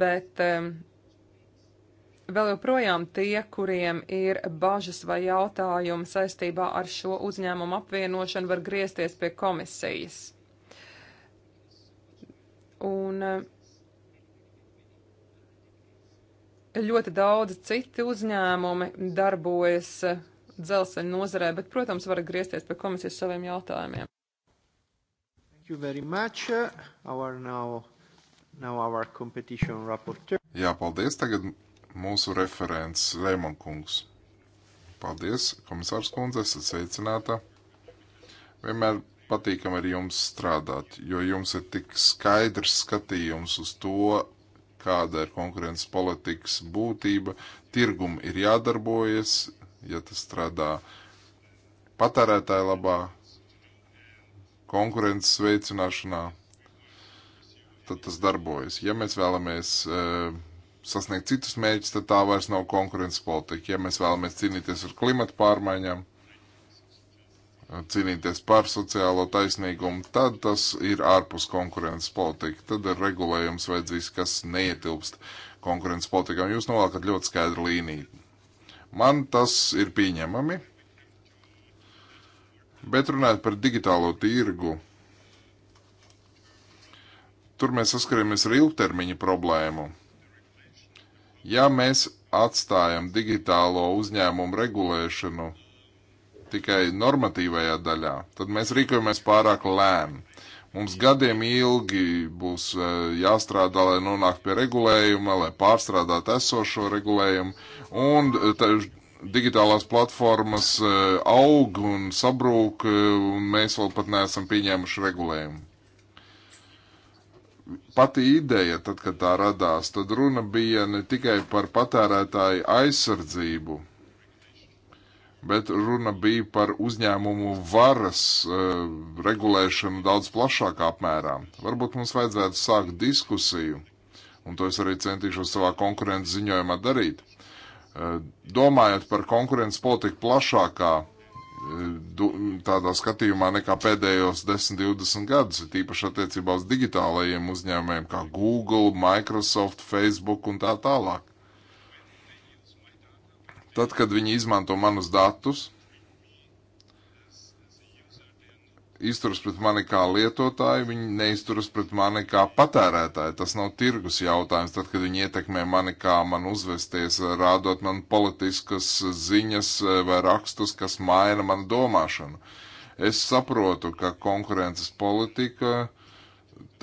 Bet um, vēl joprojām tie, kuriem ir bažas vai jautājumi saistībā ar šo uzņēmumu apvienošanu, var griezties pie komisijas. Un eh, ļoti daudz citi uzņēmumi darbojas eh, dzelzceļa nozarē, bet, protams, var griezties pie komisijas saviem jautājumiem. Thank you very much. Uh, our now, now our competition rapporteur. Jā, paldies. Tagad mūsu referents Rēmonkungs. Paldies, komisārs kundze, esat sveicināta. Vienmēr patīkam ar jums strādāt, jo jums ir tik skaidrs skatījums uz to, kāda ir konkurences politikas būtība. Tirgum ir jādarbojas, ja tas strādā patērētāja labā, konkurences veicināšanā, tad tas darbojas. Ja mēs vēlamies uh, sasniegt citus mērķus, tad tā vairs nav konkurences politika. Ja mēs vēlamies cīnīties ar klimatu pārmaiņām, cīnīties par sociālo taisnīgumu, tad tas ir ārpus konkurences politika. Tad ir regulējums vajadzīgs, kas neietilpst konkurences politikām. Jūs novākat ļoti skaidru līniju. Man tas ir pieņemami, bet runājot par digitālo tirgu tur mēs saskaramies ar ilgtermiņa problēmu. Ja mēs atstājam digitālo uzņēmumu regulēšanu tikai normatīvajā daļā, tad mēs rīkojamies pārāk lēni. Mums gadiem ilgi būs e, jāstrādā, lai nonāktu pie regulējuma, lai pārstrādātu esošo regulējumu, un e, digitālās platformas e, aug un sabrūk, un mēs vēl pat neesam pieņēmuši regulējumu pati ideja, tad, kad tā radās, tad runa bija ne tikai par patērētāju aizsardzību, bet runa bija par uzņēmumu varas uh, regulēšanu daudz plašākā apmērā. Varbūt mums vajadzētu sākt diskusiju, un to es arī centīšos savā konkurences ziņojumā darīt. Uh, domājot par konkurences politiku plašākā tādā skatījumā nekā pēdējos 10-20 gadus, tīpaši attiecībā uz digitālajiem uzņēmējiem kā Google, Microsoft, Facebook un tā tālāk. Tad, kad viņi izmanto manus datus, izturas pret mani kā lietotāju, viņi neizturas pret mani kā patērētāju. Tas nav tirgus jautājums, tad, kad viņi ietekmē mani, kā man uzvesties, rādot man politiskas ziņas vai rakstus, kas maina manu domāšanu. Es saprotu, ka konkurences politika,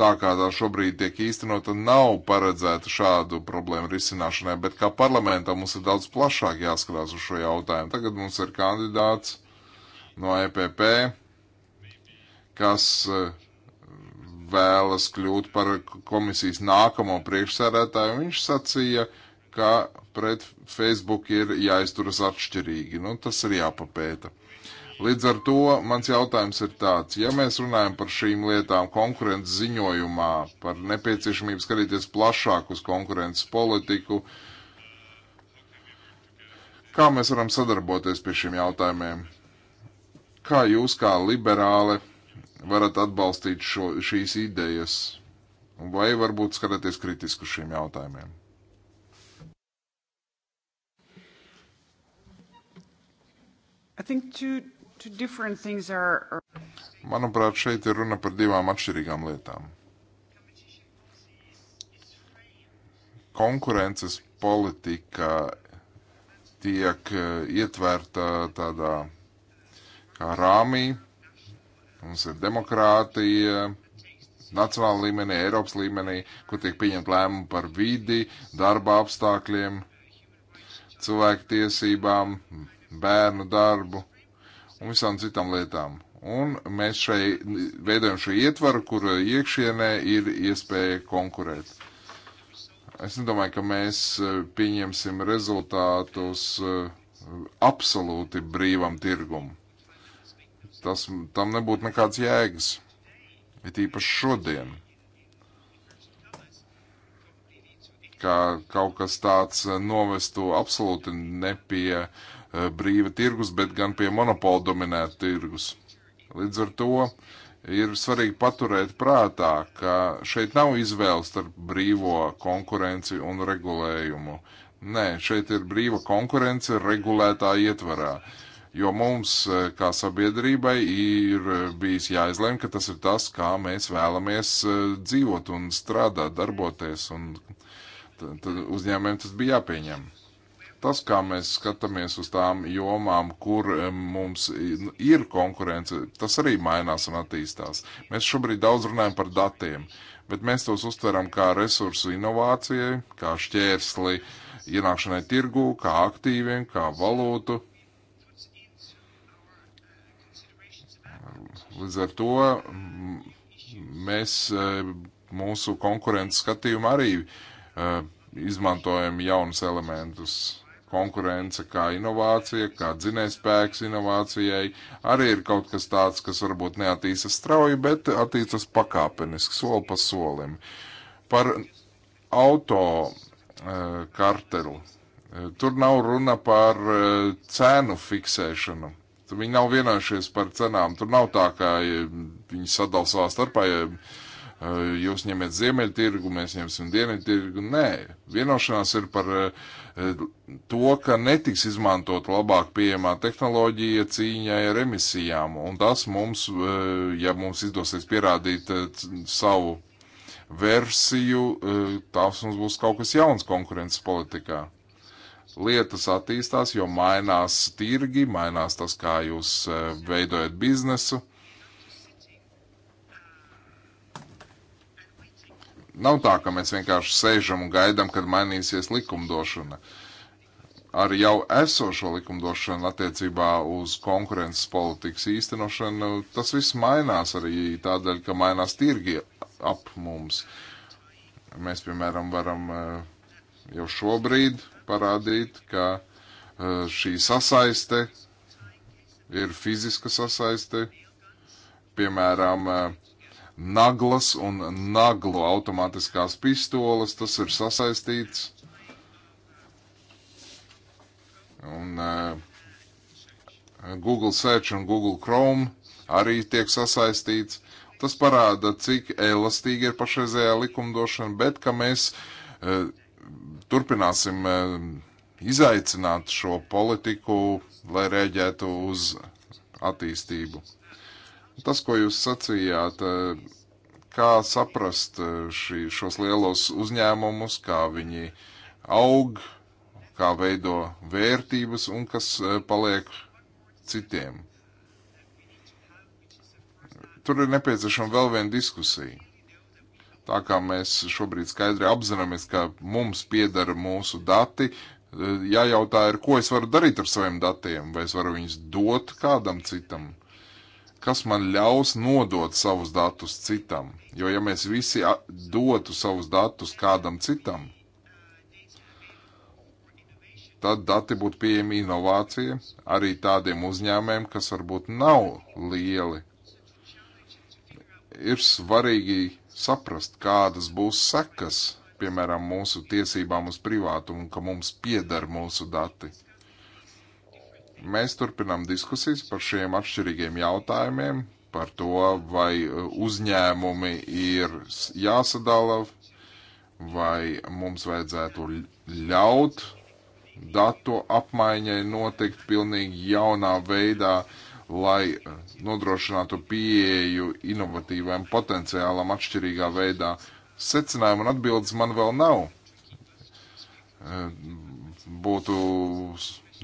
tā kā tā šobrīd tiek īstenota, nav paredzēta šādu problēmu risināšanai, bet kā parlamentam mums ir daudz plašāk jāskatās uz šo jautājumu. Tagad mums ir kandidāts no EPP, kas eh, vēlas kļūt par komisijas nākamo priekšsēdētāju, viņš sacīja, ka pret Facebook ir jāizturas atšķirīgi. Nu, tas ir jāpapēta. Līdz ar to mans jautājums ir tāds, ja mēs runājam par šīm lietām konkurences ziņojumā, par nepieciešamību skatīties plašāk uz konkurences politiku, kā mēs varam sadarboties pie šiem jautājumiem? Kā jūs kā liberāli varat atbalstīt šo, šīs idejas, vai varbūt skatāties kritiski uz šiem jautājumiem? Two, two are... Manuprāt, šeit ir runa par divām atšķirīgām lietām. Konkurences politika tiek eh, ietverta tādā kā rāmī, Mums ir demokrātija, nacionāla līmenī, Eiropas līmenī, kur tiek pieņemt lēmumu par vidi, darba apstākļiem, cilvēku tiesībām, bērnu darbu un visām citām lietām. Un mēs šai veidojam šo ietvaru, kur iekšienē ir iespēja konkurēt. Es nedomāju, ka mēs eh, pieņemsim rezultātus eh, absolūti brīvam tirgumam. Tas, tam nebūtu nekāds jēgas. Ir īpaši šodien. Kā kaut kas tāds eh, novestu absolūti ne pie eh, brīva tirgus, bet gan pie monopola dominēta tirgus. Līdz ar to ir svarīgi paturēt prātā, ka šeit nav izvēles starp brīvo konkurenci un regulējumu. Nē, šeit ir brīva konkurence regulētā ietvarā. Uh, jo mums, e, kā sabiedrībai, ir e, bijis jāizlem, ka tas ir tas, kā mēs vēlamies e, dzīvot un strādāt, darboties, un uzņēmējiem tas bija jāpieņem. Tas, kā mēs skatāmies uz tām jomām, kur mums ir konkurence, tas arī mainās un attīstās. Mēs šobrīd daudz runājam par datiem, bet mēs tos uztveram kā resursu inovācijai, kā šķērsli ienākšanai tirgū, kā aktīviem, kā valūtu Līdz ar to mm, mēs e, mūsu konkurences skatījumā arī e, izmantojam jaunus elementus. Konkurence kā inovācija, kā dzinējspēks inovācijai, arī ir kaut kas tāds, kas varbūt neattīstas strauji, bet attīstas pakāpeniski, soli pa solim. Par auto e, kartelu. Tur nav runa par cēnu fiksēšanu Tur viņi nav vienojušies par cenām. Tur nav tā, ka viņi sadala savā starpā, ja eh, jūs ņemiet ziemeļu tirgu, mēs ņemsim dienvidu tirgu. Nē, vienošanās ir par eh, to, ka netiks izmantot labāk pieejamā tehnoloģija cīņai ar emisijām. Un tas mums, eh, ja mums izdosies pierādīt savu versiju, tas mums būs kaut kas jauns konkurences politikā lietas attīstās, jo mainās tirgi, mainās tas, kā jūs e, veidojat biznesu. Nav tā, ka mēs vienkārši sēžam un gaidām, kad mainīsies likumdošana. Ar jau esošo likumdošanu attiecībā uz konkurences politikas īstenošanu tas viss mainās arī tādēļ, ka mainās tirgi ap mums. Mēs, piemēram, varam e, jau šobrīd parādīt, ka e, šī sasaiste ir fiziska sasaiste, piemēram, e, naglas un naglu automātiskās pistoles, tas ir sasaistīts. Un e, Google Search un Google Chrome arī tiek sasaistīts. Tas parāda, cik elastīgi ir pašreizējā likumdošana, bet ka mēs uh, turpināsim eh, izaicināt šo politiku, lai rēģētu uz attīstību. Tas, ko jūs sacījāt, eh, kā saprast eh, šī, šos lielos uzņēmumus, kā viņi aug, kā veido vērtības un kas paliek citiem. Tur ir nepieciešama vēl viena diskusija tā kā mēs šobrīd skaidri apzināmies, ka mums piedara mūsu dati, eh, jājautā ir, ko es varu darīt ar saviem datiem, vai es varu viņus dot kādam citam, kas man ļaus nodot savus datus citam. Jo ja mēs visi dotu savus datus kādam citam, tad dati būtu pieejami inovācija arī tādiem uzņēmējiem, kas varbūt nav lieli. Ir svarīgi saprast, kādas būs sekas, piemēram, mūsu tiesībām uz privātumu, ka mums pieder mūsu dati. Mēs turpinām diskusijas par šiem atšķirīgiem jautājumiem, par to, vai uh, uzņēmumi ir jāsadala, vai mums vajadzētu ļaut datu apmaiņai notikt pilnīgi jaunā veidā, lai uh, nodrošinātu pieeju inovatīvajam potenciālam atšķirīgā veidā. Secinājumu un atbildes man vēl nav. E, būtu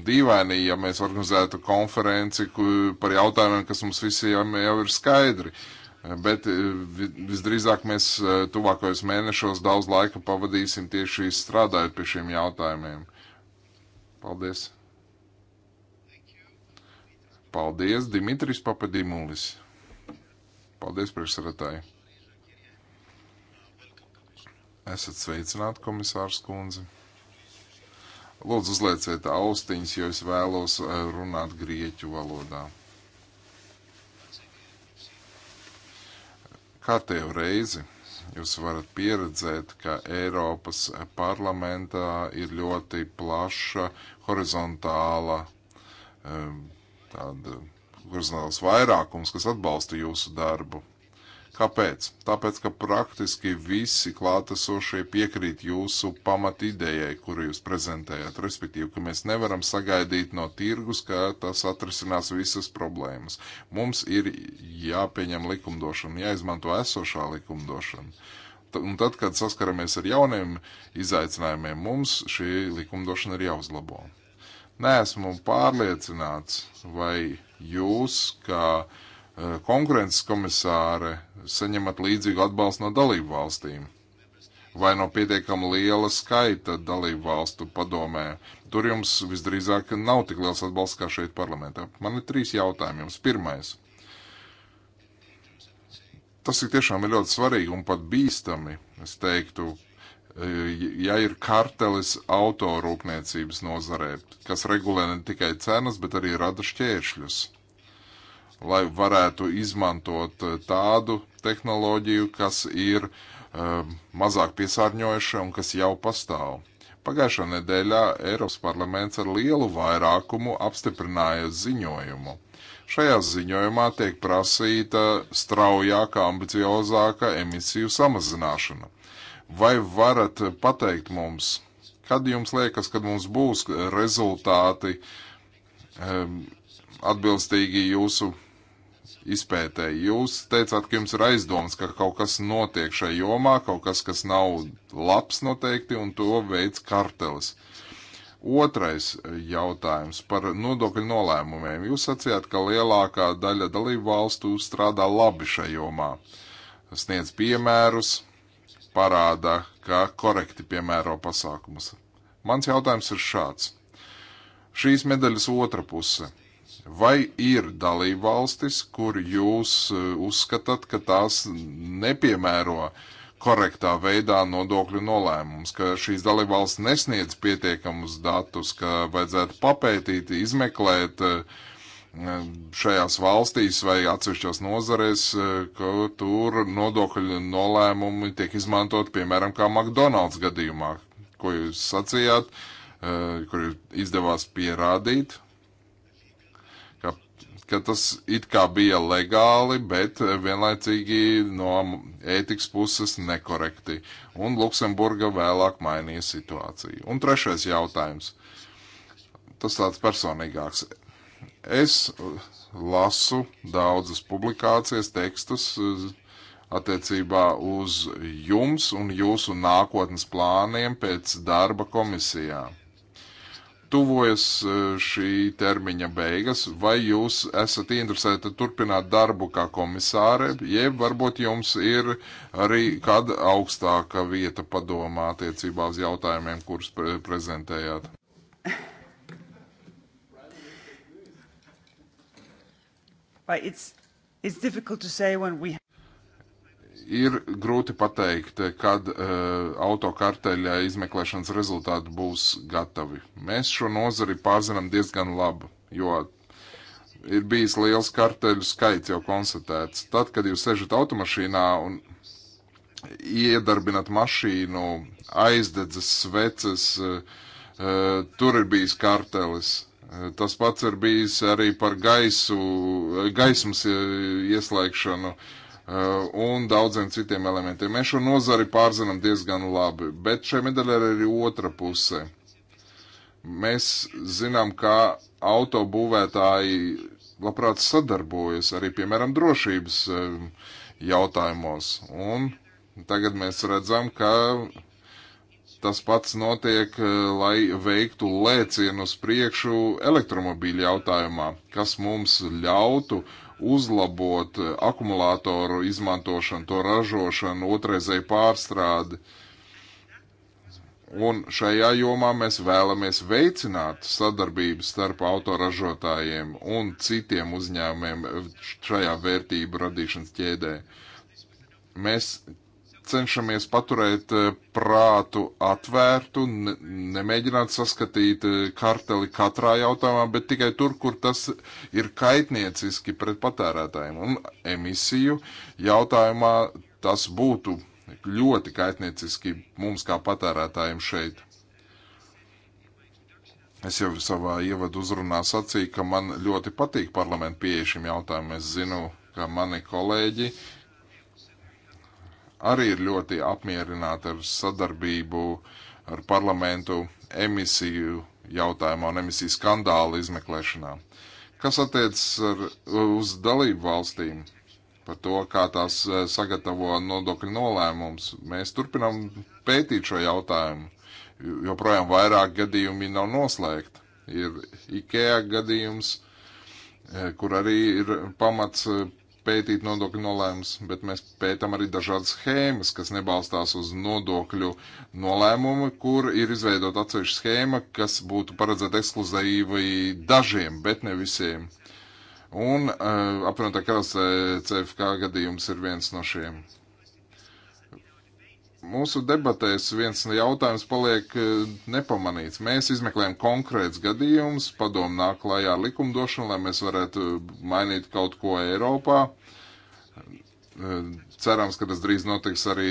dīvaini, ja mēs organizētu konferenci par jautājumiem, kas mums visiem jau ir skaidri. E, bet e, visdrīzāk mēs tuvākajos mēnešos daudz laika pavadīsim tieši strādājot pie šiem jautājumiem. Paldies! Paldies, Dimitris Papadimulis. Paldies, priekšsaratāji. Esat sveicināti, komisārs kundze. Lūdzu, uzlieciet austiņas, jo es vēlos eh, runāt grieķu valodā. Kārtējo reizi jūs varat pieredzēt, ka Eiropas parlamentā ir ļoti plaša horizontāla um, tāda horizontāls vairākums, kas atbalsta jūsu darbu. Kāpēc? Tāpēc, ka praktiski visi klātesošie piekrīt jūsu pamat idejai, kuru jūs prezentējat, respektīvi, ka mēs nevaram sagaidīt no tirgus, ka tas atrisinās visas problēmas. Mums ir jāpieņem likumdošana, jāizmanto esošā likumdošana. Un tad, kad saskaramies ar jauniem izaicinājumiem, mums šī likumdošana ir jāuzlabo. Nesmu pārliecināts, vai jūs, kā eh, konkurences komisāre, saņemat līdzīgu atbalstu no dalību valstīm vai no pietiekama liela skaita dalību valstu padomē. Tur jums visdrīzāk nav tik liels atbalsts kā šeit parlamentā. Man ir trīs jautājumi jums. Pirmais. Tas ir tiešām ir ļoti svarīgi un pat bīstami, es teiktu, ja ir kartelis autorūpniecības nozarē, kas regulē ne tikai cenas, bet arī rada šķēršļus, lai varētu izmantot eh, tādu tehnoloģiju, kas ir um, mazāk piesārņojuša un kas jau pastāv. Pagājušā nedēļā Eiropas parlaments ar lielu vairākumu apstiprināja ziņojumu. Šajā ziņojumā tiek prasīta straujāka, ambiciozāka emisiju samazināšana. Vai varat pateikt mums, kad jums liekas, kad mums būs rezultāti um, atbilstīgi jūsu izpētē? Jūs teicāt, ka jums ir aizdoms, ka kaut kas notiek šai jomā, kaut kas, kas nav labs noteikti, un to veids kartelis. Otrais jautājums par nodokļu nolēmumiem. Jūs sacījāt, ka lielākā daļa dalību valstu strādā labi šajā jomā. Sniedz piemērus, parāda, ka korekti piemēro pasākumus. Mans jautājums ir šāds. Šīs medaļas otra puse. Vai ir dalība valstis, kur jūs e, uzskatāt, ka tās nepiemēro korektā veidā nodokļu nolēmums, ka šīs dalība valsts nesniedz pietiekamus datus, ka vajadzētu papētīt, izmeklēt, uh, šajās valstīs vai atsevišķos nozarēs, e, ka tur nodokļu nolēmumi tiek izmantot, piemēram, kā McDonald's gadījumā, ko jūs sacījāt, e, kur izdevās pierādīt, ka, ka tas it kā bija legāli, bet vienlaicīgi no ētikas puses nekorekti. Un Luksemburga vēlāk mainīja situāciju. Un trešais jautājums. Tas tāds personīgāks Es lasu daudzas publikācijas, tekstus eh, attiecībā uz jums un jūsu nākotnes plāniem pēc darba komisijā. Tuvojas eh, šī termiņa beigas, vai jūs esat interesēti turpināt darbu kā komisāre, jeb varbūt jums ir arī kāda augstāka vieta padomā attiecībā uz jautājumiem, kurus pre prezentējāt? It's, it's we... Ir grūti pateikt, kad uh, autokarteļa izmeklēšanas rezultāti būs gatavi. Mēs šo nozari pārzinām diezgan labi, jo ir bijis liels karteļu skaits jau konstatēts. Tad, kad jūs sežat automašīnā un iedarbinat mašīnu, aizdedzas sveces, uh, uh, tur ir bijis kartelis. Tas pats ir bijis arī par gaisu, gaismas e, ieslēgšanu e, un daudziem citiem elementiem. Mēs šo nozari pārzinām diezgan labi, bet šai medaļai ir arī otra puse. Mēs zinām, kā autobūvētāji labprāt sadarbojas arī, piemēram, drošības e, jautājumos. Un tagad mēs redzam, ka Tas pats notiek, e, lai veiktu lēcienu uz priekšu elektromobīļu jautājumā, kas mums ļautu uzlabot e, akumulātoru izmantošanu, to ražošanu, otrreizēju pārstrādi. Un šajā jomā mēs vēlamies veicināt sadarbību starp autoražotājiem un citiem uzņēmumiem šajā vērtību radīšanas ķēdē. Mēs cenšamies paturēt eh, prātu atvērtu, ne, nemēģināt saskatīt eh, karteli katrā jautājumā, bet tikai tur, kur tas ir kaitnieciski pret patērētājiem. Un emisiju jautājumā tas būtu ļoti kaitnieciski mums kā patērētājiem šeit. Es jau savā ievadu uzrunā sacīju, ka man ļoti patīk parlamentu pieeja šim jautājumam. Es zinu, ka mani kolēģi uh, arī ir ļoti apmierināta ar sadarbību ar parlamentu emisiju jautājumā un emisiju skandālu izmeklēšanā. Kas attiecas uz dalību valstīm par to, kā tās eh, sagatavo nodokļu nolēmums, mēs turpinam pētīt šo jautājumu, jo projām vairāk gadījumi nav noslēgti. Ir IKEA gadījums, eh, kur arī ir pamats eh, pētīt nodokļu nolēmumus, bet mēs pētām arī dažādas schēmas, kas nebalstās uz nodokļu nolēmumu, kur ir izveidota atsevišķa schēma, kas būtu paredzēta ekskluzīvi dažiem, bet ne visiem. Un uh, apvienotā karalistē CFK gadījums ir viens no šiem. Mūsu debatēs viens jautājums paliek e, nepamanīts. Mēs izmeklējam konkrēts gadījums, padomu nāk klājā ar likumdošanu, lai mēs varētu mainīt kaut ko Eiropā. E, cerams, ka tas drīz notiks arī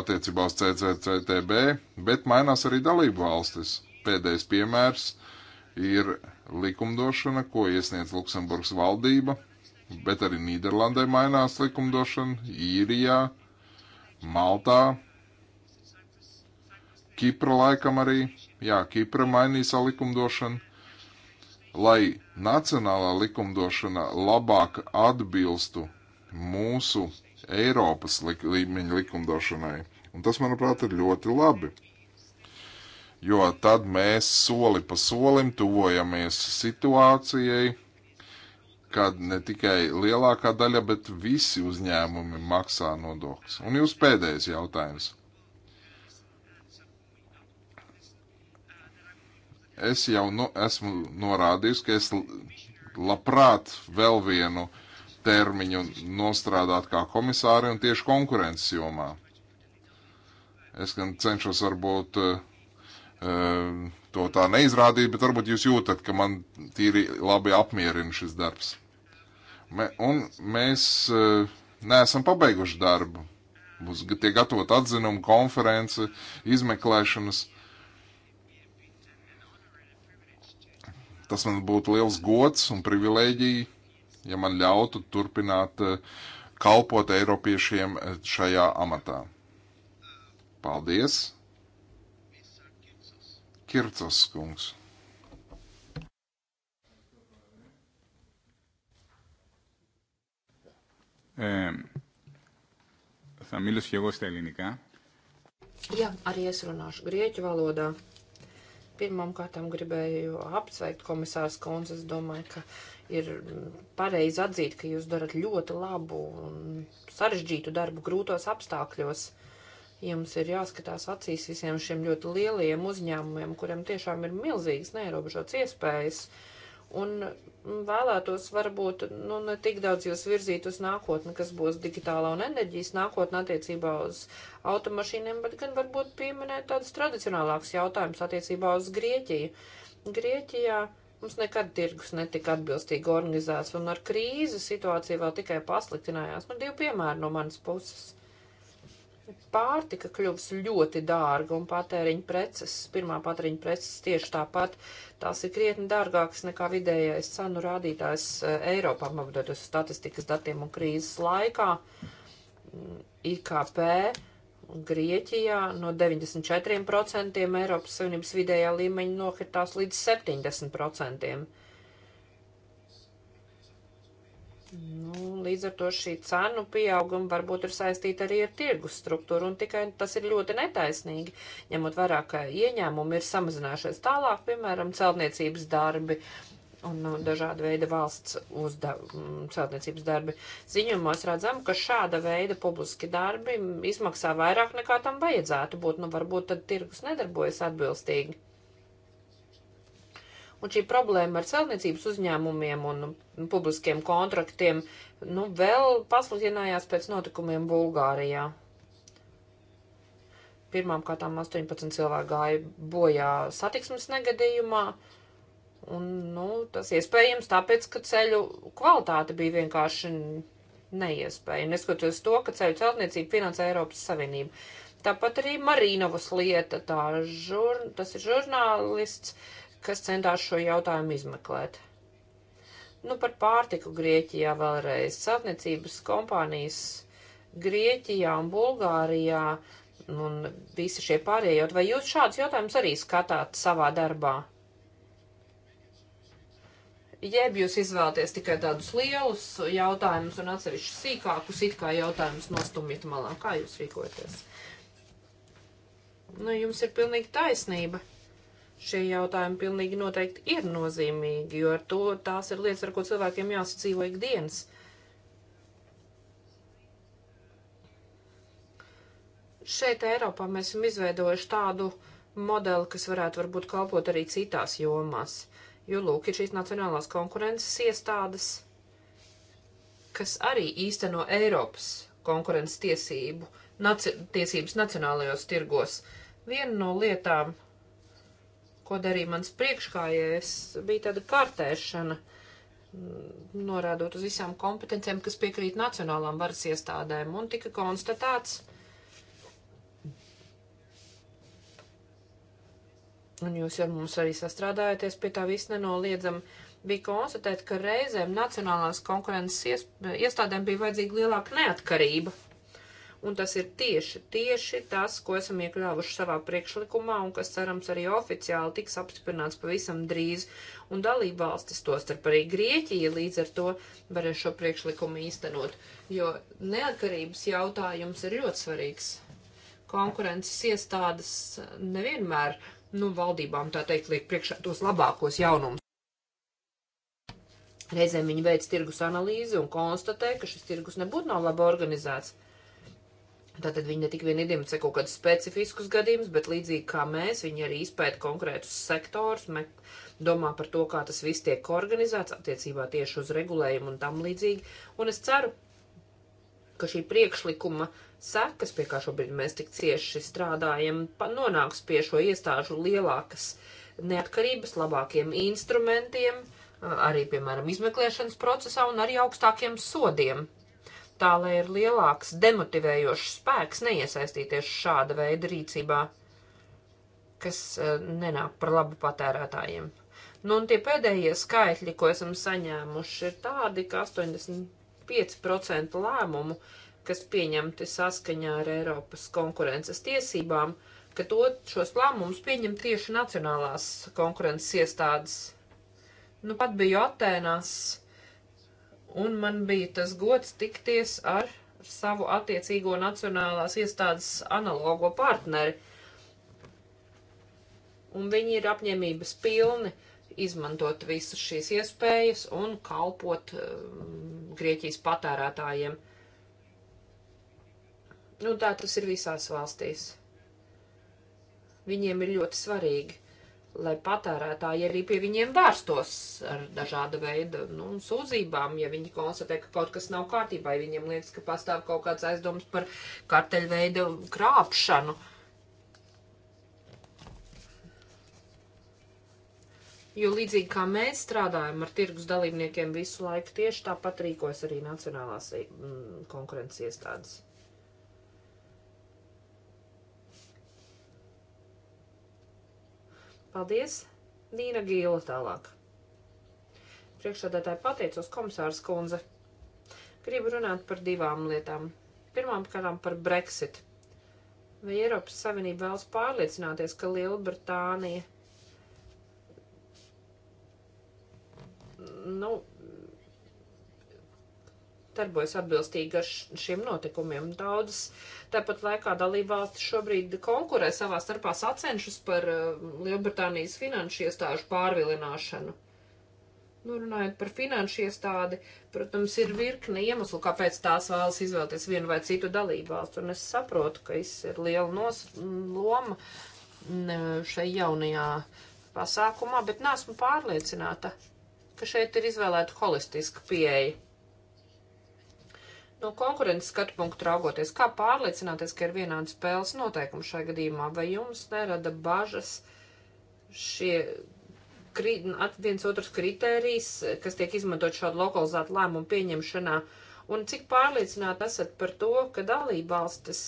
attiecībā uz CCCTB, bet mainās arī dalību valstis. Pēdējais piemērs ir likumdošana, ko iesniedz Luksemburgas valdība, bet arī Nīderlandē mainās likumdošana, Īrijā, Maltā Kipra laikam arī, jā, Kipra mainīja savu likumdošanu, lai nacionālā likumdošana labāk atbilstu mūsu Eiropas lik līmeņa likumdošanai. Un tas, manuprāt, ir ļoti labi. Jo tad mēs soli pa solim tuvojamies situācijai, kad ne tikai lielākā daļa, bet visi uzņēmumi maksā nodokļus. Un jūs pēdējais jautājums. Es jau nu, esmu norādījis, ka es labprāt vēl vienu termiņu nostrādāt kā komisāri un tieši konkurences jomā. Es gan cenšos varbūt uh, to tā neizrādīt, bet varbūt jūs jūtat, ka man tīri labi apmierina šis darbs. Me, un mēs uh, neesam pabeiguši darbu. Būs tiek gatavot atzinumu, konference, izmeklēšanas. Tas man būtu liels gods un privilēģija, ja man ļautu turpināt eh, kalpot Eiropiešiem eh, šajā amatā. Paldies! Kircas kungs. Ε, θα μιλήσω και εγώ στα ελληνικά. Jā, arī es runāšu grieķu valodā. Pirmām kārtām gribēju apsveikt komisārs Kons. Es domāju, ka ir pareizi atzīt, ka jūs darat ļoti labu un sarežģītu darbu grūtos apstākļos. Jums ir jāskatās acīs visiem šiem ļoti lielajiem uzņēmumiem, kuriem tiešām ir milzīgas neierobežotas iespējas uh, Un vēlētos varbūt nu, ne tik daudz jūs virzīt uz nākotni, kas būs digitālā un enerģijas nākotnē attiecībā uz automašīniem, bet gan varbūt pieminēt tādus tradicionālākus jautājumus attiecībā uz Grieķiju. Grieķijā mums nekad tirgus netika atbilstīgi organizēts, un ar krīzi situācija vēl tikai pasliktinājās. Nu, divi piemēri no manas puses. Pārtika kļuvis ļoti dārga un patēriņa preces, pirmā patēriņa preces tieši tāpat, tās ir krietni dārgākas nekā vidējais cenu rādītājs eh, Eiropā, apdotos statistikas datiem un krīzes laikā. Mm, IKP Grieķijā no 94% Eiropas Savienības vidējā līmeņa nokritās līdz 70%. Nu, līdz ar to šī cenu pieauguma varbūt ir saistīta arī ar tirgus struktūru, un tikai tas ir ļoti netaisnīgi, ņemot vērā, ka ieņēmumi ir samazinājušies tālāk, piemēram, celtniecības darbi un nu, dažāda veida valsts mm, celtniecības darbi. Ziņumos redzam, ka šāda veida publiski darbi izmaksā vairāk nekā tam vajadzētu būt, nu varbūt tad tirgus nedarbojas atbilstīgi. Un šī problēma ar celtniecības uzņēmumiem un publiskiem kontraktiem nu, vēl pasliktinājās pēc notikumiem Bulgārijā. Pirmkārt, 18 cilvēki gāja bojā satiksmes negadījumā. Un, nu, tas iespējams tāpēc, ka ceļu kvalitāte bija vienkārši neiespēja, neskatoties to, ka ceļu celtniecību finansē Eiropas Savienība. Tāpat arī Marīnovas lieta, tā žur, tas ir žurnālists, kas centās šo jautājumu izmeklēt. Nu, par pārtiku Grieķijā vēlreiz. Sātniecības kompānijas Grieķijā un Bulgārijā un visi šie pārējot, vai jūs šādus jautājumus arī skatāt savā darbā? Jeb jūs izvēlaties tikai tādus lielus jautājumus un atsevišķus sīkākus, it kā jautājumus nostumjat malā. Kā jūs rīkoties? Nu, jums ir pilnīgi taisnība. Šie jautājumi pilnīgi noteikti ir nozīmīgi, jo ar to tās ir lietas, ar ko cilvēkiem jāsadzīvo ikdienas. Šeit Eiropā mēs esam izveidojuši tādu modeli, kas varētu varbūt kalpot arī citās jomās. Jo lūk, ir šīs nacionālās konkurences iestādes, kas arī īsteno Eiropas konkurences tiesību, naci, tiesības nacionālajos tirgos. Viena no lietām, ko darīja mans priekškājais, bija tāda kartēšana, norādot uz visām kompetencijām, kas piekrīt nacionālām varas iestādēm, un tika konstatēts, un jūs jau mums arī sastrādājaties pie tā viss nenoliedzami, bija konstatēt, ka reizēm nacionālās konkurences iestādēm bija vajadzīga lielāka neatkarība Un tas ir tieši, tieši tas, ko esam iekļāvuši savā priekšlikumā un kas cerams arī oficiāli tiks apstiprināts pavisam drīz. Un dalība valstis to starp arī Grieķija līdz ar to varēs šo priekšlikumu īstenot, jo neatkarības jautājums ir ļoti svarīgs. Konkurences iestādes nevienmēr, nu, valdībām tā teikt, liek priekšā tos labākos jaunumus. Reizēm viņi veic tirgus analīzi un konstatē, ka šis tirgus nebūtu nav labi organizēts. Tātad viņi ne tik vien identificē kaut kādus specifiskus gadījumus, bet līdzīgi kā mēs, viņi arī izpēta konkrētus sektors, me, domā par to, kā tas viss tiek organizēts attiecībā tieši uz regulējumu un tam līdzīgi. Un es ceru, ka šī priekšlikuma sekas, pie kā šobrīd mēs tik cieši strādājam, nonāks pie šo iestāžu lielākas neatkarības, labākiem instrumentiem, arī, piemēram, izmeklēšanas procesā un arī augstākiem sodiem tā lai ir lielāks demotivējošs spēks neiesaistīties šāda veida rīcībā, kas eh, nenāk par labu patērētājiem. Nu, un tie pēdējie skaitļi, ko esam saņēmuši, ir tādi, ka 85% lēmumu, kas pieņemti saskaņā ar Eiropas konkurences tiesībām, ka to, šos lēmumus pieņem tieši nacionālās konkurences iestādes. Nu, pat biju Atēnās un man bija tas gods tikties ar savu attiecīgo nacionālās iestādes analogo partneri. Un viņi ir apņēmības pilni izmantot visas šīs iespējas un kalpot um, Grieķijas patērētājiem. Nu, tā tas ir visās valstīs. Viņiem ir ļoti svarīgi lai patērētāji arī pie viņiem vērstos ar dažādu veidu nu, sūdzībām, ja viņi konstatē, ka kaut kas nav kārtībā, ja viņiem liekas, ka pastāv kaut kāds aizdoms par karteļveidu krāpšanu. Jo līdzīgi kā mēs strādājam ar tirgus dalībniekiem visu laiku, tieši tāpat rīkojas arī Nacionālās mm, konkurences iestādes. Paldies! Nīna Gīla tālāk. Priekšsādātāji pateicos komisārs kundze. Gribu runāt par divām lietām. Pirmām kārām par Brexit. Vai Eiropas Savienība vēlas pārliecināties, ka Lielbritānija nu, darbojas atbilstīgi ar šiem notikumiem. Daudzas tāpat laikā dalībvalstis šobrīd konkurē savā starpā sacenšas par uh, Lielbritānijas finanšu iestāžu pārvilināšanu. Nu, runājot par finanšu iestādi, protams, ir virkne iemeslu, kāpēc tās vēlas izvēlēties vienu vai citu dalībvalstu. Un es saprotu, ka es ir liela nos, mm, loma mm, šai jaunajā pasākumā, bet nesmu pārliecināta, ka šeit ir izvēlēta holistiska pieeja No konkurences skatu punktu raugoties, kā pārliecināties, ka ir vienādi spēles noteikumi šajā gadījumā, vai jums nerada bažas šie kri, viens otrs kritērijs, kas tiek izmantot šādu lokalizētu lēmumu pieņemšanā, un cik pārliecināti esat par to, ka dalībvalstis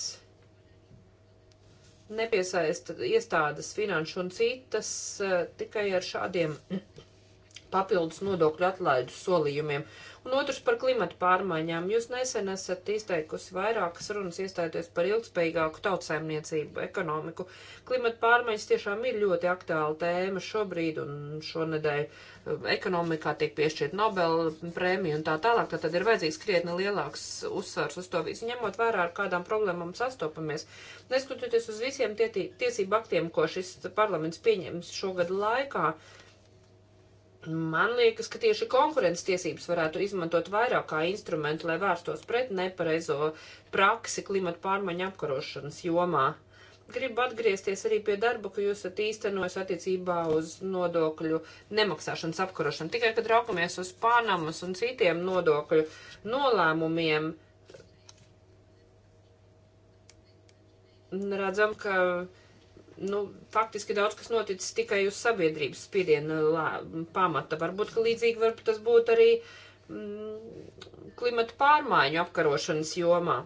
nepiesaista iestādes finanšu un citas eh, tikai ar šādiem papildus nodokļu atlaidu solījumiem. Un otrs par klimatu pārmaiņām. Jūs nesen esat izteikusi vairākas runas iestājoties par ilgspējīgāku tautsēmniecību, ekonomiku. Klimata pārmaiņas tiešām ir ļoti aktuāla tēma šobrīd un šonedēļ um, ekonomikā tiek piešķirt Nobel prēmiju un tā tālāk. Tad ir vajadzīgs krietni lielāks uzsvars uz to visu, ņemot vērā, ar kādām problēmām sastopamies. Neskatoties uz visiem tie, tiesību aktiem, ko šis parlaments pieņems šogad laikā, uh, Man liekas, ka tieši konkurences tiesības varētu izmantot vairāk kā instrumentu, lai vērstos pret nepareizo praksi klimata pārmaiņu apkarošanas jomā. Gribu atgriezties arī pie darba, ko jūs esat īstenojis attiecībā uz nodokļu nemaksāšanas apkarošanu. Tikai, kad raukamies uz Panamas un citiem nodokļu nolēmumiem, redzam, ka nu, faktiski daudz kas noticis tikai uz sabiedrības spiediena lā, pamata. Varbūt, ka līdzīgi varbūt tas būtu arī mm, klimata pārmaiņu apkarošanas jomā.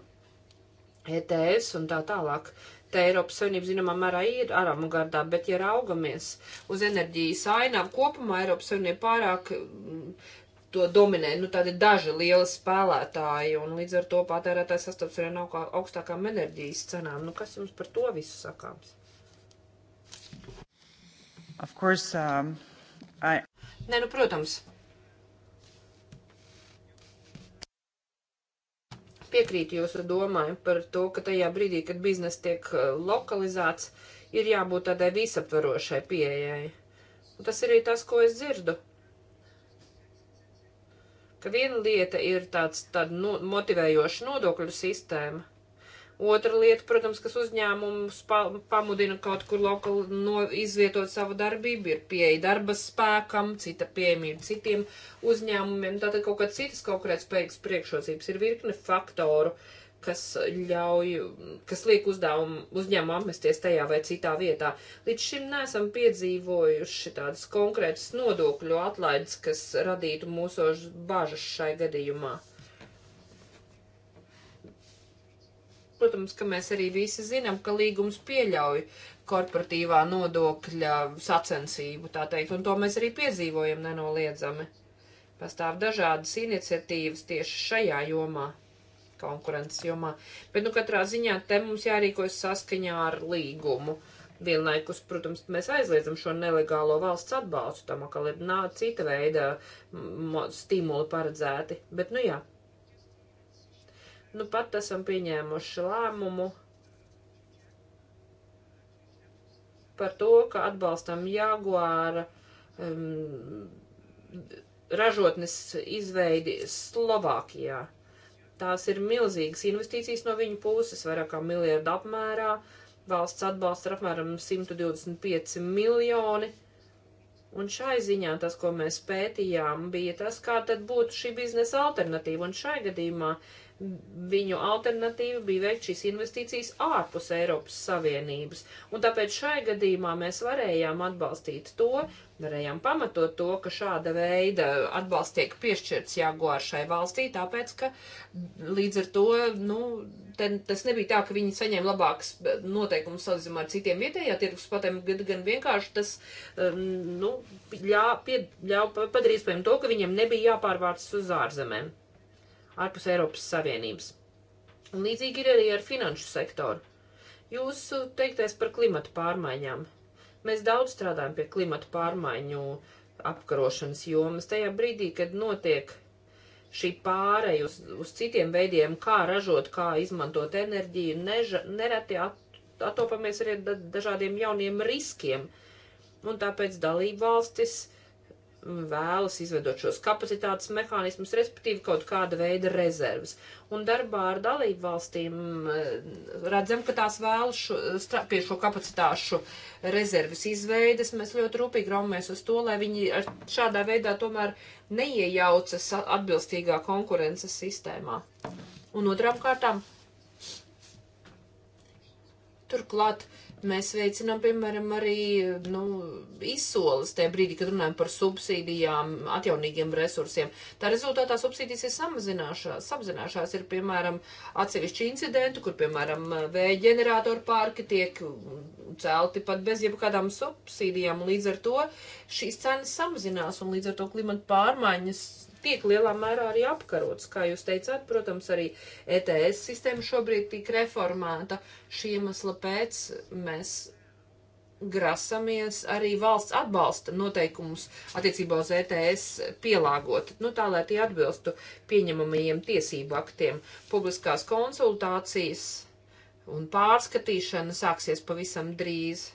ETS un tā tālāk. Te Eiropas Savienība zināmā mērā ir aramu gardā, bet ja raugamies uz enerģijas ainavu kopumā, Eiropas Savienība pārāk mm, to dominē, nu tādi daži lieli spēlētāji, un līdz ar to patērētājs sastopas ar augstākām enerģijas cenām. Nu, kas jums par to visu sakāms? Course, um, I... Nē, nu, protams. Piekrītu jūsu domāju par to, ka tajā brīdī, kad biznes tiek uh, lokalizēts, ir jābūt tādai visaptvarošai pieejai. Un tas arī tas, ko es dzirdu ka viena lieta ir tāds, tāda no, motivējoša nodokļu sistēma, Otra lieta, protams, kas uzņēmumus pamudina kaut kur lokali no, izvietot savu darbību, ir pieeja darba spēkam, cita pieejamība citiem uzņēmumiem. Tātad kaut kāds citas konkurētspējīgas priekšrocības ir virkne faktoru, kas ļauj, kas liek uzdevumu uzņēmumu apmesties tajā vai citā vietā. Līdz šim neesam piedzīvojuši tādas konkrētas nodokļu atlaides, kas radītu mūsos bažas šai gadījumā. Protams, ka mēs arī visi zinām, ka līgums pieļauj korporatīvā nodokļa sacensību, tā teikt, un to mēs arī piedzīvojam nenoliedzami. Pastāv dažādas iniciatīvas tieši šajā jomā, konkurences jomā, bet, nu, katrā ziņā te mums jārīkojas saskaņā ar līgumu. Vienlaikus, protams, mēs aizliedzam šo nelegālo valsts atbalstu, tam atkal ir nā, cita veida stimuli paredzēti, bet, nu jā, Nu pat esam pieņēmuši lēmumu par to, ka atbalstam Jaguāra um, ražotnes izveidi Slovākijā. Tās ir milzīgas investīcijas no viņu puses, vairāk kā miljardu apmērā. Valsts atbalsts ir apmēram 125 miljoni. Un šai ziņā tas, ko mēs pētījām, bija tas, kā tad būtu šī biznesa alternatīva. Un šai gadījumā viņu alternatīva bija veikt šīs investīcijas ārpus Eiropas Savienības. Un tāpēc šai gadījumā mēs varējām atbalstīt to, varējām pamatot to, ka šāda veida atbalsts tiek piešķirts Jaguar šai valstī, tāpēc, ka līdz ar to, nu, te, tas nebija tā, ka viņi saņēma labākas noteikumus salīdzinājumā ar citiem vietējā tirgus patēm, gan vienkārši tas, um, nu, ļā, pie, ļā, padarīja spējami to, ka viņiem nebija jāpārvārts uz ārzemēm ārpus Eiropas Savienības. Un līdzīgi ir arī ar finanšu sektoru. Jūsu teiktais par klimatu pārmaiņām. Mēs daudz strādājam pie klimatu pārmaiņu apkarošanas jomas. Tajā brīdī, kad notiek šī pāreja uz, uz citiem veidiem, kā ražot, kā izmantot enerģiju, neža, nereti at, atopamies arī dažādiem jauniem riskiem. Un tāpēc dalību valstis uh, vēlas izveidot šos kapacitātes mehānismus, respektīvi kaut kāda veida rezerves. Un darbā ar dalību valstīm eh, redzam, ka tās vēlas šo, pie šo kapacitāšu rezerves izveides. Mēs ļoti rūpīgi raumies uz to, lai viņi šādā veidā tomēr neiejaucas atbilstīgā konkurences sistēmā. Un otrām kārtām, turklāt, uh, Mēs veicinām, piemēram, arī nu, izsoles tajā brīdī, kad runājam par subsīdijām, atjaunīgiem resursiem. Tā rezultātā subsīdijas ir samazinājušās. Samazinājušās ir, piemēram, atsevišķi incidenti, kur, piemēram, vēja ģeneratoru pārki tiek celti pat bez jebkādām subsīdijām. Līdz ar to šīs cenas samazinās un līdz ar to klimata pārmaiņas tiek lielā mērā arī apkarots. Kā jūs teicāt, protams, arī ETS sistēma šobrīd tika reformēta. Šī iemesla pēc mēs grasamies arī valsts atbalsta noteikumus attiecībā uz ETS pielāgot, nu tā, lai tie atbilstu pieņemamajiem tiesību aktiem. Publiskās konsultācijas un pārskatīšana sāksies pavisam drīz.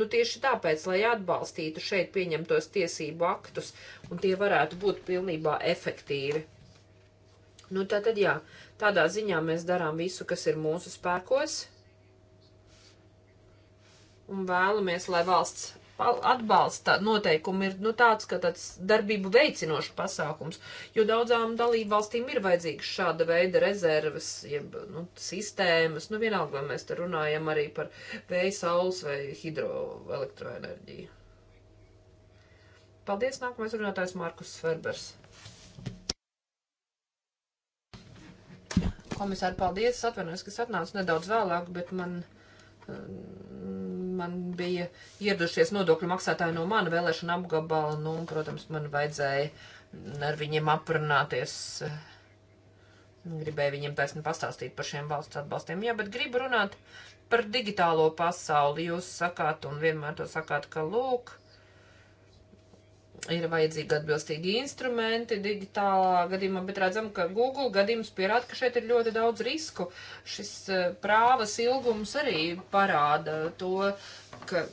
Nu, tieši tāpēc, lai atbalstītu šeit pieņemtos tiesību aktus, un tie varētu būt pilnībā efektīvi. Nu, tā tad jā, tādā ziņā mēs darām visu, kas ir mūsu spēkos, un vēlamies, lai valsts atbalsta noteikumi ir nu, tāds, ka tāds darbību veicinošs pasākums, jo daudzām dalību valstīm ir vajadzīgs šāda veida rezerves, jeb nu, sistēmas, nu vienalga, vai mēs te runājam arī par vēja, saules vai hidroelektroenerģiju. Paldies, nākamais runātājs Markus Ferbers. Komisāri, paldies, atvainojos, kas atnāca nedaudz vēlāk, bet man. Uh, man bija ieradušies nodokļu maksātāji no mana vēlēšana apgabala, nu, un, protams, man vajadzēja ar viņiem aprunāties. Gribēju viņiem taisni pastāstīt par šiem valsts atbalstiem. Jā, bet gribu runāt par digitālo pasauli. Jūs sakāt, un vienmēr to sakāt, ka lūk, ir vajadzīgi atbilstīgi instrumenti digitālā gadījumā, bet redzam, ka Google gadījums pierāda, ka šeit ir ļoti daudz risku. Šis e, prāvas ilgums arī parāda to, ka,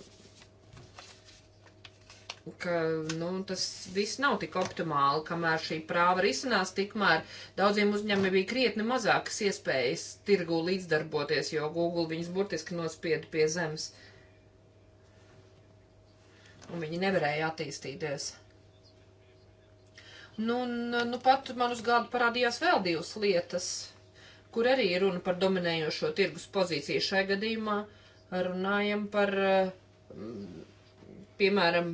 ka nu, tas viss nav tik optimāli, kamēr šī prāva risinās, tikmēr daudziem uzņēmumiem bija krietni mazākas iespējas tirgu līdzdarboties, jo Google viņus burtiski nospieda pie zemes. Uh, un viņi nevarēja attīstīties. Nu, nu, nu pat man uz gada parādījās vēl divas lietas, kur arī runa par dominējošo tirgus pozīciju. Šai gadījumā runājam par, piemēram,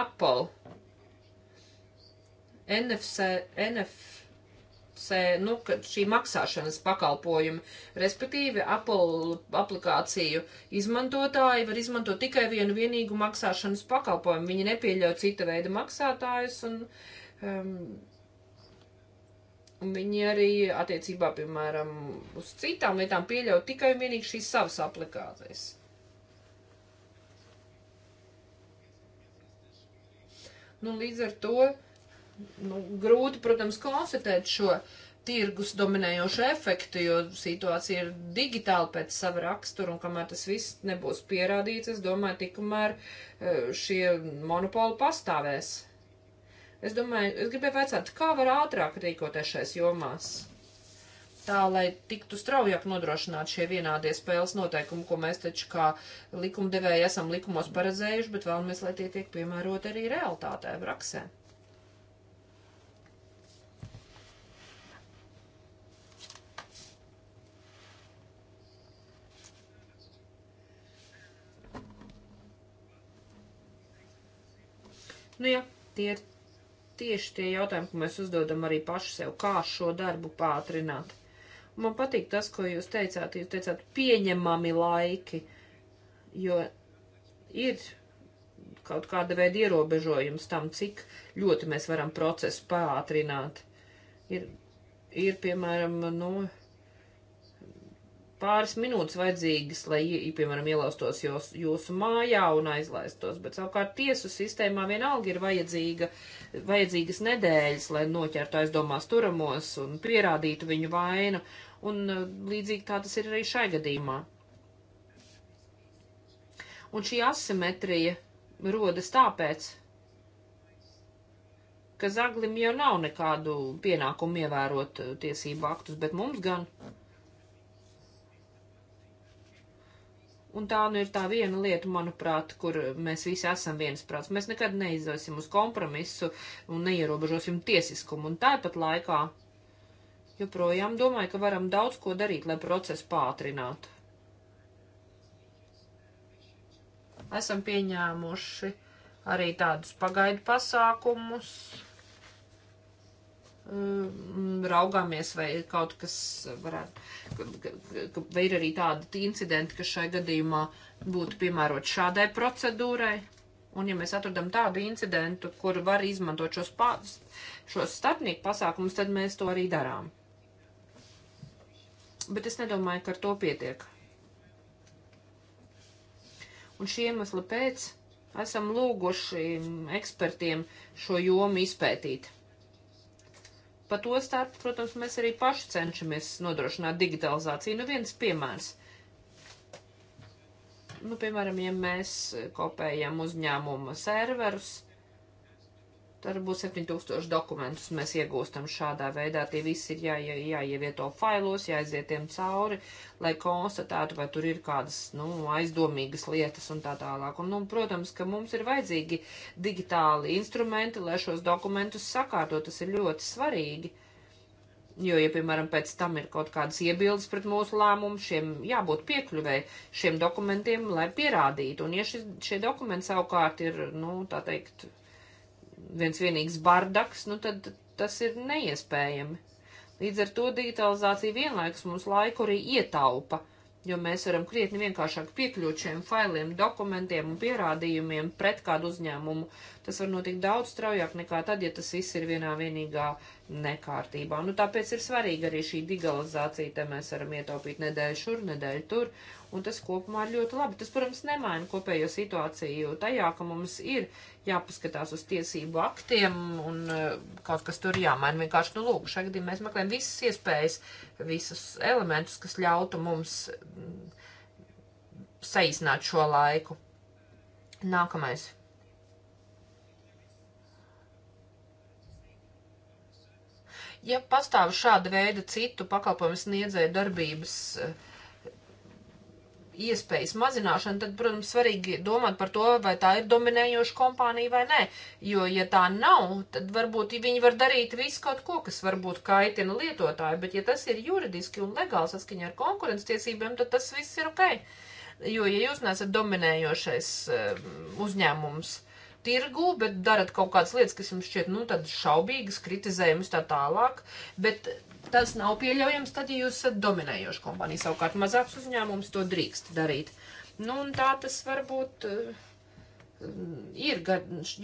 Apple, NFC, NFC nu, šī maksāšanas pakalpojuma. Respektīvi, Apple aplikāciju izmantotāji var izmantot tikai vienu vienīgu maksāšanas pakalpojumu. Viņi nepieļauj cita veida maksātājus un, um, un viņi arī attiecībā, piemēram, uz citām lietām pieļauj tikai un vienīgi šīs savas aplikācijas. Nu, līdz ar to nu, grūti, protams, konstatēt šo tirgus dominējošu efektu, jo situācija ir digitāli pēc sava rakstura, un kamēr tas viss nebūs pierādīts, es domāju, tikmēr eh, šie monopoli pastāvēs. Es domāju, es gribēju vaicāt, kā var ātrāk rīkoties šais jomās? tā, lai tiktu straujāk nodrošināt šie vienādie spēles noteikumi, ko mēs taču kā likumdevēji esam likumos paredzējuši, bet vēlamies, lai tie tiek piemēroti arī realitātē, praksē. Nu jā, tie ir tieši tie jautājumi, ko mēs uzdodam arī paši sev, kā šo darbu pātrināt. Man patīk tas, ko jūs teicāt, jūs teicāt pieņemami laiki, jo ir kaut kāda veida ierobežojums tam, cik ļoti mēs varam procesu pātrināt. Ir, ir piemēram, nu, pāris minūtes vajadzīgas, lai, piemēram, ielaustos jūs, jūsu mājā un aizlaistos, bet savukārt tiesu sistēmā vienalga ir vajadzīga, vajadzīgas nedēļas, lai noķertu aizdomās turamos un pierādītu viņu vainu, un e, līdzīgi tā tas ir arī šai gadījumā. Un šī asimetrija rodas tāpēc, ka Zaglim jau nav nekādu pienākumu ievērot e, tiesību aktus, bet mums gan. Mm. Un tā nu ir tā viena lieta, manuprāt, kur mēs visi esam viensprāts. Mēs nekad neizdosim uz kompromisu un neierobežosim tiesiskumu. Un tāpat laikā joprojām domāju, ka varam daudz ko darīt, lai procesu pātrinātu. Esam pieņēmuši arī tādus pagaidu pasākumus. Eh, raugāmies, vai ir kaut kas varētu, vai ir arī tādi incidenti, kas šai gadījumā būtu piemērot šādai procedūrai. Un ja mēs atrodam tādu incidentu, kur var izmantot šos, pā, šos starpnieku pasākumus, tad mēs to arī darām. Bet es nedomāju, ka ar to pietiek. Un šī iemesla pēc esam lūguši ekspertiem šo jomu izpētīt Pa to starp, protams, mēs arī paši cenšamies nodrošināt digitalizāciju. Nu, viens piemērs. Nu, piemēram, ja mēs kopējam uzņēmuma serverus, Tad būs 7000 dokumentus mēs iegūstam šādā veidā. Tie visi ir jā, jā, jāievieto failos, jāiziet tiem cauri, lai konstatētu, vai tur ir kādas nu, aizdomīgas lietas un tā tālāk. Un, nu, protams, ka mums ir vajadzīgi digitāli instrumenti, lai šos dokumentus sakārtot. Tas ir ļoti svarīgi. Jo, ja, piemēram, pēc tam ir kaut kādas iebildes pret mūsu lēmumu, šiem jābūt piekļuvēji šiem dokumentiem, lai pierādītu. Un, ja šis, šie dokumenti savukārt ir, nu, tā teikt, viens vienīgs bardaks, nu tad tas ir neiespējami. Līdz ar to digitalizācija vienlaikus mums laiku arī ietaupa, jo mēs varam krietni vienkāršāk piekļūt šiem failiem, dokumentiem un pierādījumiem pret kādu uzņēmumu. Tas var notikt daudz straujāk nekā tad, ja tas viss ir vienā vienīgā nekārtībā. Nu, tāpēc ir svarīga arī šī digitalizācija, te mēs varam ietaupīt nedēļu šur, nedēļu tur, un tas kopumā ir ļoti labi. Tas, protams, nemaina kopējo situāciju tajā, ka mums ir jāpaskatās uz tiesību aktiem un eh, kaut kas tur jāmaina. Vienkārši, nu, lūk, šajā gadījumā mēs meklējam visas iespējas, visus elementus, kas ļautu mums mm, saīsināt šo laiku. Nākamais. Ja pastāv šāda veida citu pakalpojumu sniedzēju darbības eh, iespējas mazināšana, tad, protams, svarīgi domāt par to, vai tā ir dominējoša kompānija vai nē. Jo, ja tā nav, tad varbūt viņi var darīt visu kaut ko, kas varbūt kaitina lietotāju, bet ja tas ir juridiski un legāli saskaņā ar konkurences tiesībām, tad tas viss ir ok. Jo, ja jūs nesat dominējošais eh, uzņēmums, tirgu, bet darat kaut kādas lietas, kas jums šķiet, nu, tad šaubīgas, kritizējums tā tālāk, bet tas nav pieļaujams tad, ja jūs esat dominējoša kompānija. Savukārt mazāks uzņēmums to drīkst darīt. Nu, un tā tas varbūt eh, ir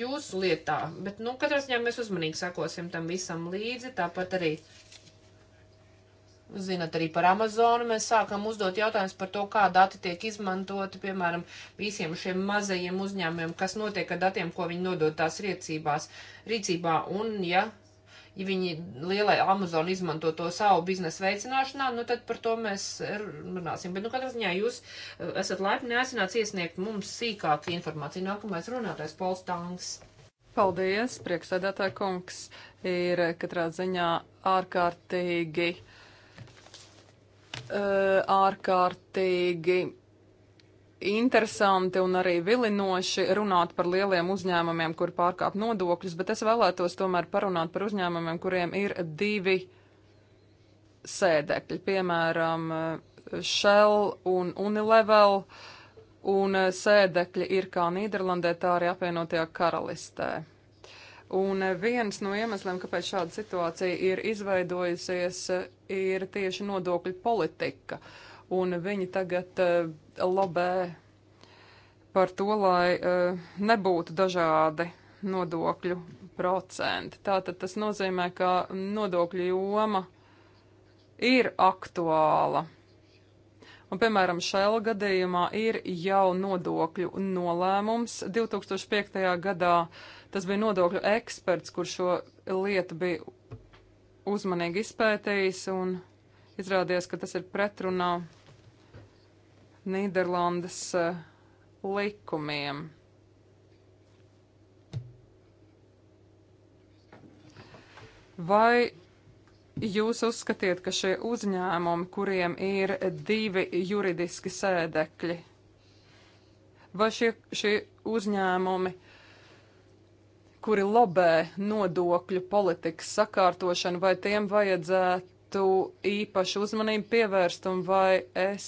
jūsu lietā, bet, nu, katrā ziņā mēs uzmanīgi sakosim tam visam līdzi, tāpat arī Zinat, arī par Amazonu mēs sākam uzdot jautājumus par to, kā dati tiek izmantoti, piemēram, visiem šiem mazajiem uzņēmumiem, kas notiek ar datiem, ko viņi nodod tās rīcībās, rīcībā. Un, ja, ja viņi lielai Amazon izmanto to savu biznesu veicināšanā, nu tad par to mēs runāsim. Bet, nu, katrā ziņā jūs uh, esat laipni aicināts iesniegt mums sīkāku informāciju. Nākamais runātais Pols Tanks. Paldies, priekšsēdētāja kungs, ir katrā ziņā ārkārtīgi Eh, ārkārtīgi interesanti un arī vilinoši runāt par lieliem uzņēmumiem, kur pārkāp nodokļus, bet es vēlētos tomēr parunāt par uzņēmumiem, kuriem ir divi sēdekļi, piemēram, eh, Shell un Unilevel, un eh, sēdekļi ir kā Nīderlandē, tā arī apvienotajā karalistē. Un viens no iemesliem, kāpēc šāda situācija ir izveidojusies, ir tieši nodokļu politika. Un viņi tagad uh, lobē par to, lai uh, nebūtu dažādi nodokļu procenti. Tātad tas nozīmē, ka nodokļu joma ir aktuāla. Un, piemēram, šajā gadījumā ir jau nodokļu nolēmums 2005. gadā Tas bija nodokļu eksperts, kurš šo lietu bija uzmanīgi izpētējis un izrādījās, ka tas ir pretrunā Nīderlandes uh, likumiem. Vai jūs uzskatiet, ka šie uzņēmumi, kuriem ir divi juridiski sēdekļi, vai šie, šie uzņēmumi kuri lobē nodokļu politikas sakārtošanu, vai tiem vajadzētu īpašu uzmanību pievērst, un vai es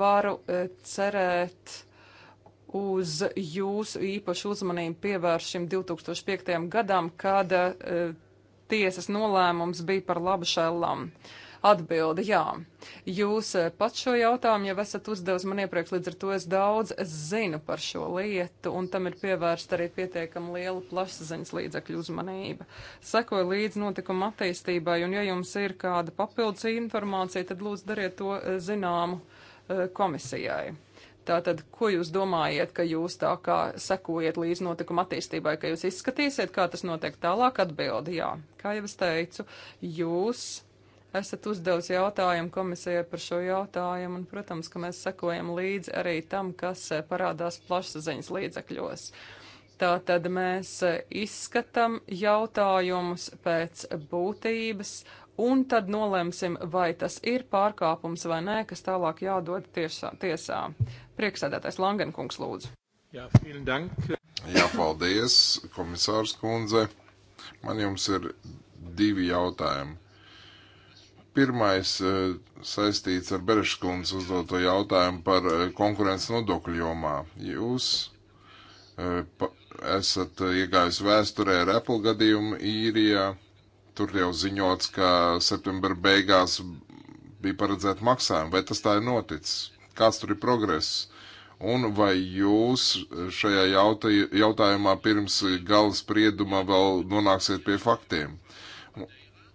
varu eh, cerēt uz jūsu īpašu uzmanību pievērst šim 2005. gadam, kad eh, tiesas nolēmums bija par labu šellam. Uh, Atbildi jā. Jūs eh, pats šo jautājumu jau esat uzdevis man iepriekš, līdz ar to es daudz zinu par šo lietu, un tam ir pievērsta arī pietiekami liela plašsaziņas līdzekļu uzmanība. Sekoju līdz notikuma attīstībai, un ja jums ir kāda papildus informācija, tad lūdzu dariet to eh, zināmu eh, komisijai. Tātad, ko jūs domājat, ka jūs tā kā sekojat līdz notikuma attīstībai, ka jūs izskatīsiet, kā tas notiek tālāk? Atbildi, jā. Kā jau es teicu, jūs esat uzdevis jautājumu komisijai par šo jautājumu, un, protams, ka mēs sekojam līdzi arī tam, kas eh, parādās plašsaziņas līdzekļos. Tātad mēs eh, izskatam jautājumus pēc būtības, un tad nolemsim, vai tas ir pārkāpums vai nē, kas tālāk jādod tiesā. tiesā. Priekšsēdētais Langenkungs lūdzu. Jā, dank. Jā, paldies, komisārs kundze. Man jums ir divi jautājumi. Pirmais e, saistīts ar Bereškundas uzdoto jautājumu par e, konkurences nodokļu jomā. Jūs e, esat iegājis vēsturē ar Apple gadījumu īrijā. Tur jau ziņots, ka septembra beigās bija paredzēta maksājuma. Vai tas tā ir noticis? Kāds tur ir progress? Un vai jūs šajā jautājumā pirms gala sprieduma vēl nonāksiet pie faktiem? Uh,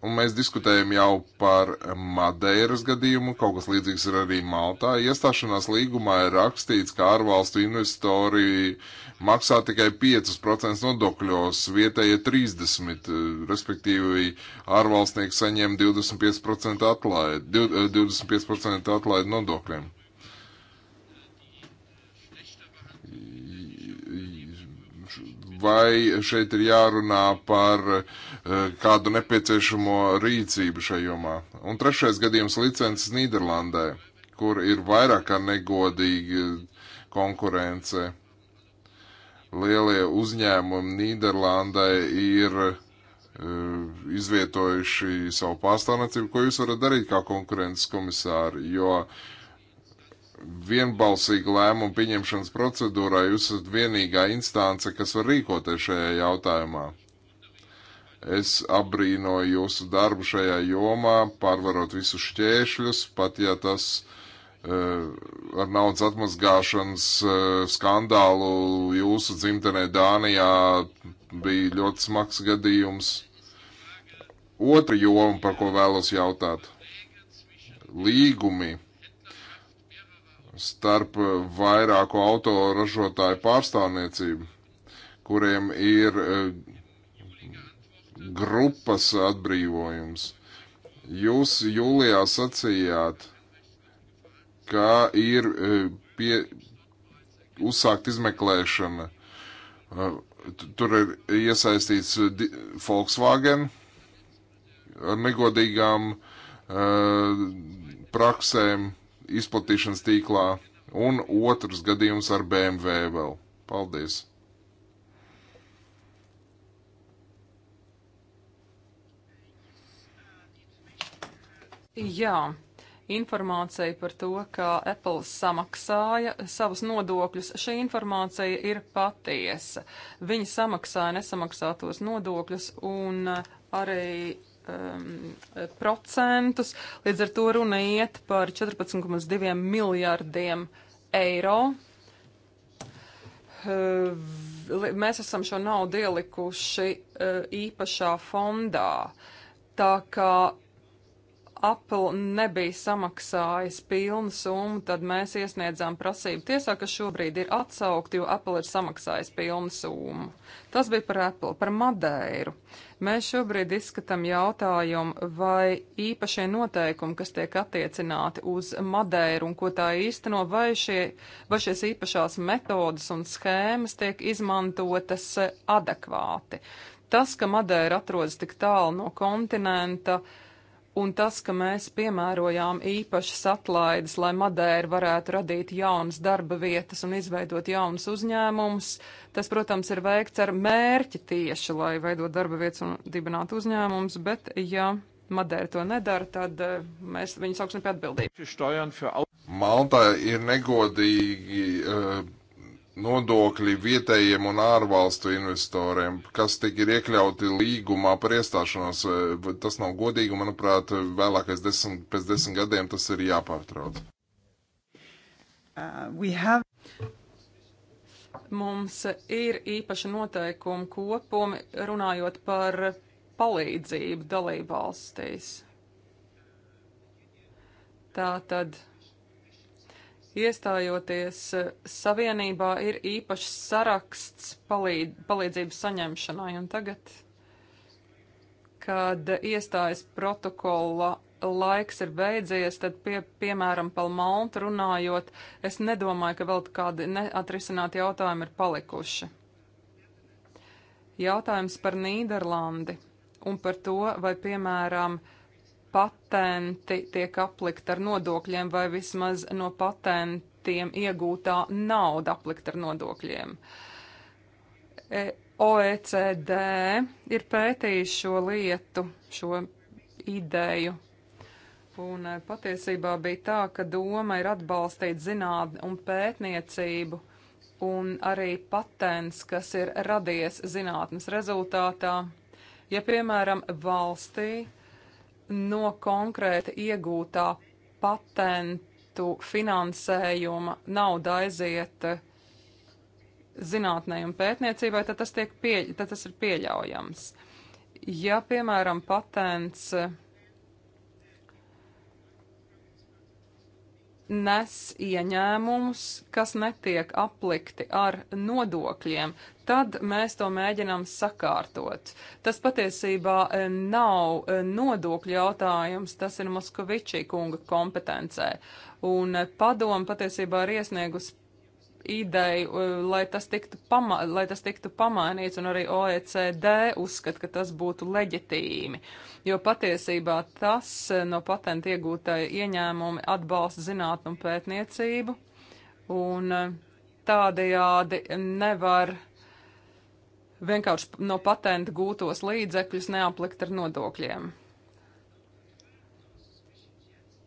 Un mēs diskutējam jau par Madeiras gadījumu, kaut kas līdzīgs ir arī Maltā. Iestāšanās līgumā ir rakstīts, ka ārvalstu investori maksā tikai 5% nodokļos, vietējie 30%, respektīvi ārvalstnieki saņem 25% atlaidi, 25% atlaidi nodokļiem. Vai šeit ir jārunā par uh, Eh, kādu nepieciešamo rīcību šajā jomā. Un trešais gadījums - licences Nīderlandē, kur ir vairāk kā negodīga konkurence. Lielie uzņēmumi Nīderlandē ir uh, izvietojuši savu pārstāvniecību, ko jūs varat darīt kā konkurences komisāri, jo uh, vienbalsīga lēmuma pieņemšanas procedūrā jūs esat vienīgā instance, kas var rīkoties šajā jautājumā. Es abrīnoju jūsu darbu šajā jomā, pārvarot visus šķēršļus, pat ja tas e, ar naudas atmazgāšanas e, skandālu jūsu dzimtenē Dānijā bija ļoti smags gadījums. Otra joma, par ko vēlos jautāt - līgumi starp vairāku autoražotāju pārstāvniecību, kuriem ir e, grupas atbrīvojums. Jūs jūlijā sacījāt, ka ir e, pie, uzsākt izmeklēšana. E, tur ir iesaistīts e, Volkswagen ar negodīgām uh, praksēm izplatīšanas tīklā un otrs gadījums ar BMW vēl. Paldies! Jā, informācija par to, ka Apple samaksāja savus nodokļus, šī informācija ir patiesa. Viņi samaksāja nesamaksātos nodokļus un arī um, procentus. Līdz ar to runa iet par 14,2 miljārdiem eiro. Uh, mēs esam šo naudu ielikuši uh, īpašā fondā. Tā kā Apple nebija samaksājis pilnu summu, tad mēs iesniedzām prasību tiesā, kas šobrīd ir atsaukt, jo Apple ir samaksājis pilnu summu. Tas bija par Apple, par Madeiru. Mēs šobrīd izskatām jautājumu, vai īpašie noteikumi, kas tiek attiecināti uz Madeiru un ko tā īsteno, vai, šie, vai šies īpašās metodas un schēmas tiek izmantotas adekvāti. Tas, ka Madeira atrodas tik tālu no kontinenta, uh, un tas, ka mēs piemērojām īpašas atlaides, lai Madeira varētu radīt jaunas darba vietas un izveidot jaunas uzņēmumus, tas, protams, ir veikts ar mērķi tieši, lai veidot darba vietas un dibinātu uzņēmumus, bet ja Madeira to nedara, tad mēs viņus augstnē pie atbildības. Malta ir negodīgi. Uh nodokļi vietējiem un ārvalstu investoriem, kas tik ir iekļauti līgumā par iestāšanos. Tas nav godīgi, un, manuprāt, vēlākais desmit, pēc desmit gadiem tas ir jāpārtrauc. Uh, have... Mums ir īpaši noteikumi kopumi runājot par palīdzību dalībvalstīs. Tā tad. Iestājoties eh, savienībā ir īpašs saraksts palīd, palīdzības saņemšanai, un tagad, kad iestājas protokola laiks ir beidzies, tad, pie, piemēram, par Maltu runājot, es nedomāju, ka vēl kādi neatrisināti jautājumi ir palikuši. Jautājums par Nīderlandi un par to, vai, piemēram, patenti tiek aplikti ar nodokļiem vai vismaz no patentiem iegūtā nauda aplikta ar nodokļiem. E, OECD ir pētījis šo lietu, šo ideju Un e, patiesībā bija tā, ka doma ir atbalstīt zinātni un pētniecību, un arī patents, kas ir radies zinātnes rezultātā. Ja, piemēram, valstī no konkrēta iegūtā patentu finansējuma nauda aiziet eh, zinātnē un pētniecībai, tad tas, pie, tad tas ir pieļaujams. Ja, piemēram, patents eh, nes ieņēmumus, kas netiek aplikti ar nodokļiem, tad mēs to mēģinām sakārtot. Tas patiesībā eh, nav eh, nodokļu jautājums, tas ir Moskovičī kunga kompetencē. Un eh, padoma patiesībā ir iesniegusi ideju, eh, lai tas tiktu, pama, lai tas tiktu pamainīts, un arī OECD uzskata, ka tas būtu leģitīmi, jo patiesībā tas eh, no patenta iegūtai ieņēmumi atbalsta zinātnu un pētniecību, un eh, tādējādi nevar vienkārši no patenta gūtos līdzekļus neaplikt ar nodokļiem.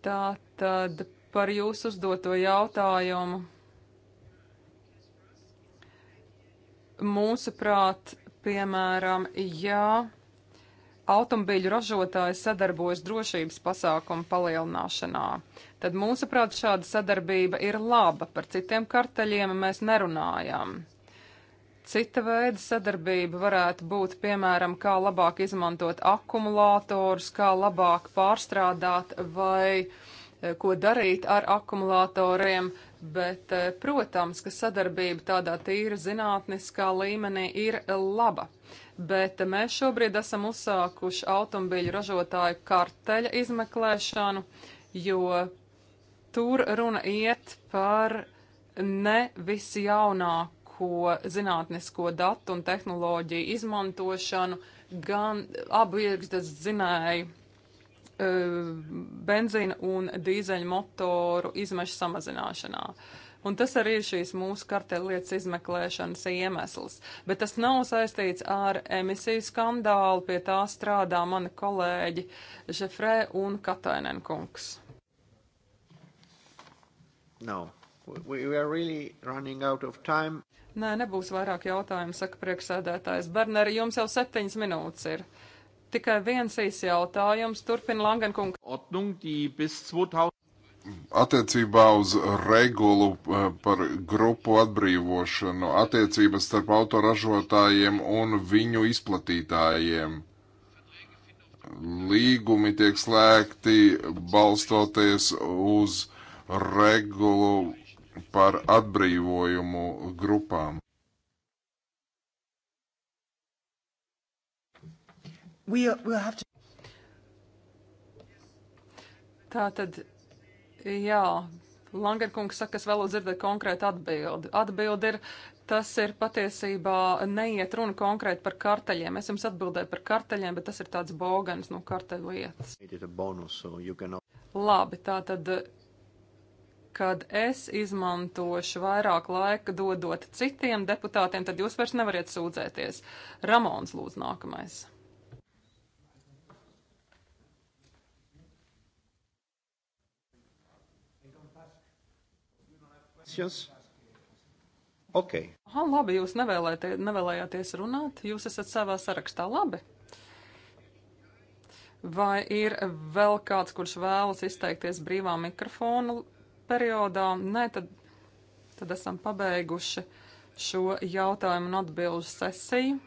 Tā tad par jūsu uzdoto jautājumu Mūsuprāt, piemēram, ja automobiļu ražotāji sadarbojas drošības pasākumu palielināšanā, tad mūsuprāt šāda sadarbība ir laba, par citiem karteļiem mēs nerunājam. Cita veida sadarbība varētu būt, piemēram, kā labāk izmantot akumulātorus, kā labāk pārstrādāt vai uh, Eh, ko darīt ar akumulatoriem, bet, eh, protams, ka sadarbība tādā tīra zinātniskā līmenī ir laba. Bet mēs šobrīd esam uzsākuši automobīļu ražotāju karteļa izmeklēšanu, jo tur runa iet par ne visi jaunāko zinātnisko datu un tehnoloģiju izmantošanu, gan abu iekšzemes zinēju E, benzīna un dīzeļu motoru izmešu samazināšanā. Un tas arī ir šīs mūsu kartelietas izmeklēšanas iemesls. Bet tas nav saistīts ar emisiju skandālu, pie tā strādā mani kolēģi Žefrē un Katainenkungs. No. We, we are really running out of time. Nē, nebūs vairāk jautājumu, saka priekšsēdētājs. Berneri, jums jau septiņas minūtes ir. Uh, Tikai viens īsi jautājums. Turpina Langenkungs. Attiecībā uz regulu eh, par grupu atbrīvošanu, attiecības starp autoražotājiem un viņu izplatītājiem. Līgumi tiek slēgti balstoties uz regulu par atbrīvojumu grupām. We are, we'll have to... Tā tad, jā, Langerkungs saka, es vēlos dzirdēt konkrētu atbildi. Atbildi ir, tas ir patiesībā neiet runa konkrēti par karteļiem. Es jums atbildēju par karteļiem, bet tas ir tāds bogans no karteļu lietas. Bonus, so can... Labi, tā tad kad es izmantošu vairāk laika dodot citiem deputātiem, tad jūs vairs nevariet sūdzēties. Ramons lūdzu nākamais. questions? Okay. Aha, labi, jūs nevēlējāties runāt, jūs esat savā sarakstā labi. Vai ir vēl kāds, kurš vēlas izteikties brīvā mikrofona periodā? Nē, tad, tad esam pabeiguši šo jautājumu un atbilžu sesiju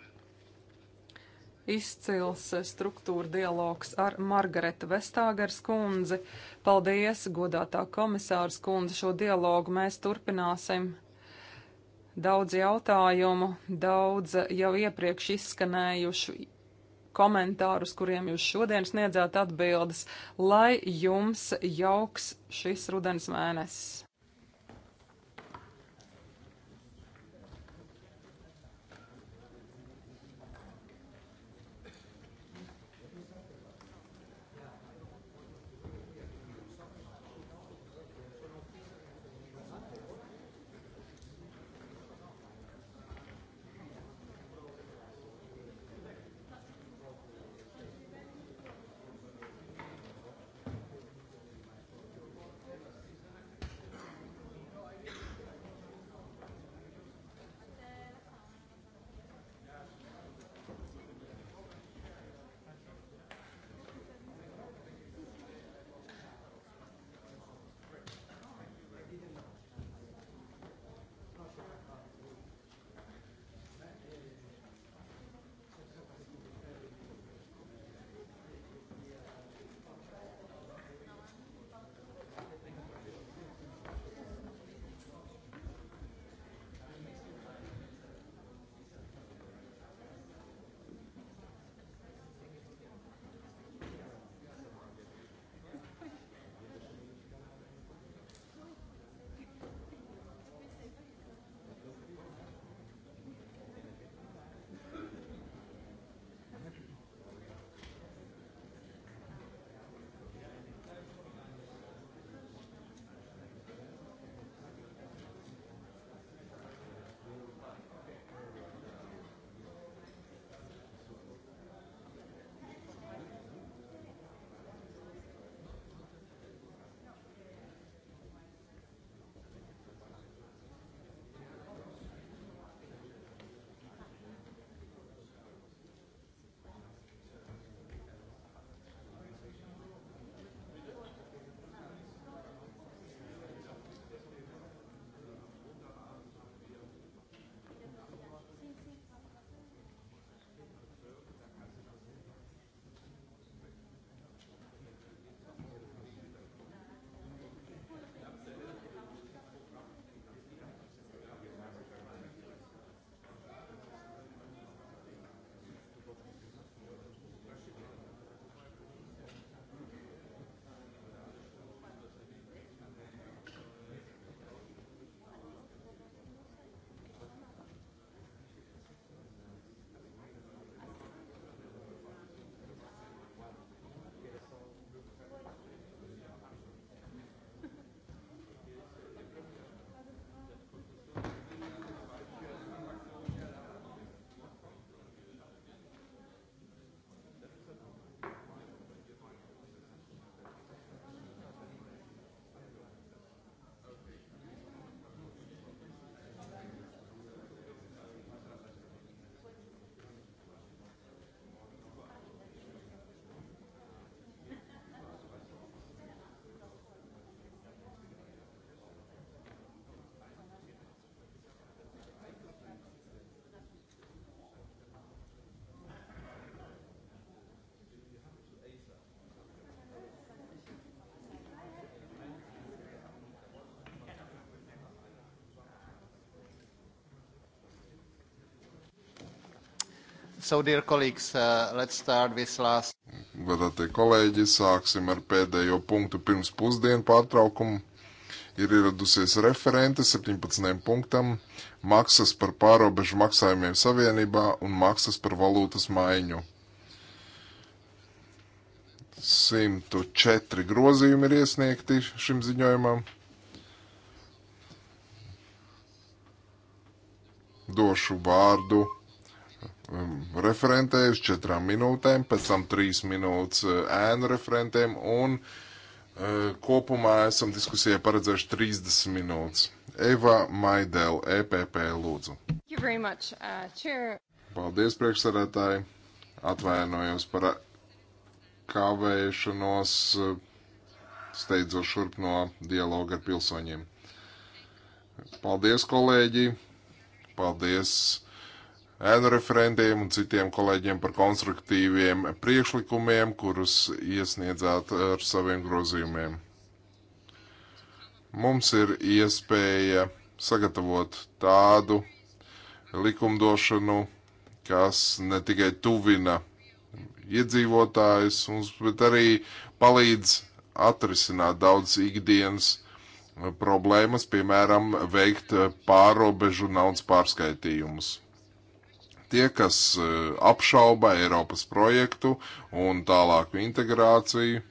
izcils struktūra dialogs ar Margaretu Vestāgers kundzi. Paldies, godātā komisārs kundze, šo dialogu mēs turpināsim. Daudz jautājumu, daudz jau iepriekš izskanējušu komentārus, kuriem jūs šodien sniedzāt atbildes, lai jums jauks šis rudens mēnesis. So, dear colleagues, uh, let's start with last. Godātie kolēģi, sāksim ar pēdējo punktu pirms pusdienu pārtraukumu. Ir ieradusies referente 17. punktam - maksas par pārobežu maksājumiem savienībā un maksas par valūtas maiņu. 104 grozījumi ir iesniegti šim ziņojumam. Došu vārdu Um, referentē uz četrām minūtēm, pēc tam trīs minūtes uh, ēnu referentēm un uh, kopumā esam diskusijai paredzējuši 30 minūtes. Eva Maidel, EPP, lūdzu. Much, uh, Paldies, priekšsarētāji. Atvainojos par kavēšanos, uh, steidzot šurp no dialoga ar pilsoņiem. Paldies, kolēģi! Paldies! ēnu referentiem un citiem kolēģiem par konstruktīviem priekšlikumiem, kurus iesniedzāt ar saviem grozījumiem. Mums ir iespēja sagatavot tādu likumdošanu, kas ne tikai tuvina iedzīvotājus, bet arī palīdz atrisināt daudz ikdienas problēmas, piemēram, veikt pārobežu naudas pārskaitījumus. Tie, kas e, apšauba Eiropas projektu un tālāku integrāciju,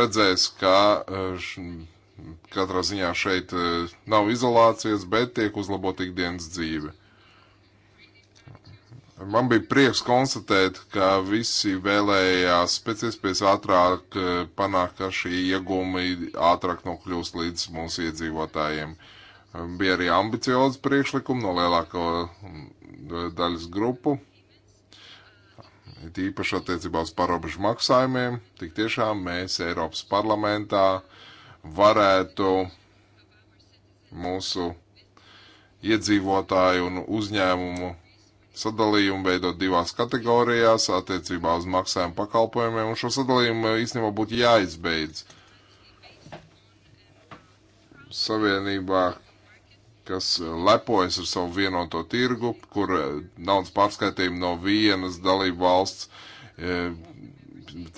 redzēs, ka e, katrā ziņā šeit e, nav izolācijas, bet tiek uzlabot ikdienas dzīve. Man bija prieks konstatēt, ka visi vēlējās pēc iespējas ātrāk panākt, ka šī iegūmi ātrāk nokļūst līdz mūsu iedzīvotājiem. Uh, Bija arī ambiciozi priekšlikumi no lielāko um, daļas grupu, it īpaši attiecībā uz parobežu maksājumiem. Tik tiešām mēs Eiropas parlamentā varētu mūsu iedzīvotāju un uzņēmumu sadalījumu veidot divās kategorijās attiecībā uz maksājumu pakalpojumiem, un šo sadalījumu īstenībā būtu jāizbeidz. Savienībā kas eh, lepojas ar savu vienoto tirgu, kur eh, naudas pārskaitījumi no vienas dalību valsts eh,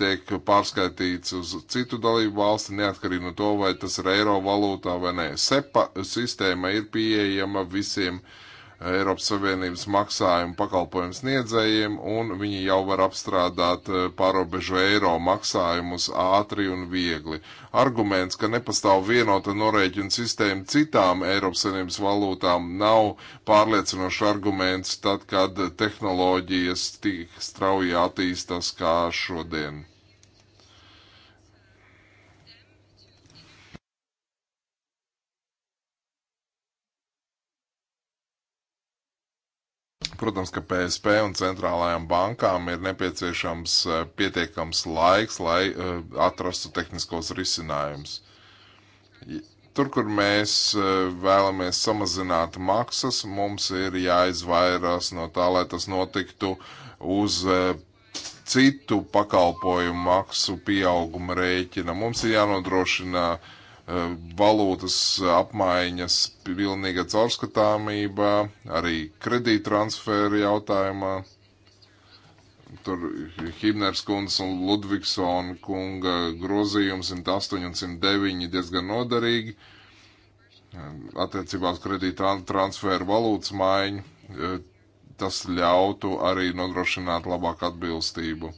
tiek pārskaitīts uz citu dalību valsti, neatkarīgi no to, vai tas ir eiro valūtā vai nē. SEPA sistēma ir pieejama visiem uh, Eiropas Savienības maksājumu pakalpojumu sniedzējiem, un viņi jau var apstrādāt eh, pārobežu eiro maksājumus ātri un viegli. Arguments, ka nepastāv vienota norēķina sistēma citām Eiropas Savienības valūtām, nav pārliecinošs arguments tad, kad tehnoloģijas tik strauji attīstās kā šodien. Protams, ka PSP un centrālajām bankām ir nepieciešams e, pietiekams laiks, lai e, atrastu tehniskos risinājumus. Tur, kur mēs e, vēlamies samazināt maksas, mums ir jāizvairās no tā, lai tas notiktu uz citu pakalpojumu maksu pieauguma rēķina. Mums ir jānodrošina uh, Ehm, valūtas apmaiņas pilnīga caurskatāmība, arī kredīttransferi jautājumā. Tur Himners kundas un Ludvigsona kunga grozījums 108 un 109 diezgan noderīgi ehm, attiecībā uz kredīttransferu valūtas maiņu. Eh, tas ļautu arī nodrošināt labāku atbilstību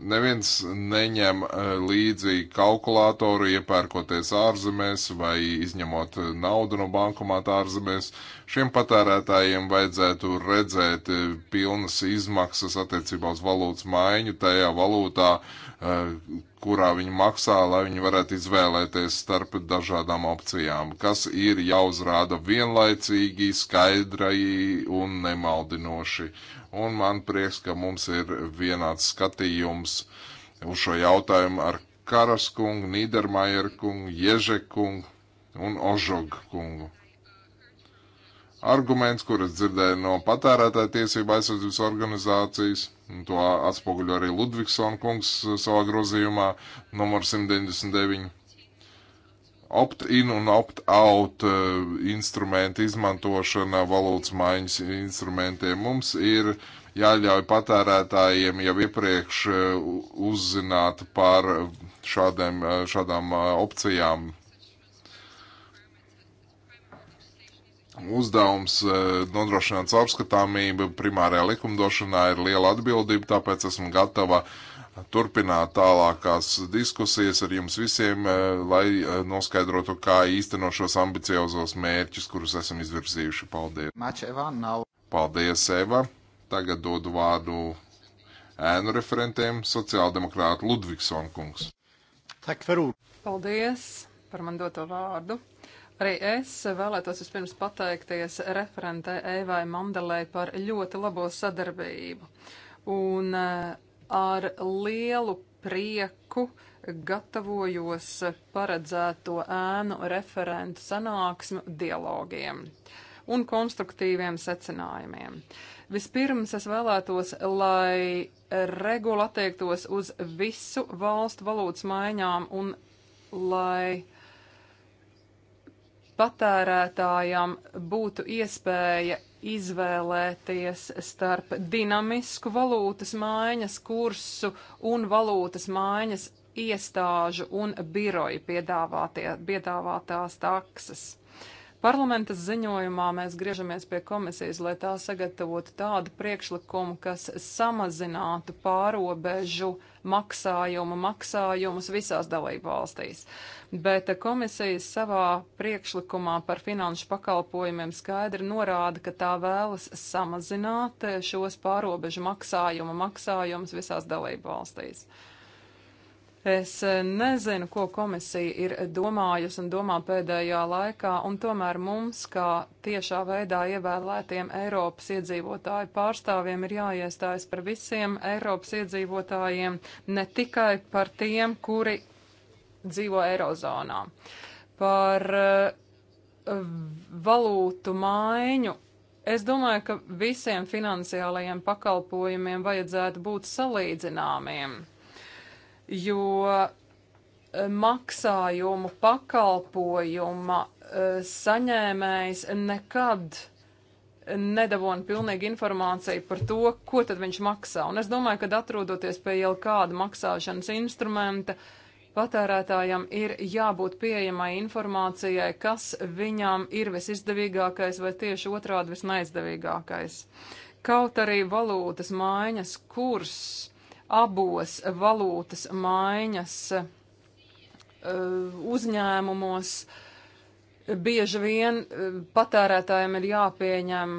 neviens neņem e, līdzi kalkulātoru, iepērkoties ārzemēs vai izņemot naudu no bankomāta ārzemēs. Šiem patērētājiem vajadzētu redzēt e, pilnas izmaksas attiecībā uz valūtas maiņu tajā valūtā, kurā viņi maksā, lai viņi varētu izvēlēties starp dažādām opcijām, kas ir jāuzrāda vienlaicīgi, skaidrai un nemaldinoši. Un man prieks, ka mums ir vienāds skatījums uz šo jautājumu ar Karaskungu, Nīdermajerkungu, Ježekungu un Ožogkungu arguments, kurus dzirdēju no patērētāja tiesība aizsardzības organizācijas, to atspoguļo arī Ludvigsona kungs uh, savā grozījumā numur 199. Opt-in un opt-out uh, instrumentu izmantošana valūtas maiņas instrumentiem mums ir jāļauj patērētājiem jau iepriekš uh, uzzināt par šādiem, šādām opcijām uzdevums eh, nodrošināt caurskatāmību primārajā likumdošanā ir liela atbildība, tāpēc esmu gatava turpināt tālākās diskusijas ar jums visiem, eh, lai eh, noskaidrotu, kā īstenot šos ambiciozos mērķus, kurus esam izvirzījuši. Paldies! Paldies, Eva! Tagad dodu vārdu ēnu referentiem sociāldemokrāta Ludvigsson kungs. Paldies par man doto vārdu! Arī es vēlētos vispirms pateikties referentē Eivai Mandelē par ļoti labo sadarbību. Un eh, ar lielu prieku gatavojos paredzēto ēnu referentu sanāksmu dialogiem un konstruktīviem secinājumiem. Vispirms es vēlētos, lai regula attiektos uz visu valstu valūtas maiņām un lai uh, patērētājam būtu iespēja izvēlēties starp dinamisku valūtas maiņas kursu un valūtas maiņas iestāžu un biroju piedāvātās taksas. Parlamenta ziņojumā mēs griežamies pie komisijas, lai tā sagatavotu tādu priekšlikumu, kas samazinātu pārobežu maksājumu maksājumus visās dalību valstīs. Bet komisija savā priekšlikumā par finanšu pakalpojumiem skaidri norāda, ka tā vēlas samazināt šos pārobežu maksājumu maksājumus visās dalību valstīs. Es eh, nezinu, ko komisija ir domājusi un domā pēdējā laikā, un tomēr mums, kā tiešā veidā ievēlētiem Eiropas iedzīvotāju pārstāvjiem, ir jāiestājas par visiem Eiropas iedzīvotājiem, ne tikai par tiem, kuri dzīvo Eirozonā. Par eh, valūtu maiņu Es domāju, ka visiem finansiālajiem pakalpojumiem vajadzētu būt salīdzināmiem jo eh, maksājumu pakalpojuma eh, saņēmējs nekad nedabūna pilnīgi informāciju par to, ko tad viņš maksā. Un es domāju, ka atrodoties pie jau kāda maksāšanas instrumenta, patērētājam ir jābūt pieejamai informācijai, kas viņam ir visizdevīgākais vai tieši otrādi visneizdevīgākais. Kaut arī valūtas maiņas kurs abos valūtas maiņas eh, uzņēmumos bieži vien eh, patērētājiem ir jāpieņem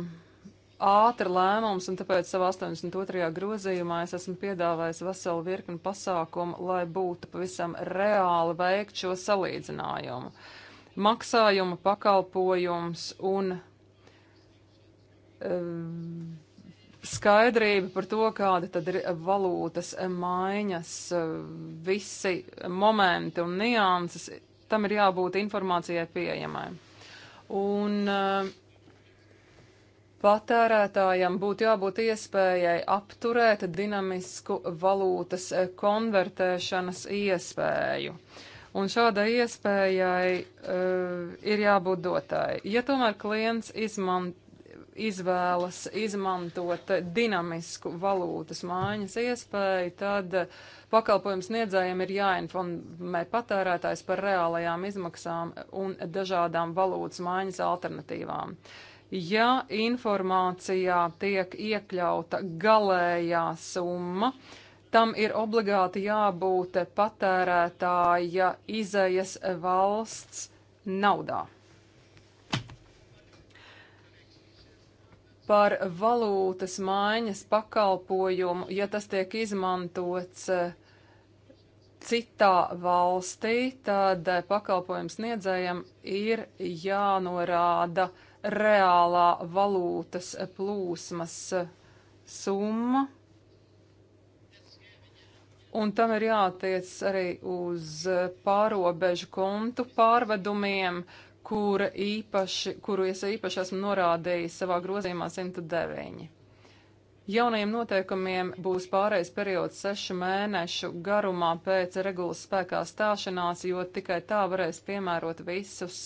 ātri lēmums, un tāpēc savā 82. grozījumā es esmu piedāvājis veselu virkni pasākumu, lai būtu pavisam reāli veikt šo salīdzinājumu. Maksājuma pakalpojums un um, skaidrība par to, kāda tad ir valūtas maiņas, visi momenti un nianses, tam ir jābūt informācijai pieejamai. Un eh, patērētājam būtu jābūt iespējai apturēt dinamisku valūtas eh, konvertēšanas iespēju. Un šādai iespējai uh, ir jābūt dotai. Ja tomēr klients izmanto izvēlas izmantot dinamisku valūtas mājas iespēju, tad pakalpojums niedzējiem ir jāinformē patērētājs par reālajām izmaksām un dažādām valūtas mājas alternatīvām. Ja informācijā tiek iekļauta galējā summa, tam ir obligāti jābūt patērētāja izējas valsts naudā. par valūtas maiņas pakalpojumu, ja tas tiek izmantots eh, citā valstī, tad eh, pakalpojums niedzējam ir jānorāda reālā valūtas plūsmas eh, summa. Un tam ir jātiec arī uz pārobežu kontu pārvedumiem, kura īpaši, kuru es īpaši esmu norādījis savā grozījumā 109. Jaunajiem noteikumiem būs pārējais periods sešu mēnešu garumā pēc regulas spēkā stāšanās, jo tikai tā varēs piemērot visus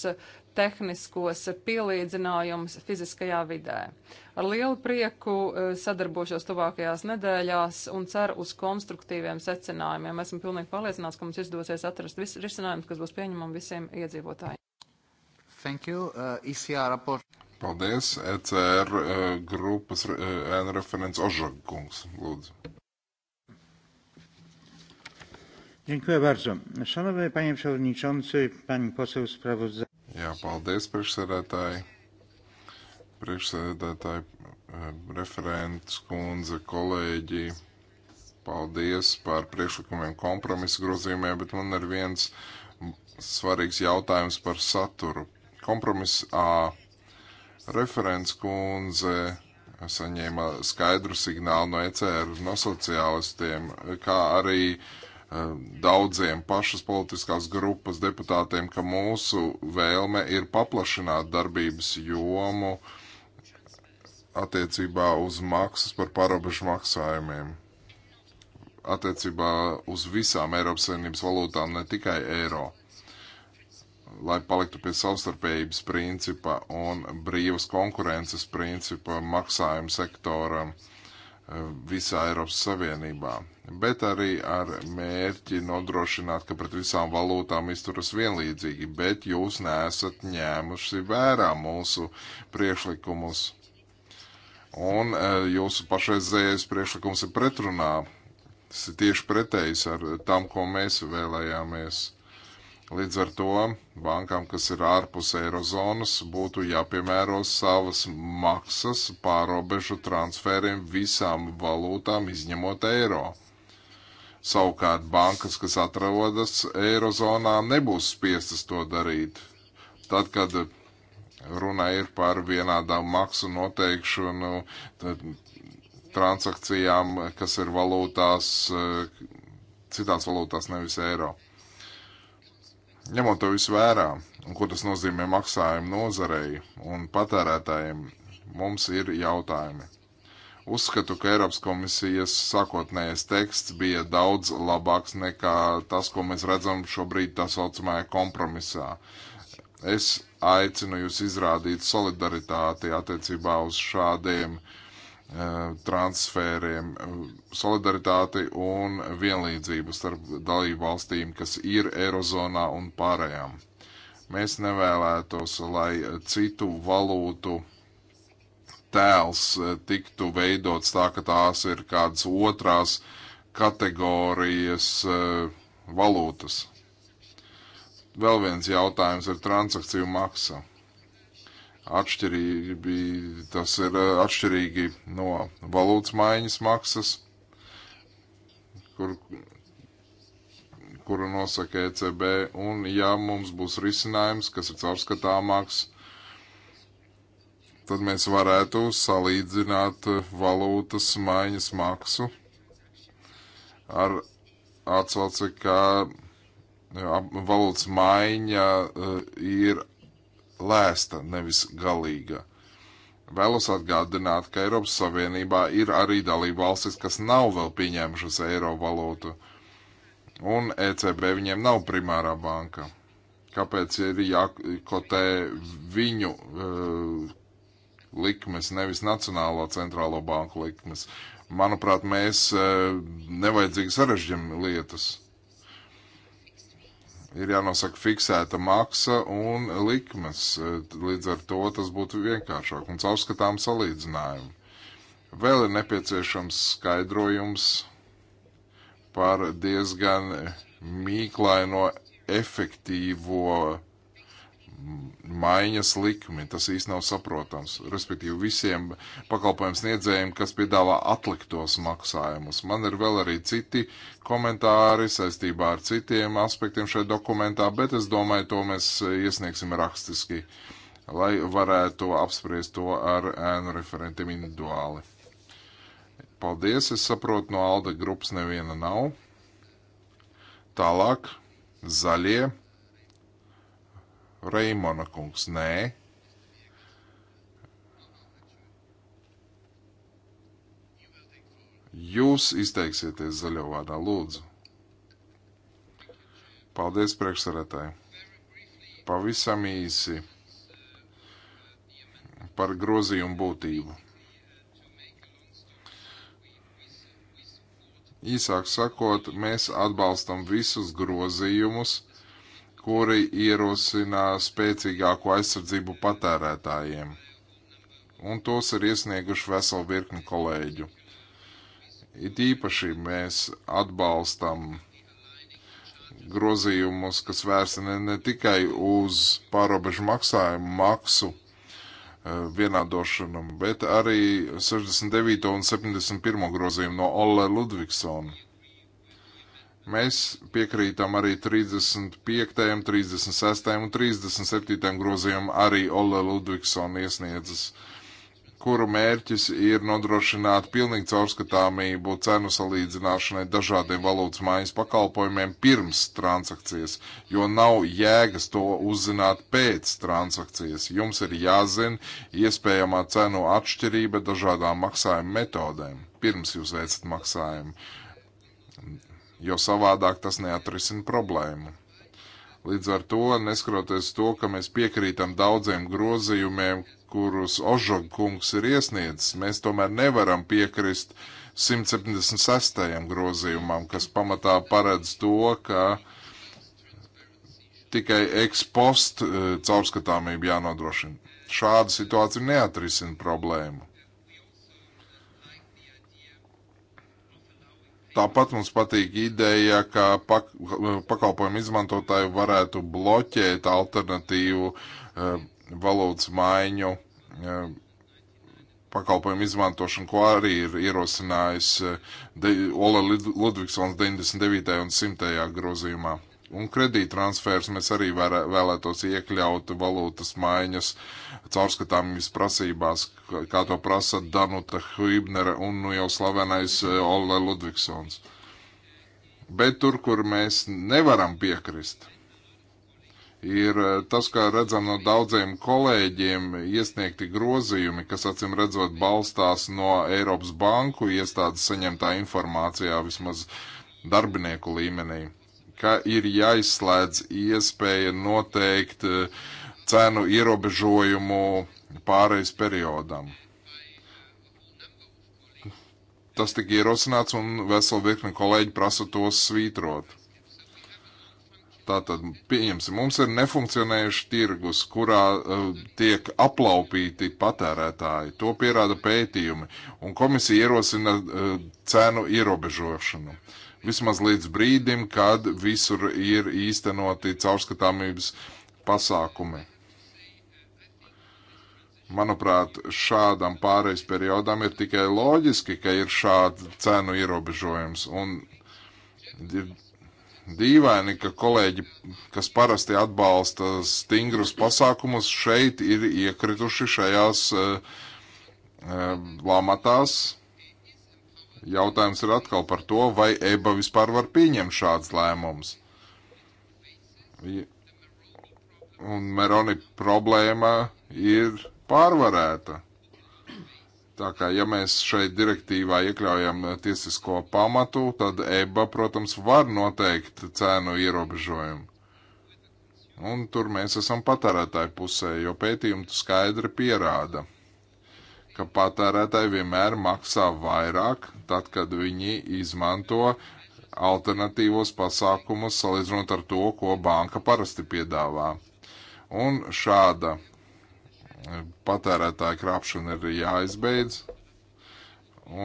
tehniskos pielīdzinājumus fiziskajā vidē. Ar lielu prieku e, sadarbošos tuvākajās nedēļās un ceru uz konstruktīviem secinājumiem. Esmu pilnīgi pārliecināts, ka mums izdosies atrast visus risinājumus, kas būs pieņemami visiem iedzīvotājiem. Thank you. Uh, ECR rapport. Paldies. ECR uh, grupas uh, referents Ožagungs, lūdzu. Dziękuję bardzo. Szanowny panie przewodniczący, pani poseł sprawozdawca. Ja, paldies, priekšsēdētāji. Priekšsēdētāji, uh, referents, kundze, kolēģi. Paldies par priekšlikumiem kompromisu grozījumiem, bet man ir viens svarīgs jautājums par saturu. Kompromiss A. Referents kundze saņēma skaidru signālu no ECR, no sociālistiem, kā arī eh, daudziem pašas politiskās grupas deputātiem, ka mūsu vēlme ir paplašināt darbības jomu attiecībā uz maksas par parobežu maksājumiem attiecībā uz visām Eiropas Savienības valūtām, ne tikai eiro lai paliktu pie savstarpējības principa un brīvas konkurences principa maksājumu sektoram eh, visā Eiropas Savienībā, bet arī ar mērķi nodrošināt, ka pret visām valūtām izturas vienlīdzīgi, bet jūs nesat ņēmuši vērā mūsu priekšlikumus. Un eh, jūsu pašreizējais priekšlikums ir pretrunā, tas ir tieši pretējs ar tam, ko mēs vēlējāmies Līdz ar to bankām, kas ir ārpus eirozonas, būtu jāpiemēro savas maksas pārobežu transferiem visām valūtām, izņemot eiro. Savukārt bankas, kas atrodas eirozonā, nebūs spiestas to darīt. Tad, kad runa ir par vienādām maksu noteikšanu transakcijām, kas ir valūtās, citās valūtās, nevis eiro ņemot to visu vērā, un ko tas nozīmē maksājumu nozarei un patērētājiem, mums ir jautājumi. Uzskatu, ka Eiropas komisijas sākotnējais teksts bija daudz labāks nekā tas, ko mēs redzam šobrīd tā saucamajā kompromisā. Es aicinu jūs izrādīt solidaritāti attiecībā uz šādiem uh, Eh, transfēriem, eh, solidaritāti un vienlīdzību starp dalību valstīm, kas ir Eirozonā un pārējām. Mēs nevēlētos, lai citu valūtu tēls eh, tiktu veidots tā, ka tās ir kādas otrās kategorijas valūtas. Vēl viens jautājums ir transakciju maksa atšķirība, tas ir eh, atšķirīgi no valūtas maiņas maksas, kur, kuru nosaka ECB, un ja mums būs risinājums, kas ir caurskatāmāks, tad mēs varētu salīdzināt eh, valūtas maiņas maksu ar atsauci, ka eh, valūtas maiņa ir lēsta, nevis galīga. Vēlos atgādināt, ka Eiropas Savienībā ir arī dalība valstis, kas nav vēl pieņēmušas eiro valūtu, un ECB viņiem nav primārā banka. Kāpēc ir jākotē viņu uh, likmes, nevis Nacionālo centrālo banku likmes? Manuprāt, mēs uh, nevajadzīgi sarežģim lietas ir jānosaka fiksēta maksa un likmes. Līdz ar to tas būtu vienkāršāk un caurskatām salīdzinājumi. Vēl ir nepieciešams skaidrojums par diezgan mīklaino efektīvo maiņas likmi. Tas īsti nav saprotams. Respektīvi visiem pakalpojums niedzējiem, kas piedāvā atliktos maksājumus. Man ir vēl arī citi komentāri saistībā ar citiem aspektiem šajā dokumentā, bet es domāju, to mēs iesniegsim rakstiski, lai varētu apspriest to ar ēnu referentiem individuāli. Paldies, es saprotu, no Alda grupas neviena nav. Tālāk, zaļie Raimona kungs, nē. Jūs izteiksieties zaļo vārdā, lūdzu. Paldies, priekšsarētāji. Pavisam īsi par grozījumu būtību. Īsāk sakot, mēs atbalstam visus grozījumus, kuri ierosinā spēcīgāko aizsardzību patērētājiem. Un tos ir iesnieguši veselu virkni kolēģu. It īpaši mēs atbalstam grozījumus, kas vērsta ne, ne tikai uz pārobežu maksājumu maksu eh, vienādošanam, bet arī 69. un 71. grozījumu no Olle Ludvigsona Mēs piekrītam arī 35., 36. un 37. grozījumam arī Ola Ludvigsona iesniedzas, kuru mērķis ir nodrošināt pilnīgi caurskatāmību cenu salīdzināšanai dažādiem valūtas mājas pakalpojumiem pirms transakcijas, jo nav jēgas to uzzināt pēc transakcijas. Jums ir jāzina iespējamā cenu atšķirība dažādām maksājuma metodēm, pirms jūs veicat maksājumu jo savādāk tas neatrisina problēmu. Līdz ar to, neskroties to, ka mēs piekrītam daudziem grozījumiem, kurus Ožog kungs ir iesniedzis, mēs tomēr nevaram piekrist 176. grozījumam, kas pamatā paredz to, ka tikai ekspost eh, caurskatāmību jānodrošina. Šāda situācija neatrisina problēmu. Tāpat mums patīk ideja, ka pak pakalpojumu izmantotāji varētu bloķēt alternatīvu e, valūtas maiņu e, pakalpojumu izmantošanu, ko arī ir ierosinājis e, Ola Ludvigsons 99. un 100. grozījumā. Un kredīttransfers mēs arī vēlētos iekļaut valūtas maiņas caurskatāmības prasībās, kā to prasa Danuta Hübnera un nu jau slavenais e, Olle Ludvigsons. Bet tur, kur mēs nevaram piekrist, ir e, tas, kā redzam no daudziem kolēģiem iesniegti grozījumi, kas acim redzot balstās no Eiropas banku iestādes saņemtā informācijā vismaz darbinieku līmenī ka ir jāizslēdz iespēja noteikt eh, cenu ierobežojumu pārejas periodam. Tas tika ierosināts un vesela virkni kolēģi prasa tos svītrot. Tātad, pieņemsim, mums ir nefunkcionējuši tirgus, kurā uh, tiek aplaupīti patērētāji. To pierāda pētījumi, un komisija ierosina uh, cenu ierobežošanu. Uh, vismaz līdz brīdim, kad visur ir īstenoti caurskatāmības pasākumi. Manuprāt, šādam pārejas periodam ir tikai loģiski, ka ir šāda cenu ierobežojums. Un ir dīvaini, ka kolēģi, kas parasti atbalsta stingrus pasākumus, šeit ir iekrituši šajās uh, eh, eh, lāmatās, Jautājums ir atkal par to, vai EBA vispār var pieņemt šāds lēmums. Un Meroni problēma ir pārvarēta. Tā kā, ja mēs šeit direktīvā iekļaujam tiesisko pamatu, tad EBA, protams, var noteikt cēnu ierobežojumu. Un tur mēs esam patērētāju pusē, jo pētījumi skaidri pierāda, ka patērētāji vienmēr maksā vairāk, tad, kad viņi izmanto alternatīvos pasākumus salīdzinot ar to, ko banka parasti piedāvā. Un šāda eh, patērētāja krāpšana ir jāizbeidz.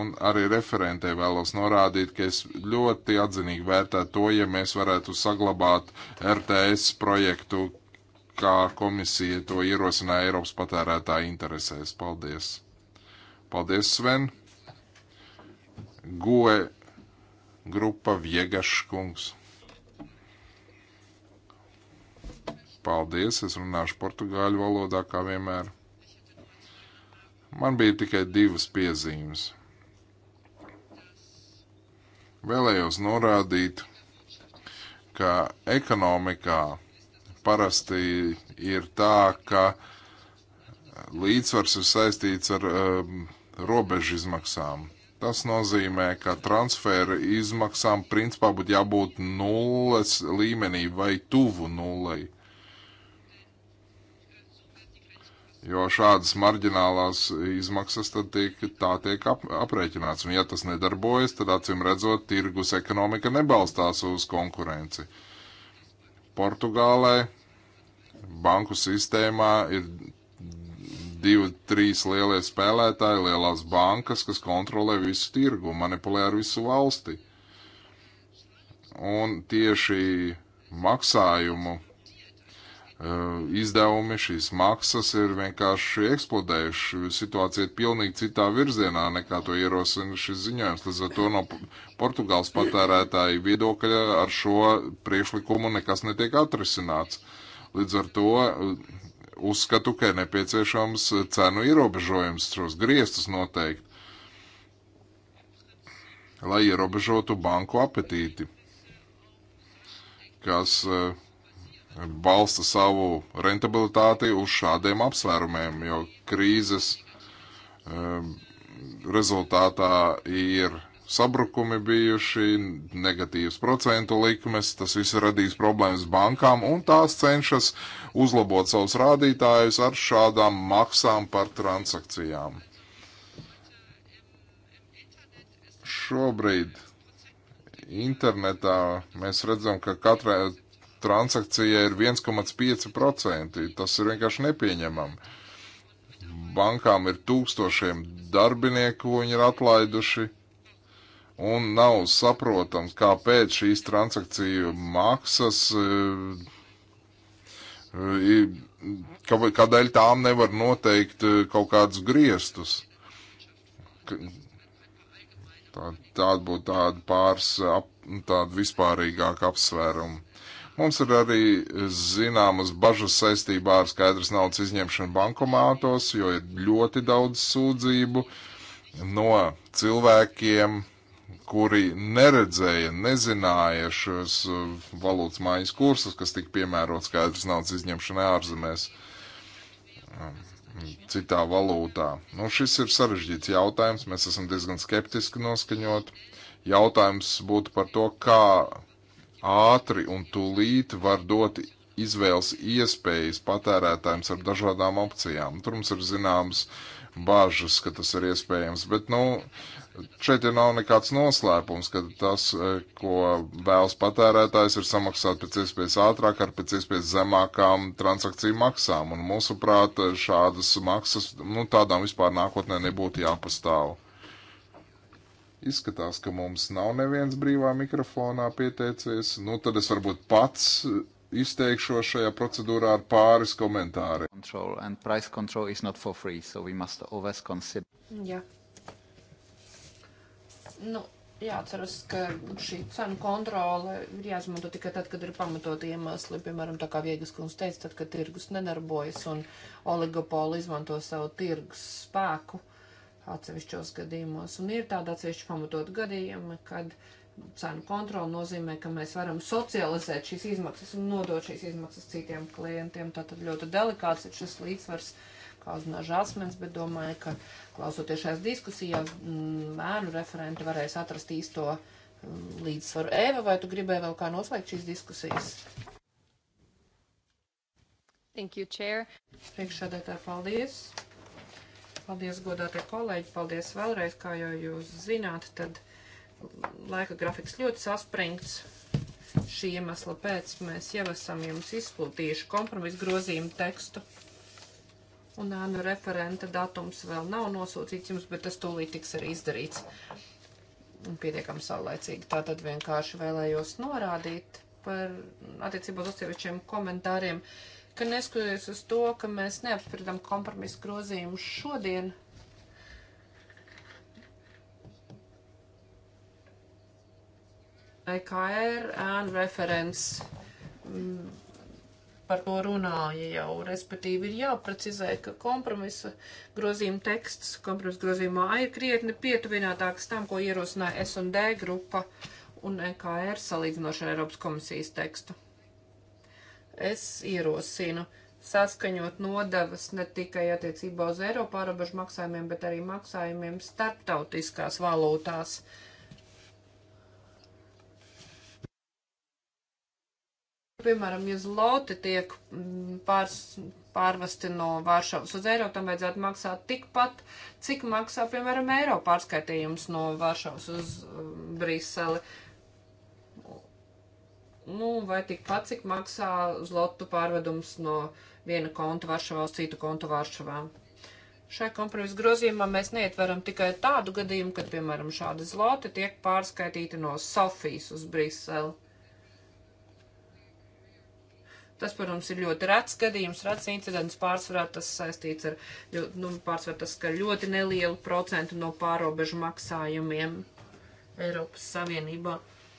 Un arī referentē vēlos norādīt, ka es ļoti atzinīgi vērtētu to, ja mēs varētu saglabāt RTS projektu, kā komisija to ierosināja Eiropas patērētāja interesēs. Paldies! Paldies, Sven. Goe grupa Viegašs kungs. Paldies, es runāšu portugāļu valodā kā vienmēr. Man bija tikai divas piezīmes. Vēlējos norādīt, ka ekonomikā parasti ir tā, ka līdzsvars ir saistīts ar um, robežu izmaksām. Tas nozīmē, ka transfēra izmaksām principā būtu jābūt nulles līmenī vai tuvu nullei. Jo šādas marģinālās izmaksas tad tiek, tā tiek ap, aprēķināts. Un ja tas nedarbojas, tad acīm redzot, tirgus ekonomika nebalstās uz konkurenci. Portugālē banku sistēmā ir divi, trīs lielie spēlētāji, lielās bankas, kas kontrolē visu tirgu, manipulē ar visu valsti. Un tieši maksājumu eh, izdevumi, šīs maksas ir vienkārši eksplodējuši. Situācija ir pilnīgi citā virzienā, nekā to ierosina šis ziņojums. Līdz ar to no Portugāles patērētāju viedokļa ar šo priekšlikumu nekas netiek atrisināts. Līdz ar to uzskatu, ka ir nepieciešams cenu ierobežojums, šos griestus noteikti, lai ierobežotu banku apetīti, kas eh, balsta savu rentabilitāti uz šādiem apsvērumiem, jo krīzes eh, rezultātā ir sabrukumi bijuši, negatīvs procentu likmes, tas viss radīs problēmas bankām, un tās cenšas uzlabot savus rādītājus ar šādām maksām par transakcijām. Šobrīd internetā mēs redzam, ka katrai transakcijai ir 1,5%. Tas ir vienkārši nepieņemami. Bankām ir tūkstošiem darbinieku, ko viņi ir atlaiduši un nav saprotams, kāpēc šīs transakciju maksas, eh, kādēļ tām nevar noteikt eh, kaut kādus griestus. Tā, tāda būtu tāda pāris, ap, tāda vispārīgāka apsvēruma. Mums ir arī zināmas bažas saistībā ar skaidras naudas izņemšanu bankomātos, jo ir ļoti daudz sūdzību no cilvēkiem, kuri neredzēja, nezināja šos uh, valūtas mājas kursus, kas tika piemērots skaidrs naudas izņemšanai ārzemēs um, citā valūtā. Nu, šis ir sarežģīts jautājums, mēs esam diezgan skeptiski noskaņot. Jautājums būtu par to, kā ātri un tūlīt var dot izvēles iespējas patērētājiem ar dažādām opcijām. Tur mums ir zināms bažas, ka tas ir iespējams, bet, nu, Šeit jau nav nekāds noslēpums, ka tas, e, ko vēlas patērētājs, ir samaksāt pēc iespējas ātrāk ar pēc iespējas zemākām transakciju maksām. Un mūsuprāt, e, šādas maksas, nu, tādām vispār nākotnē nebūtu jāpastāv. Izskatās, ka mums nav neviens brīvā mikrofonā pieteicies. Nu, tad es varbūt pats izteikšos šajā procedūrā ar pāris komentāriem. Control and price control is not for free, so we must always consider. Yeah. Nu, jāatceras, ka šī cenu kontrole ir jāizmanto tikai tad, kad ir pamatoti iemesli, piemēram, tā kā Viegas kungs teica, tad, kad tirgus nedarbojas un oligopoli izmanto savu tirgus spēku atsevišķos gadījumos. Un ir tāda atsevišķa pamatot gadījuma, kad cenu kontrola nozīmē, ka mēs varam socializēt šīs izmaksas un nodot šīs izmaksas citiem klientiem. Tātad ļoti delikāts ir šis līdzsvars klauzināšu asmens, bet domāju, ka klausoties šajās diskusijās, mēnu mm, referenti varēs atrast īsto mm, līdzsvaru. Eva, vai tu gribēji vēl kā noslēgt šīs diskusijas? Thank you, Chair. Priekšsēdētāji, paldies. Paldies, godātie kolēģi, paldies vēlreiz, kā jau jūs zināt, tad laika grafiks ļoti saspringts. Šī iemesla pēc mēs jau esam jums izplatījuši kompromisu grozījumu tekstu. Un ēnu referenta datums vēl nav nosūtīts jums, bet tas tūlīt tiks arī izdarīts. Un pietiekam saulēcīgi. Tā tad vienkārši vēlējos norādīt par attiecībā uz atsevišķiem komentāriem, ka neskatoties uz to, ka mēs neapspriedam kompromisu grozījumus šodien, EKR ēnu referents mm, par to runāja jau, respektīvi ir jāprecizē, ka kompromisa grozījuma teksts, kompromisa grozījumā A ir krietni pietuvinātāks tam, ko ierosināja S&D grupa un EKR salīdzinoši ar Eiropas komisijas tekstu. Es ierosinu saskaņot nodevas ne tikai attiecībā uz Eiropā robežu maksājumiem, bet arī maksājumiem starptautiskās valūtās. Uh, Piemēram, ja zloti tiek mm, pārs, pārvesti no Vāršavas uz eiro, tam vajadzētu maksāt tikpat, cik maksā, piemēram, eiro pārskaitījums no Vāršavas uz mm, Briseli. Nu, vai tikpat, cik maksā zlotu pārvedums no viena konta Varšavā uz citu kontu Varšavā. Šai kompromisa grozījumā mēs neietveram tikai tādu gadījumu, kad, piemēram, šādi zloti tiek pārskaitīti no Sofijas uz Briseli. Tas, protams, ir ļoti rēts gadījums, rēts incidents, pārsvarā tas saistīts ar, nu, pārsvarā tas, ka ļoti nelielu procentu no pārobežu maksājumiem Eiropas Savienībā.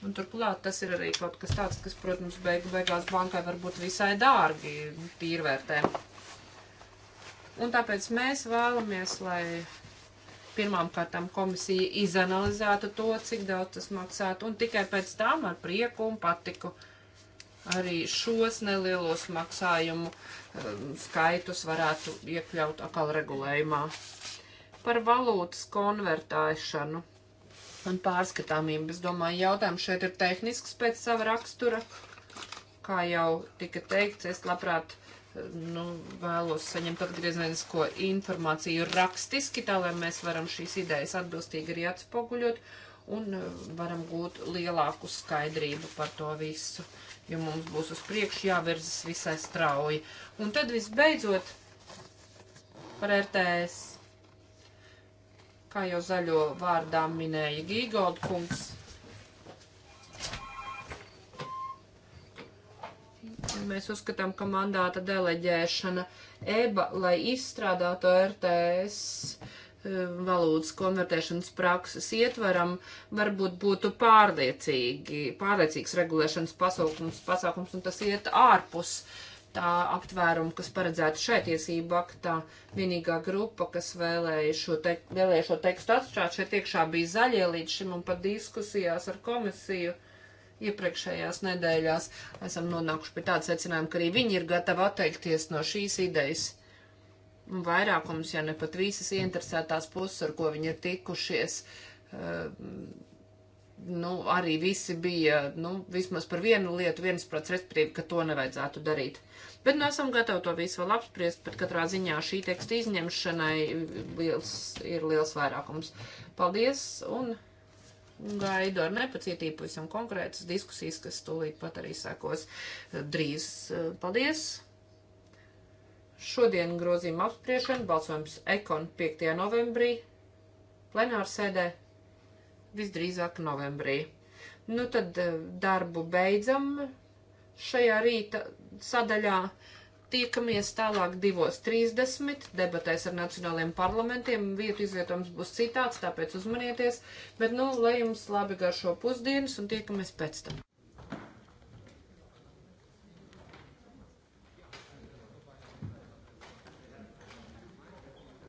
Un turklāt tas ir arī kaut kas tāds, kas, protams, beigu beigās bankai var būt visai dārgi tīrvērtē. Un tāpēc mēs vēlamies, lai pirmām kārtām komisija izanalizētu to, cik daudz tas maksātu, un tikai pēc tam ar prieku un patiku uh, arī šos nelielos maksājumu um, skaitus varētu iekļaut atkal regulējumā. Par valūtas konvertēšanu un pārskatāmību, es domāju, jautājums šeit ir tehnisks pēc sava rakstura. Kā jau tika teikts, es labprāt um, nu, vēlos saņemt atgriezenisko informāciju rakstiski, tā lai mēs varam šīs idejas atbilstīgi arī atspoguļot un um, varam gūt lielāku skaidrību par to visu jo mums būs uz priekšu jāverzas visai strauji. Un tad visbeidzot par RTS. Kā jau zaļo vārdā minēja Gīgold kungs. Mēs uzskatām, ka mandāta deleģēšana EBA, lai izstrādātu RTS valūtas konvertēšanas prakses ietvaram varbūt būtu pārliecīgi, pārliecīgs regulēšanas pasaukums, pasākums, un tas iet ārpus tā aptvērumu, kas paredzēta šai tiesību aktā. Vienīgā grupa, kas vēlēja šo, te, vēlēja šo tekstu atšķirāt, šeit iekšā bija zaļie līdz šim un pat diskusijās ar komisiju iepriekšējās nedēļās esam nonākuši pie tāda secinājuma, ka arī viņi ir gatavi atteikties no šīs idejas vairākums, ja ne pat visas interesētās puses, ar ko viņi ir tikušies, eh, nu, arī visi bija, nu, vismaz par vienu lietu viensprāts, respektīvi, ka to nevajadzētu darīt. Bet, nu, esam gatavi to visu vēl apspriest, bet katrā ziņā šī teksta izņemšanai liels, ir liels vairākums. Paldies un gaidu ar nepacietību visam konkrētas diskusijas, kas tūlīt pat arī sākos drīz. Eh, paldies! Šodien grozījuma apspriešana, balsojums Ekon 5. novembrī, plenārsēdē visdrīzāk novembrī. Nu tad eh, darbu beidzam šajā rīta sadaļā. Tiekamies tālāk 2.30. Debatēs ar nacionāliem parlamentiem. Vietu izvietojums būs citāds, tāpēc uzmanieties. Bet, nu, lai jums labi garšo pusdienas un tiekamies pēc tam.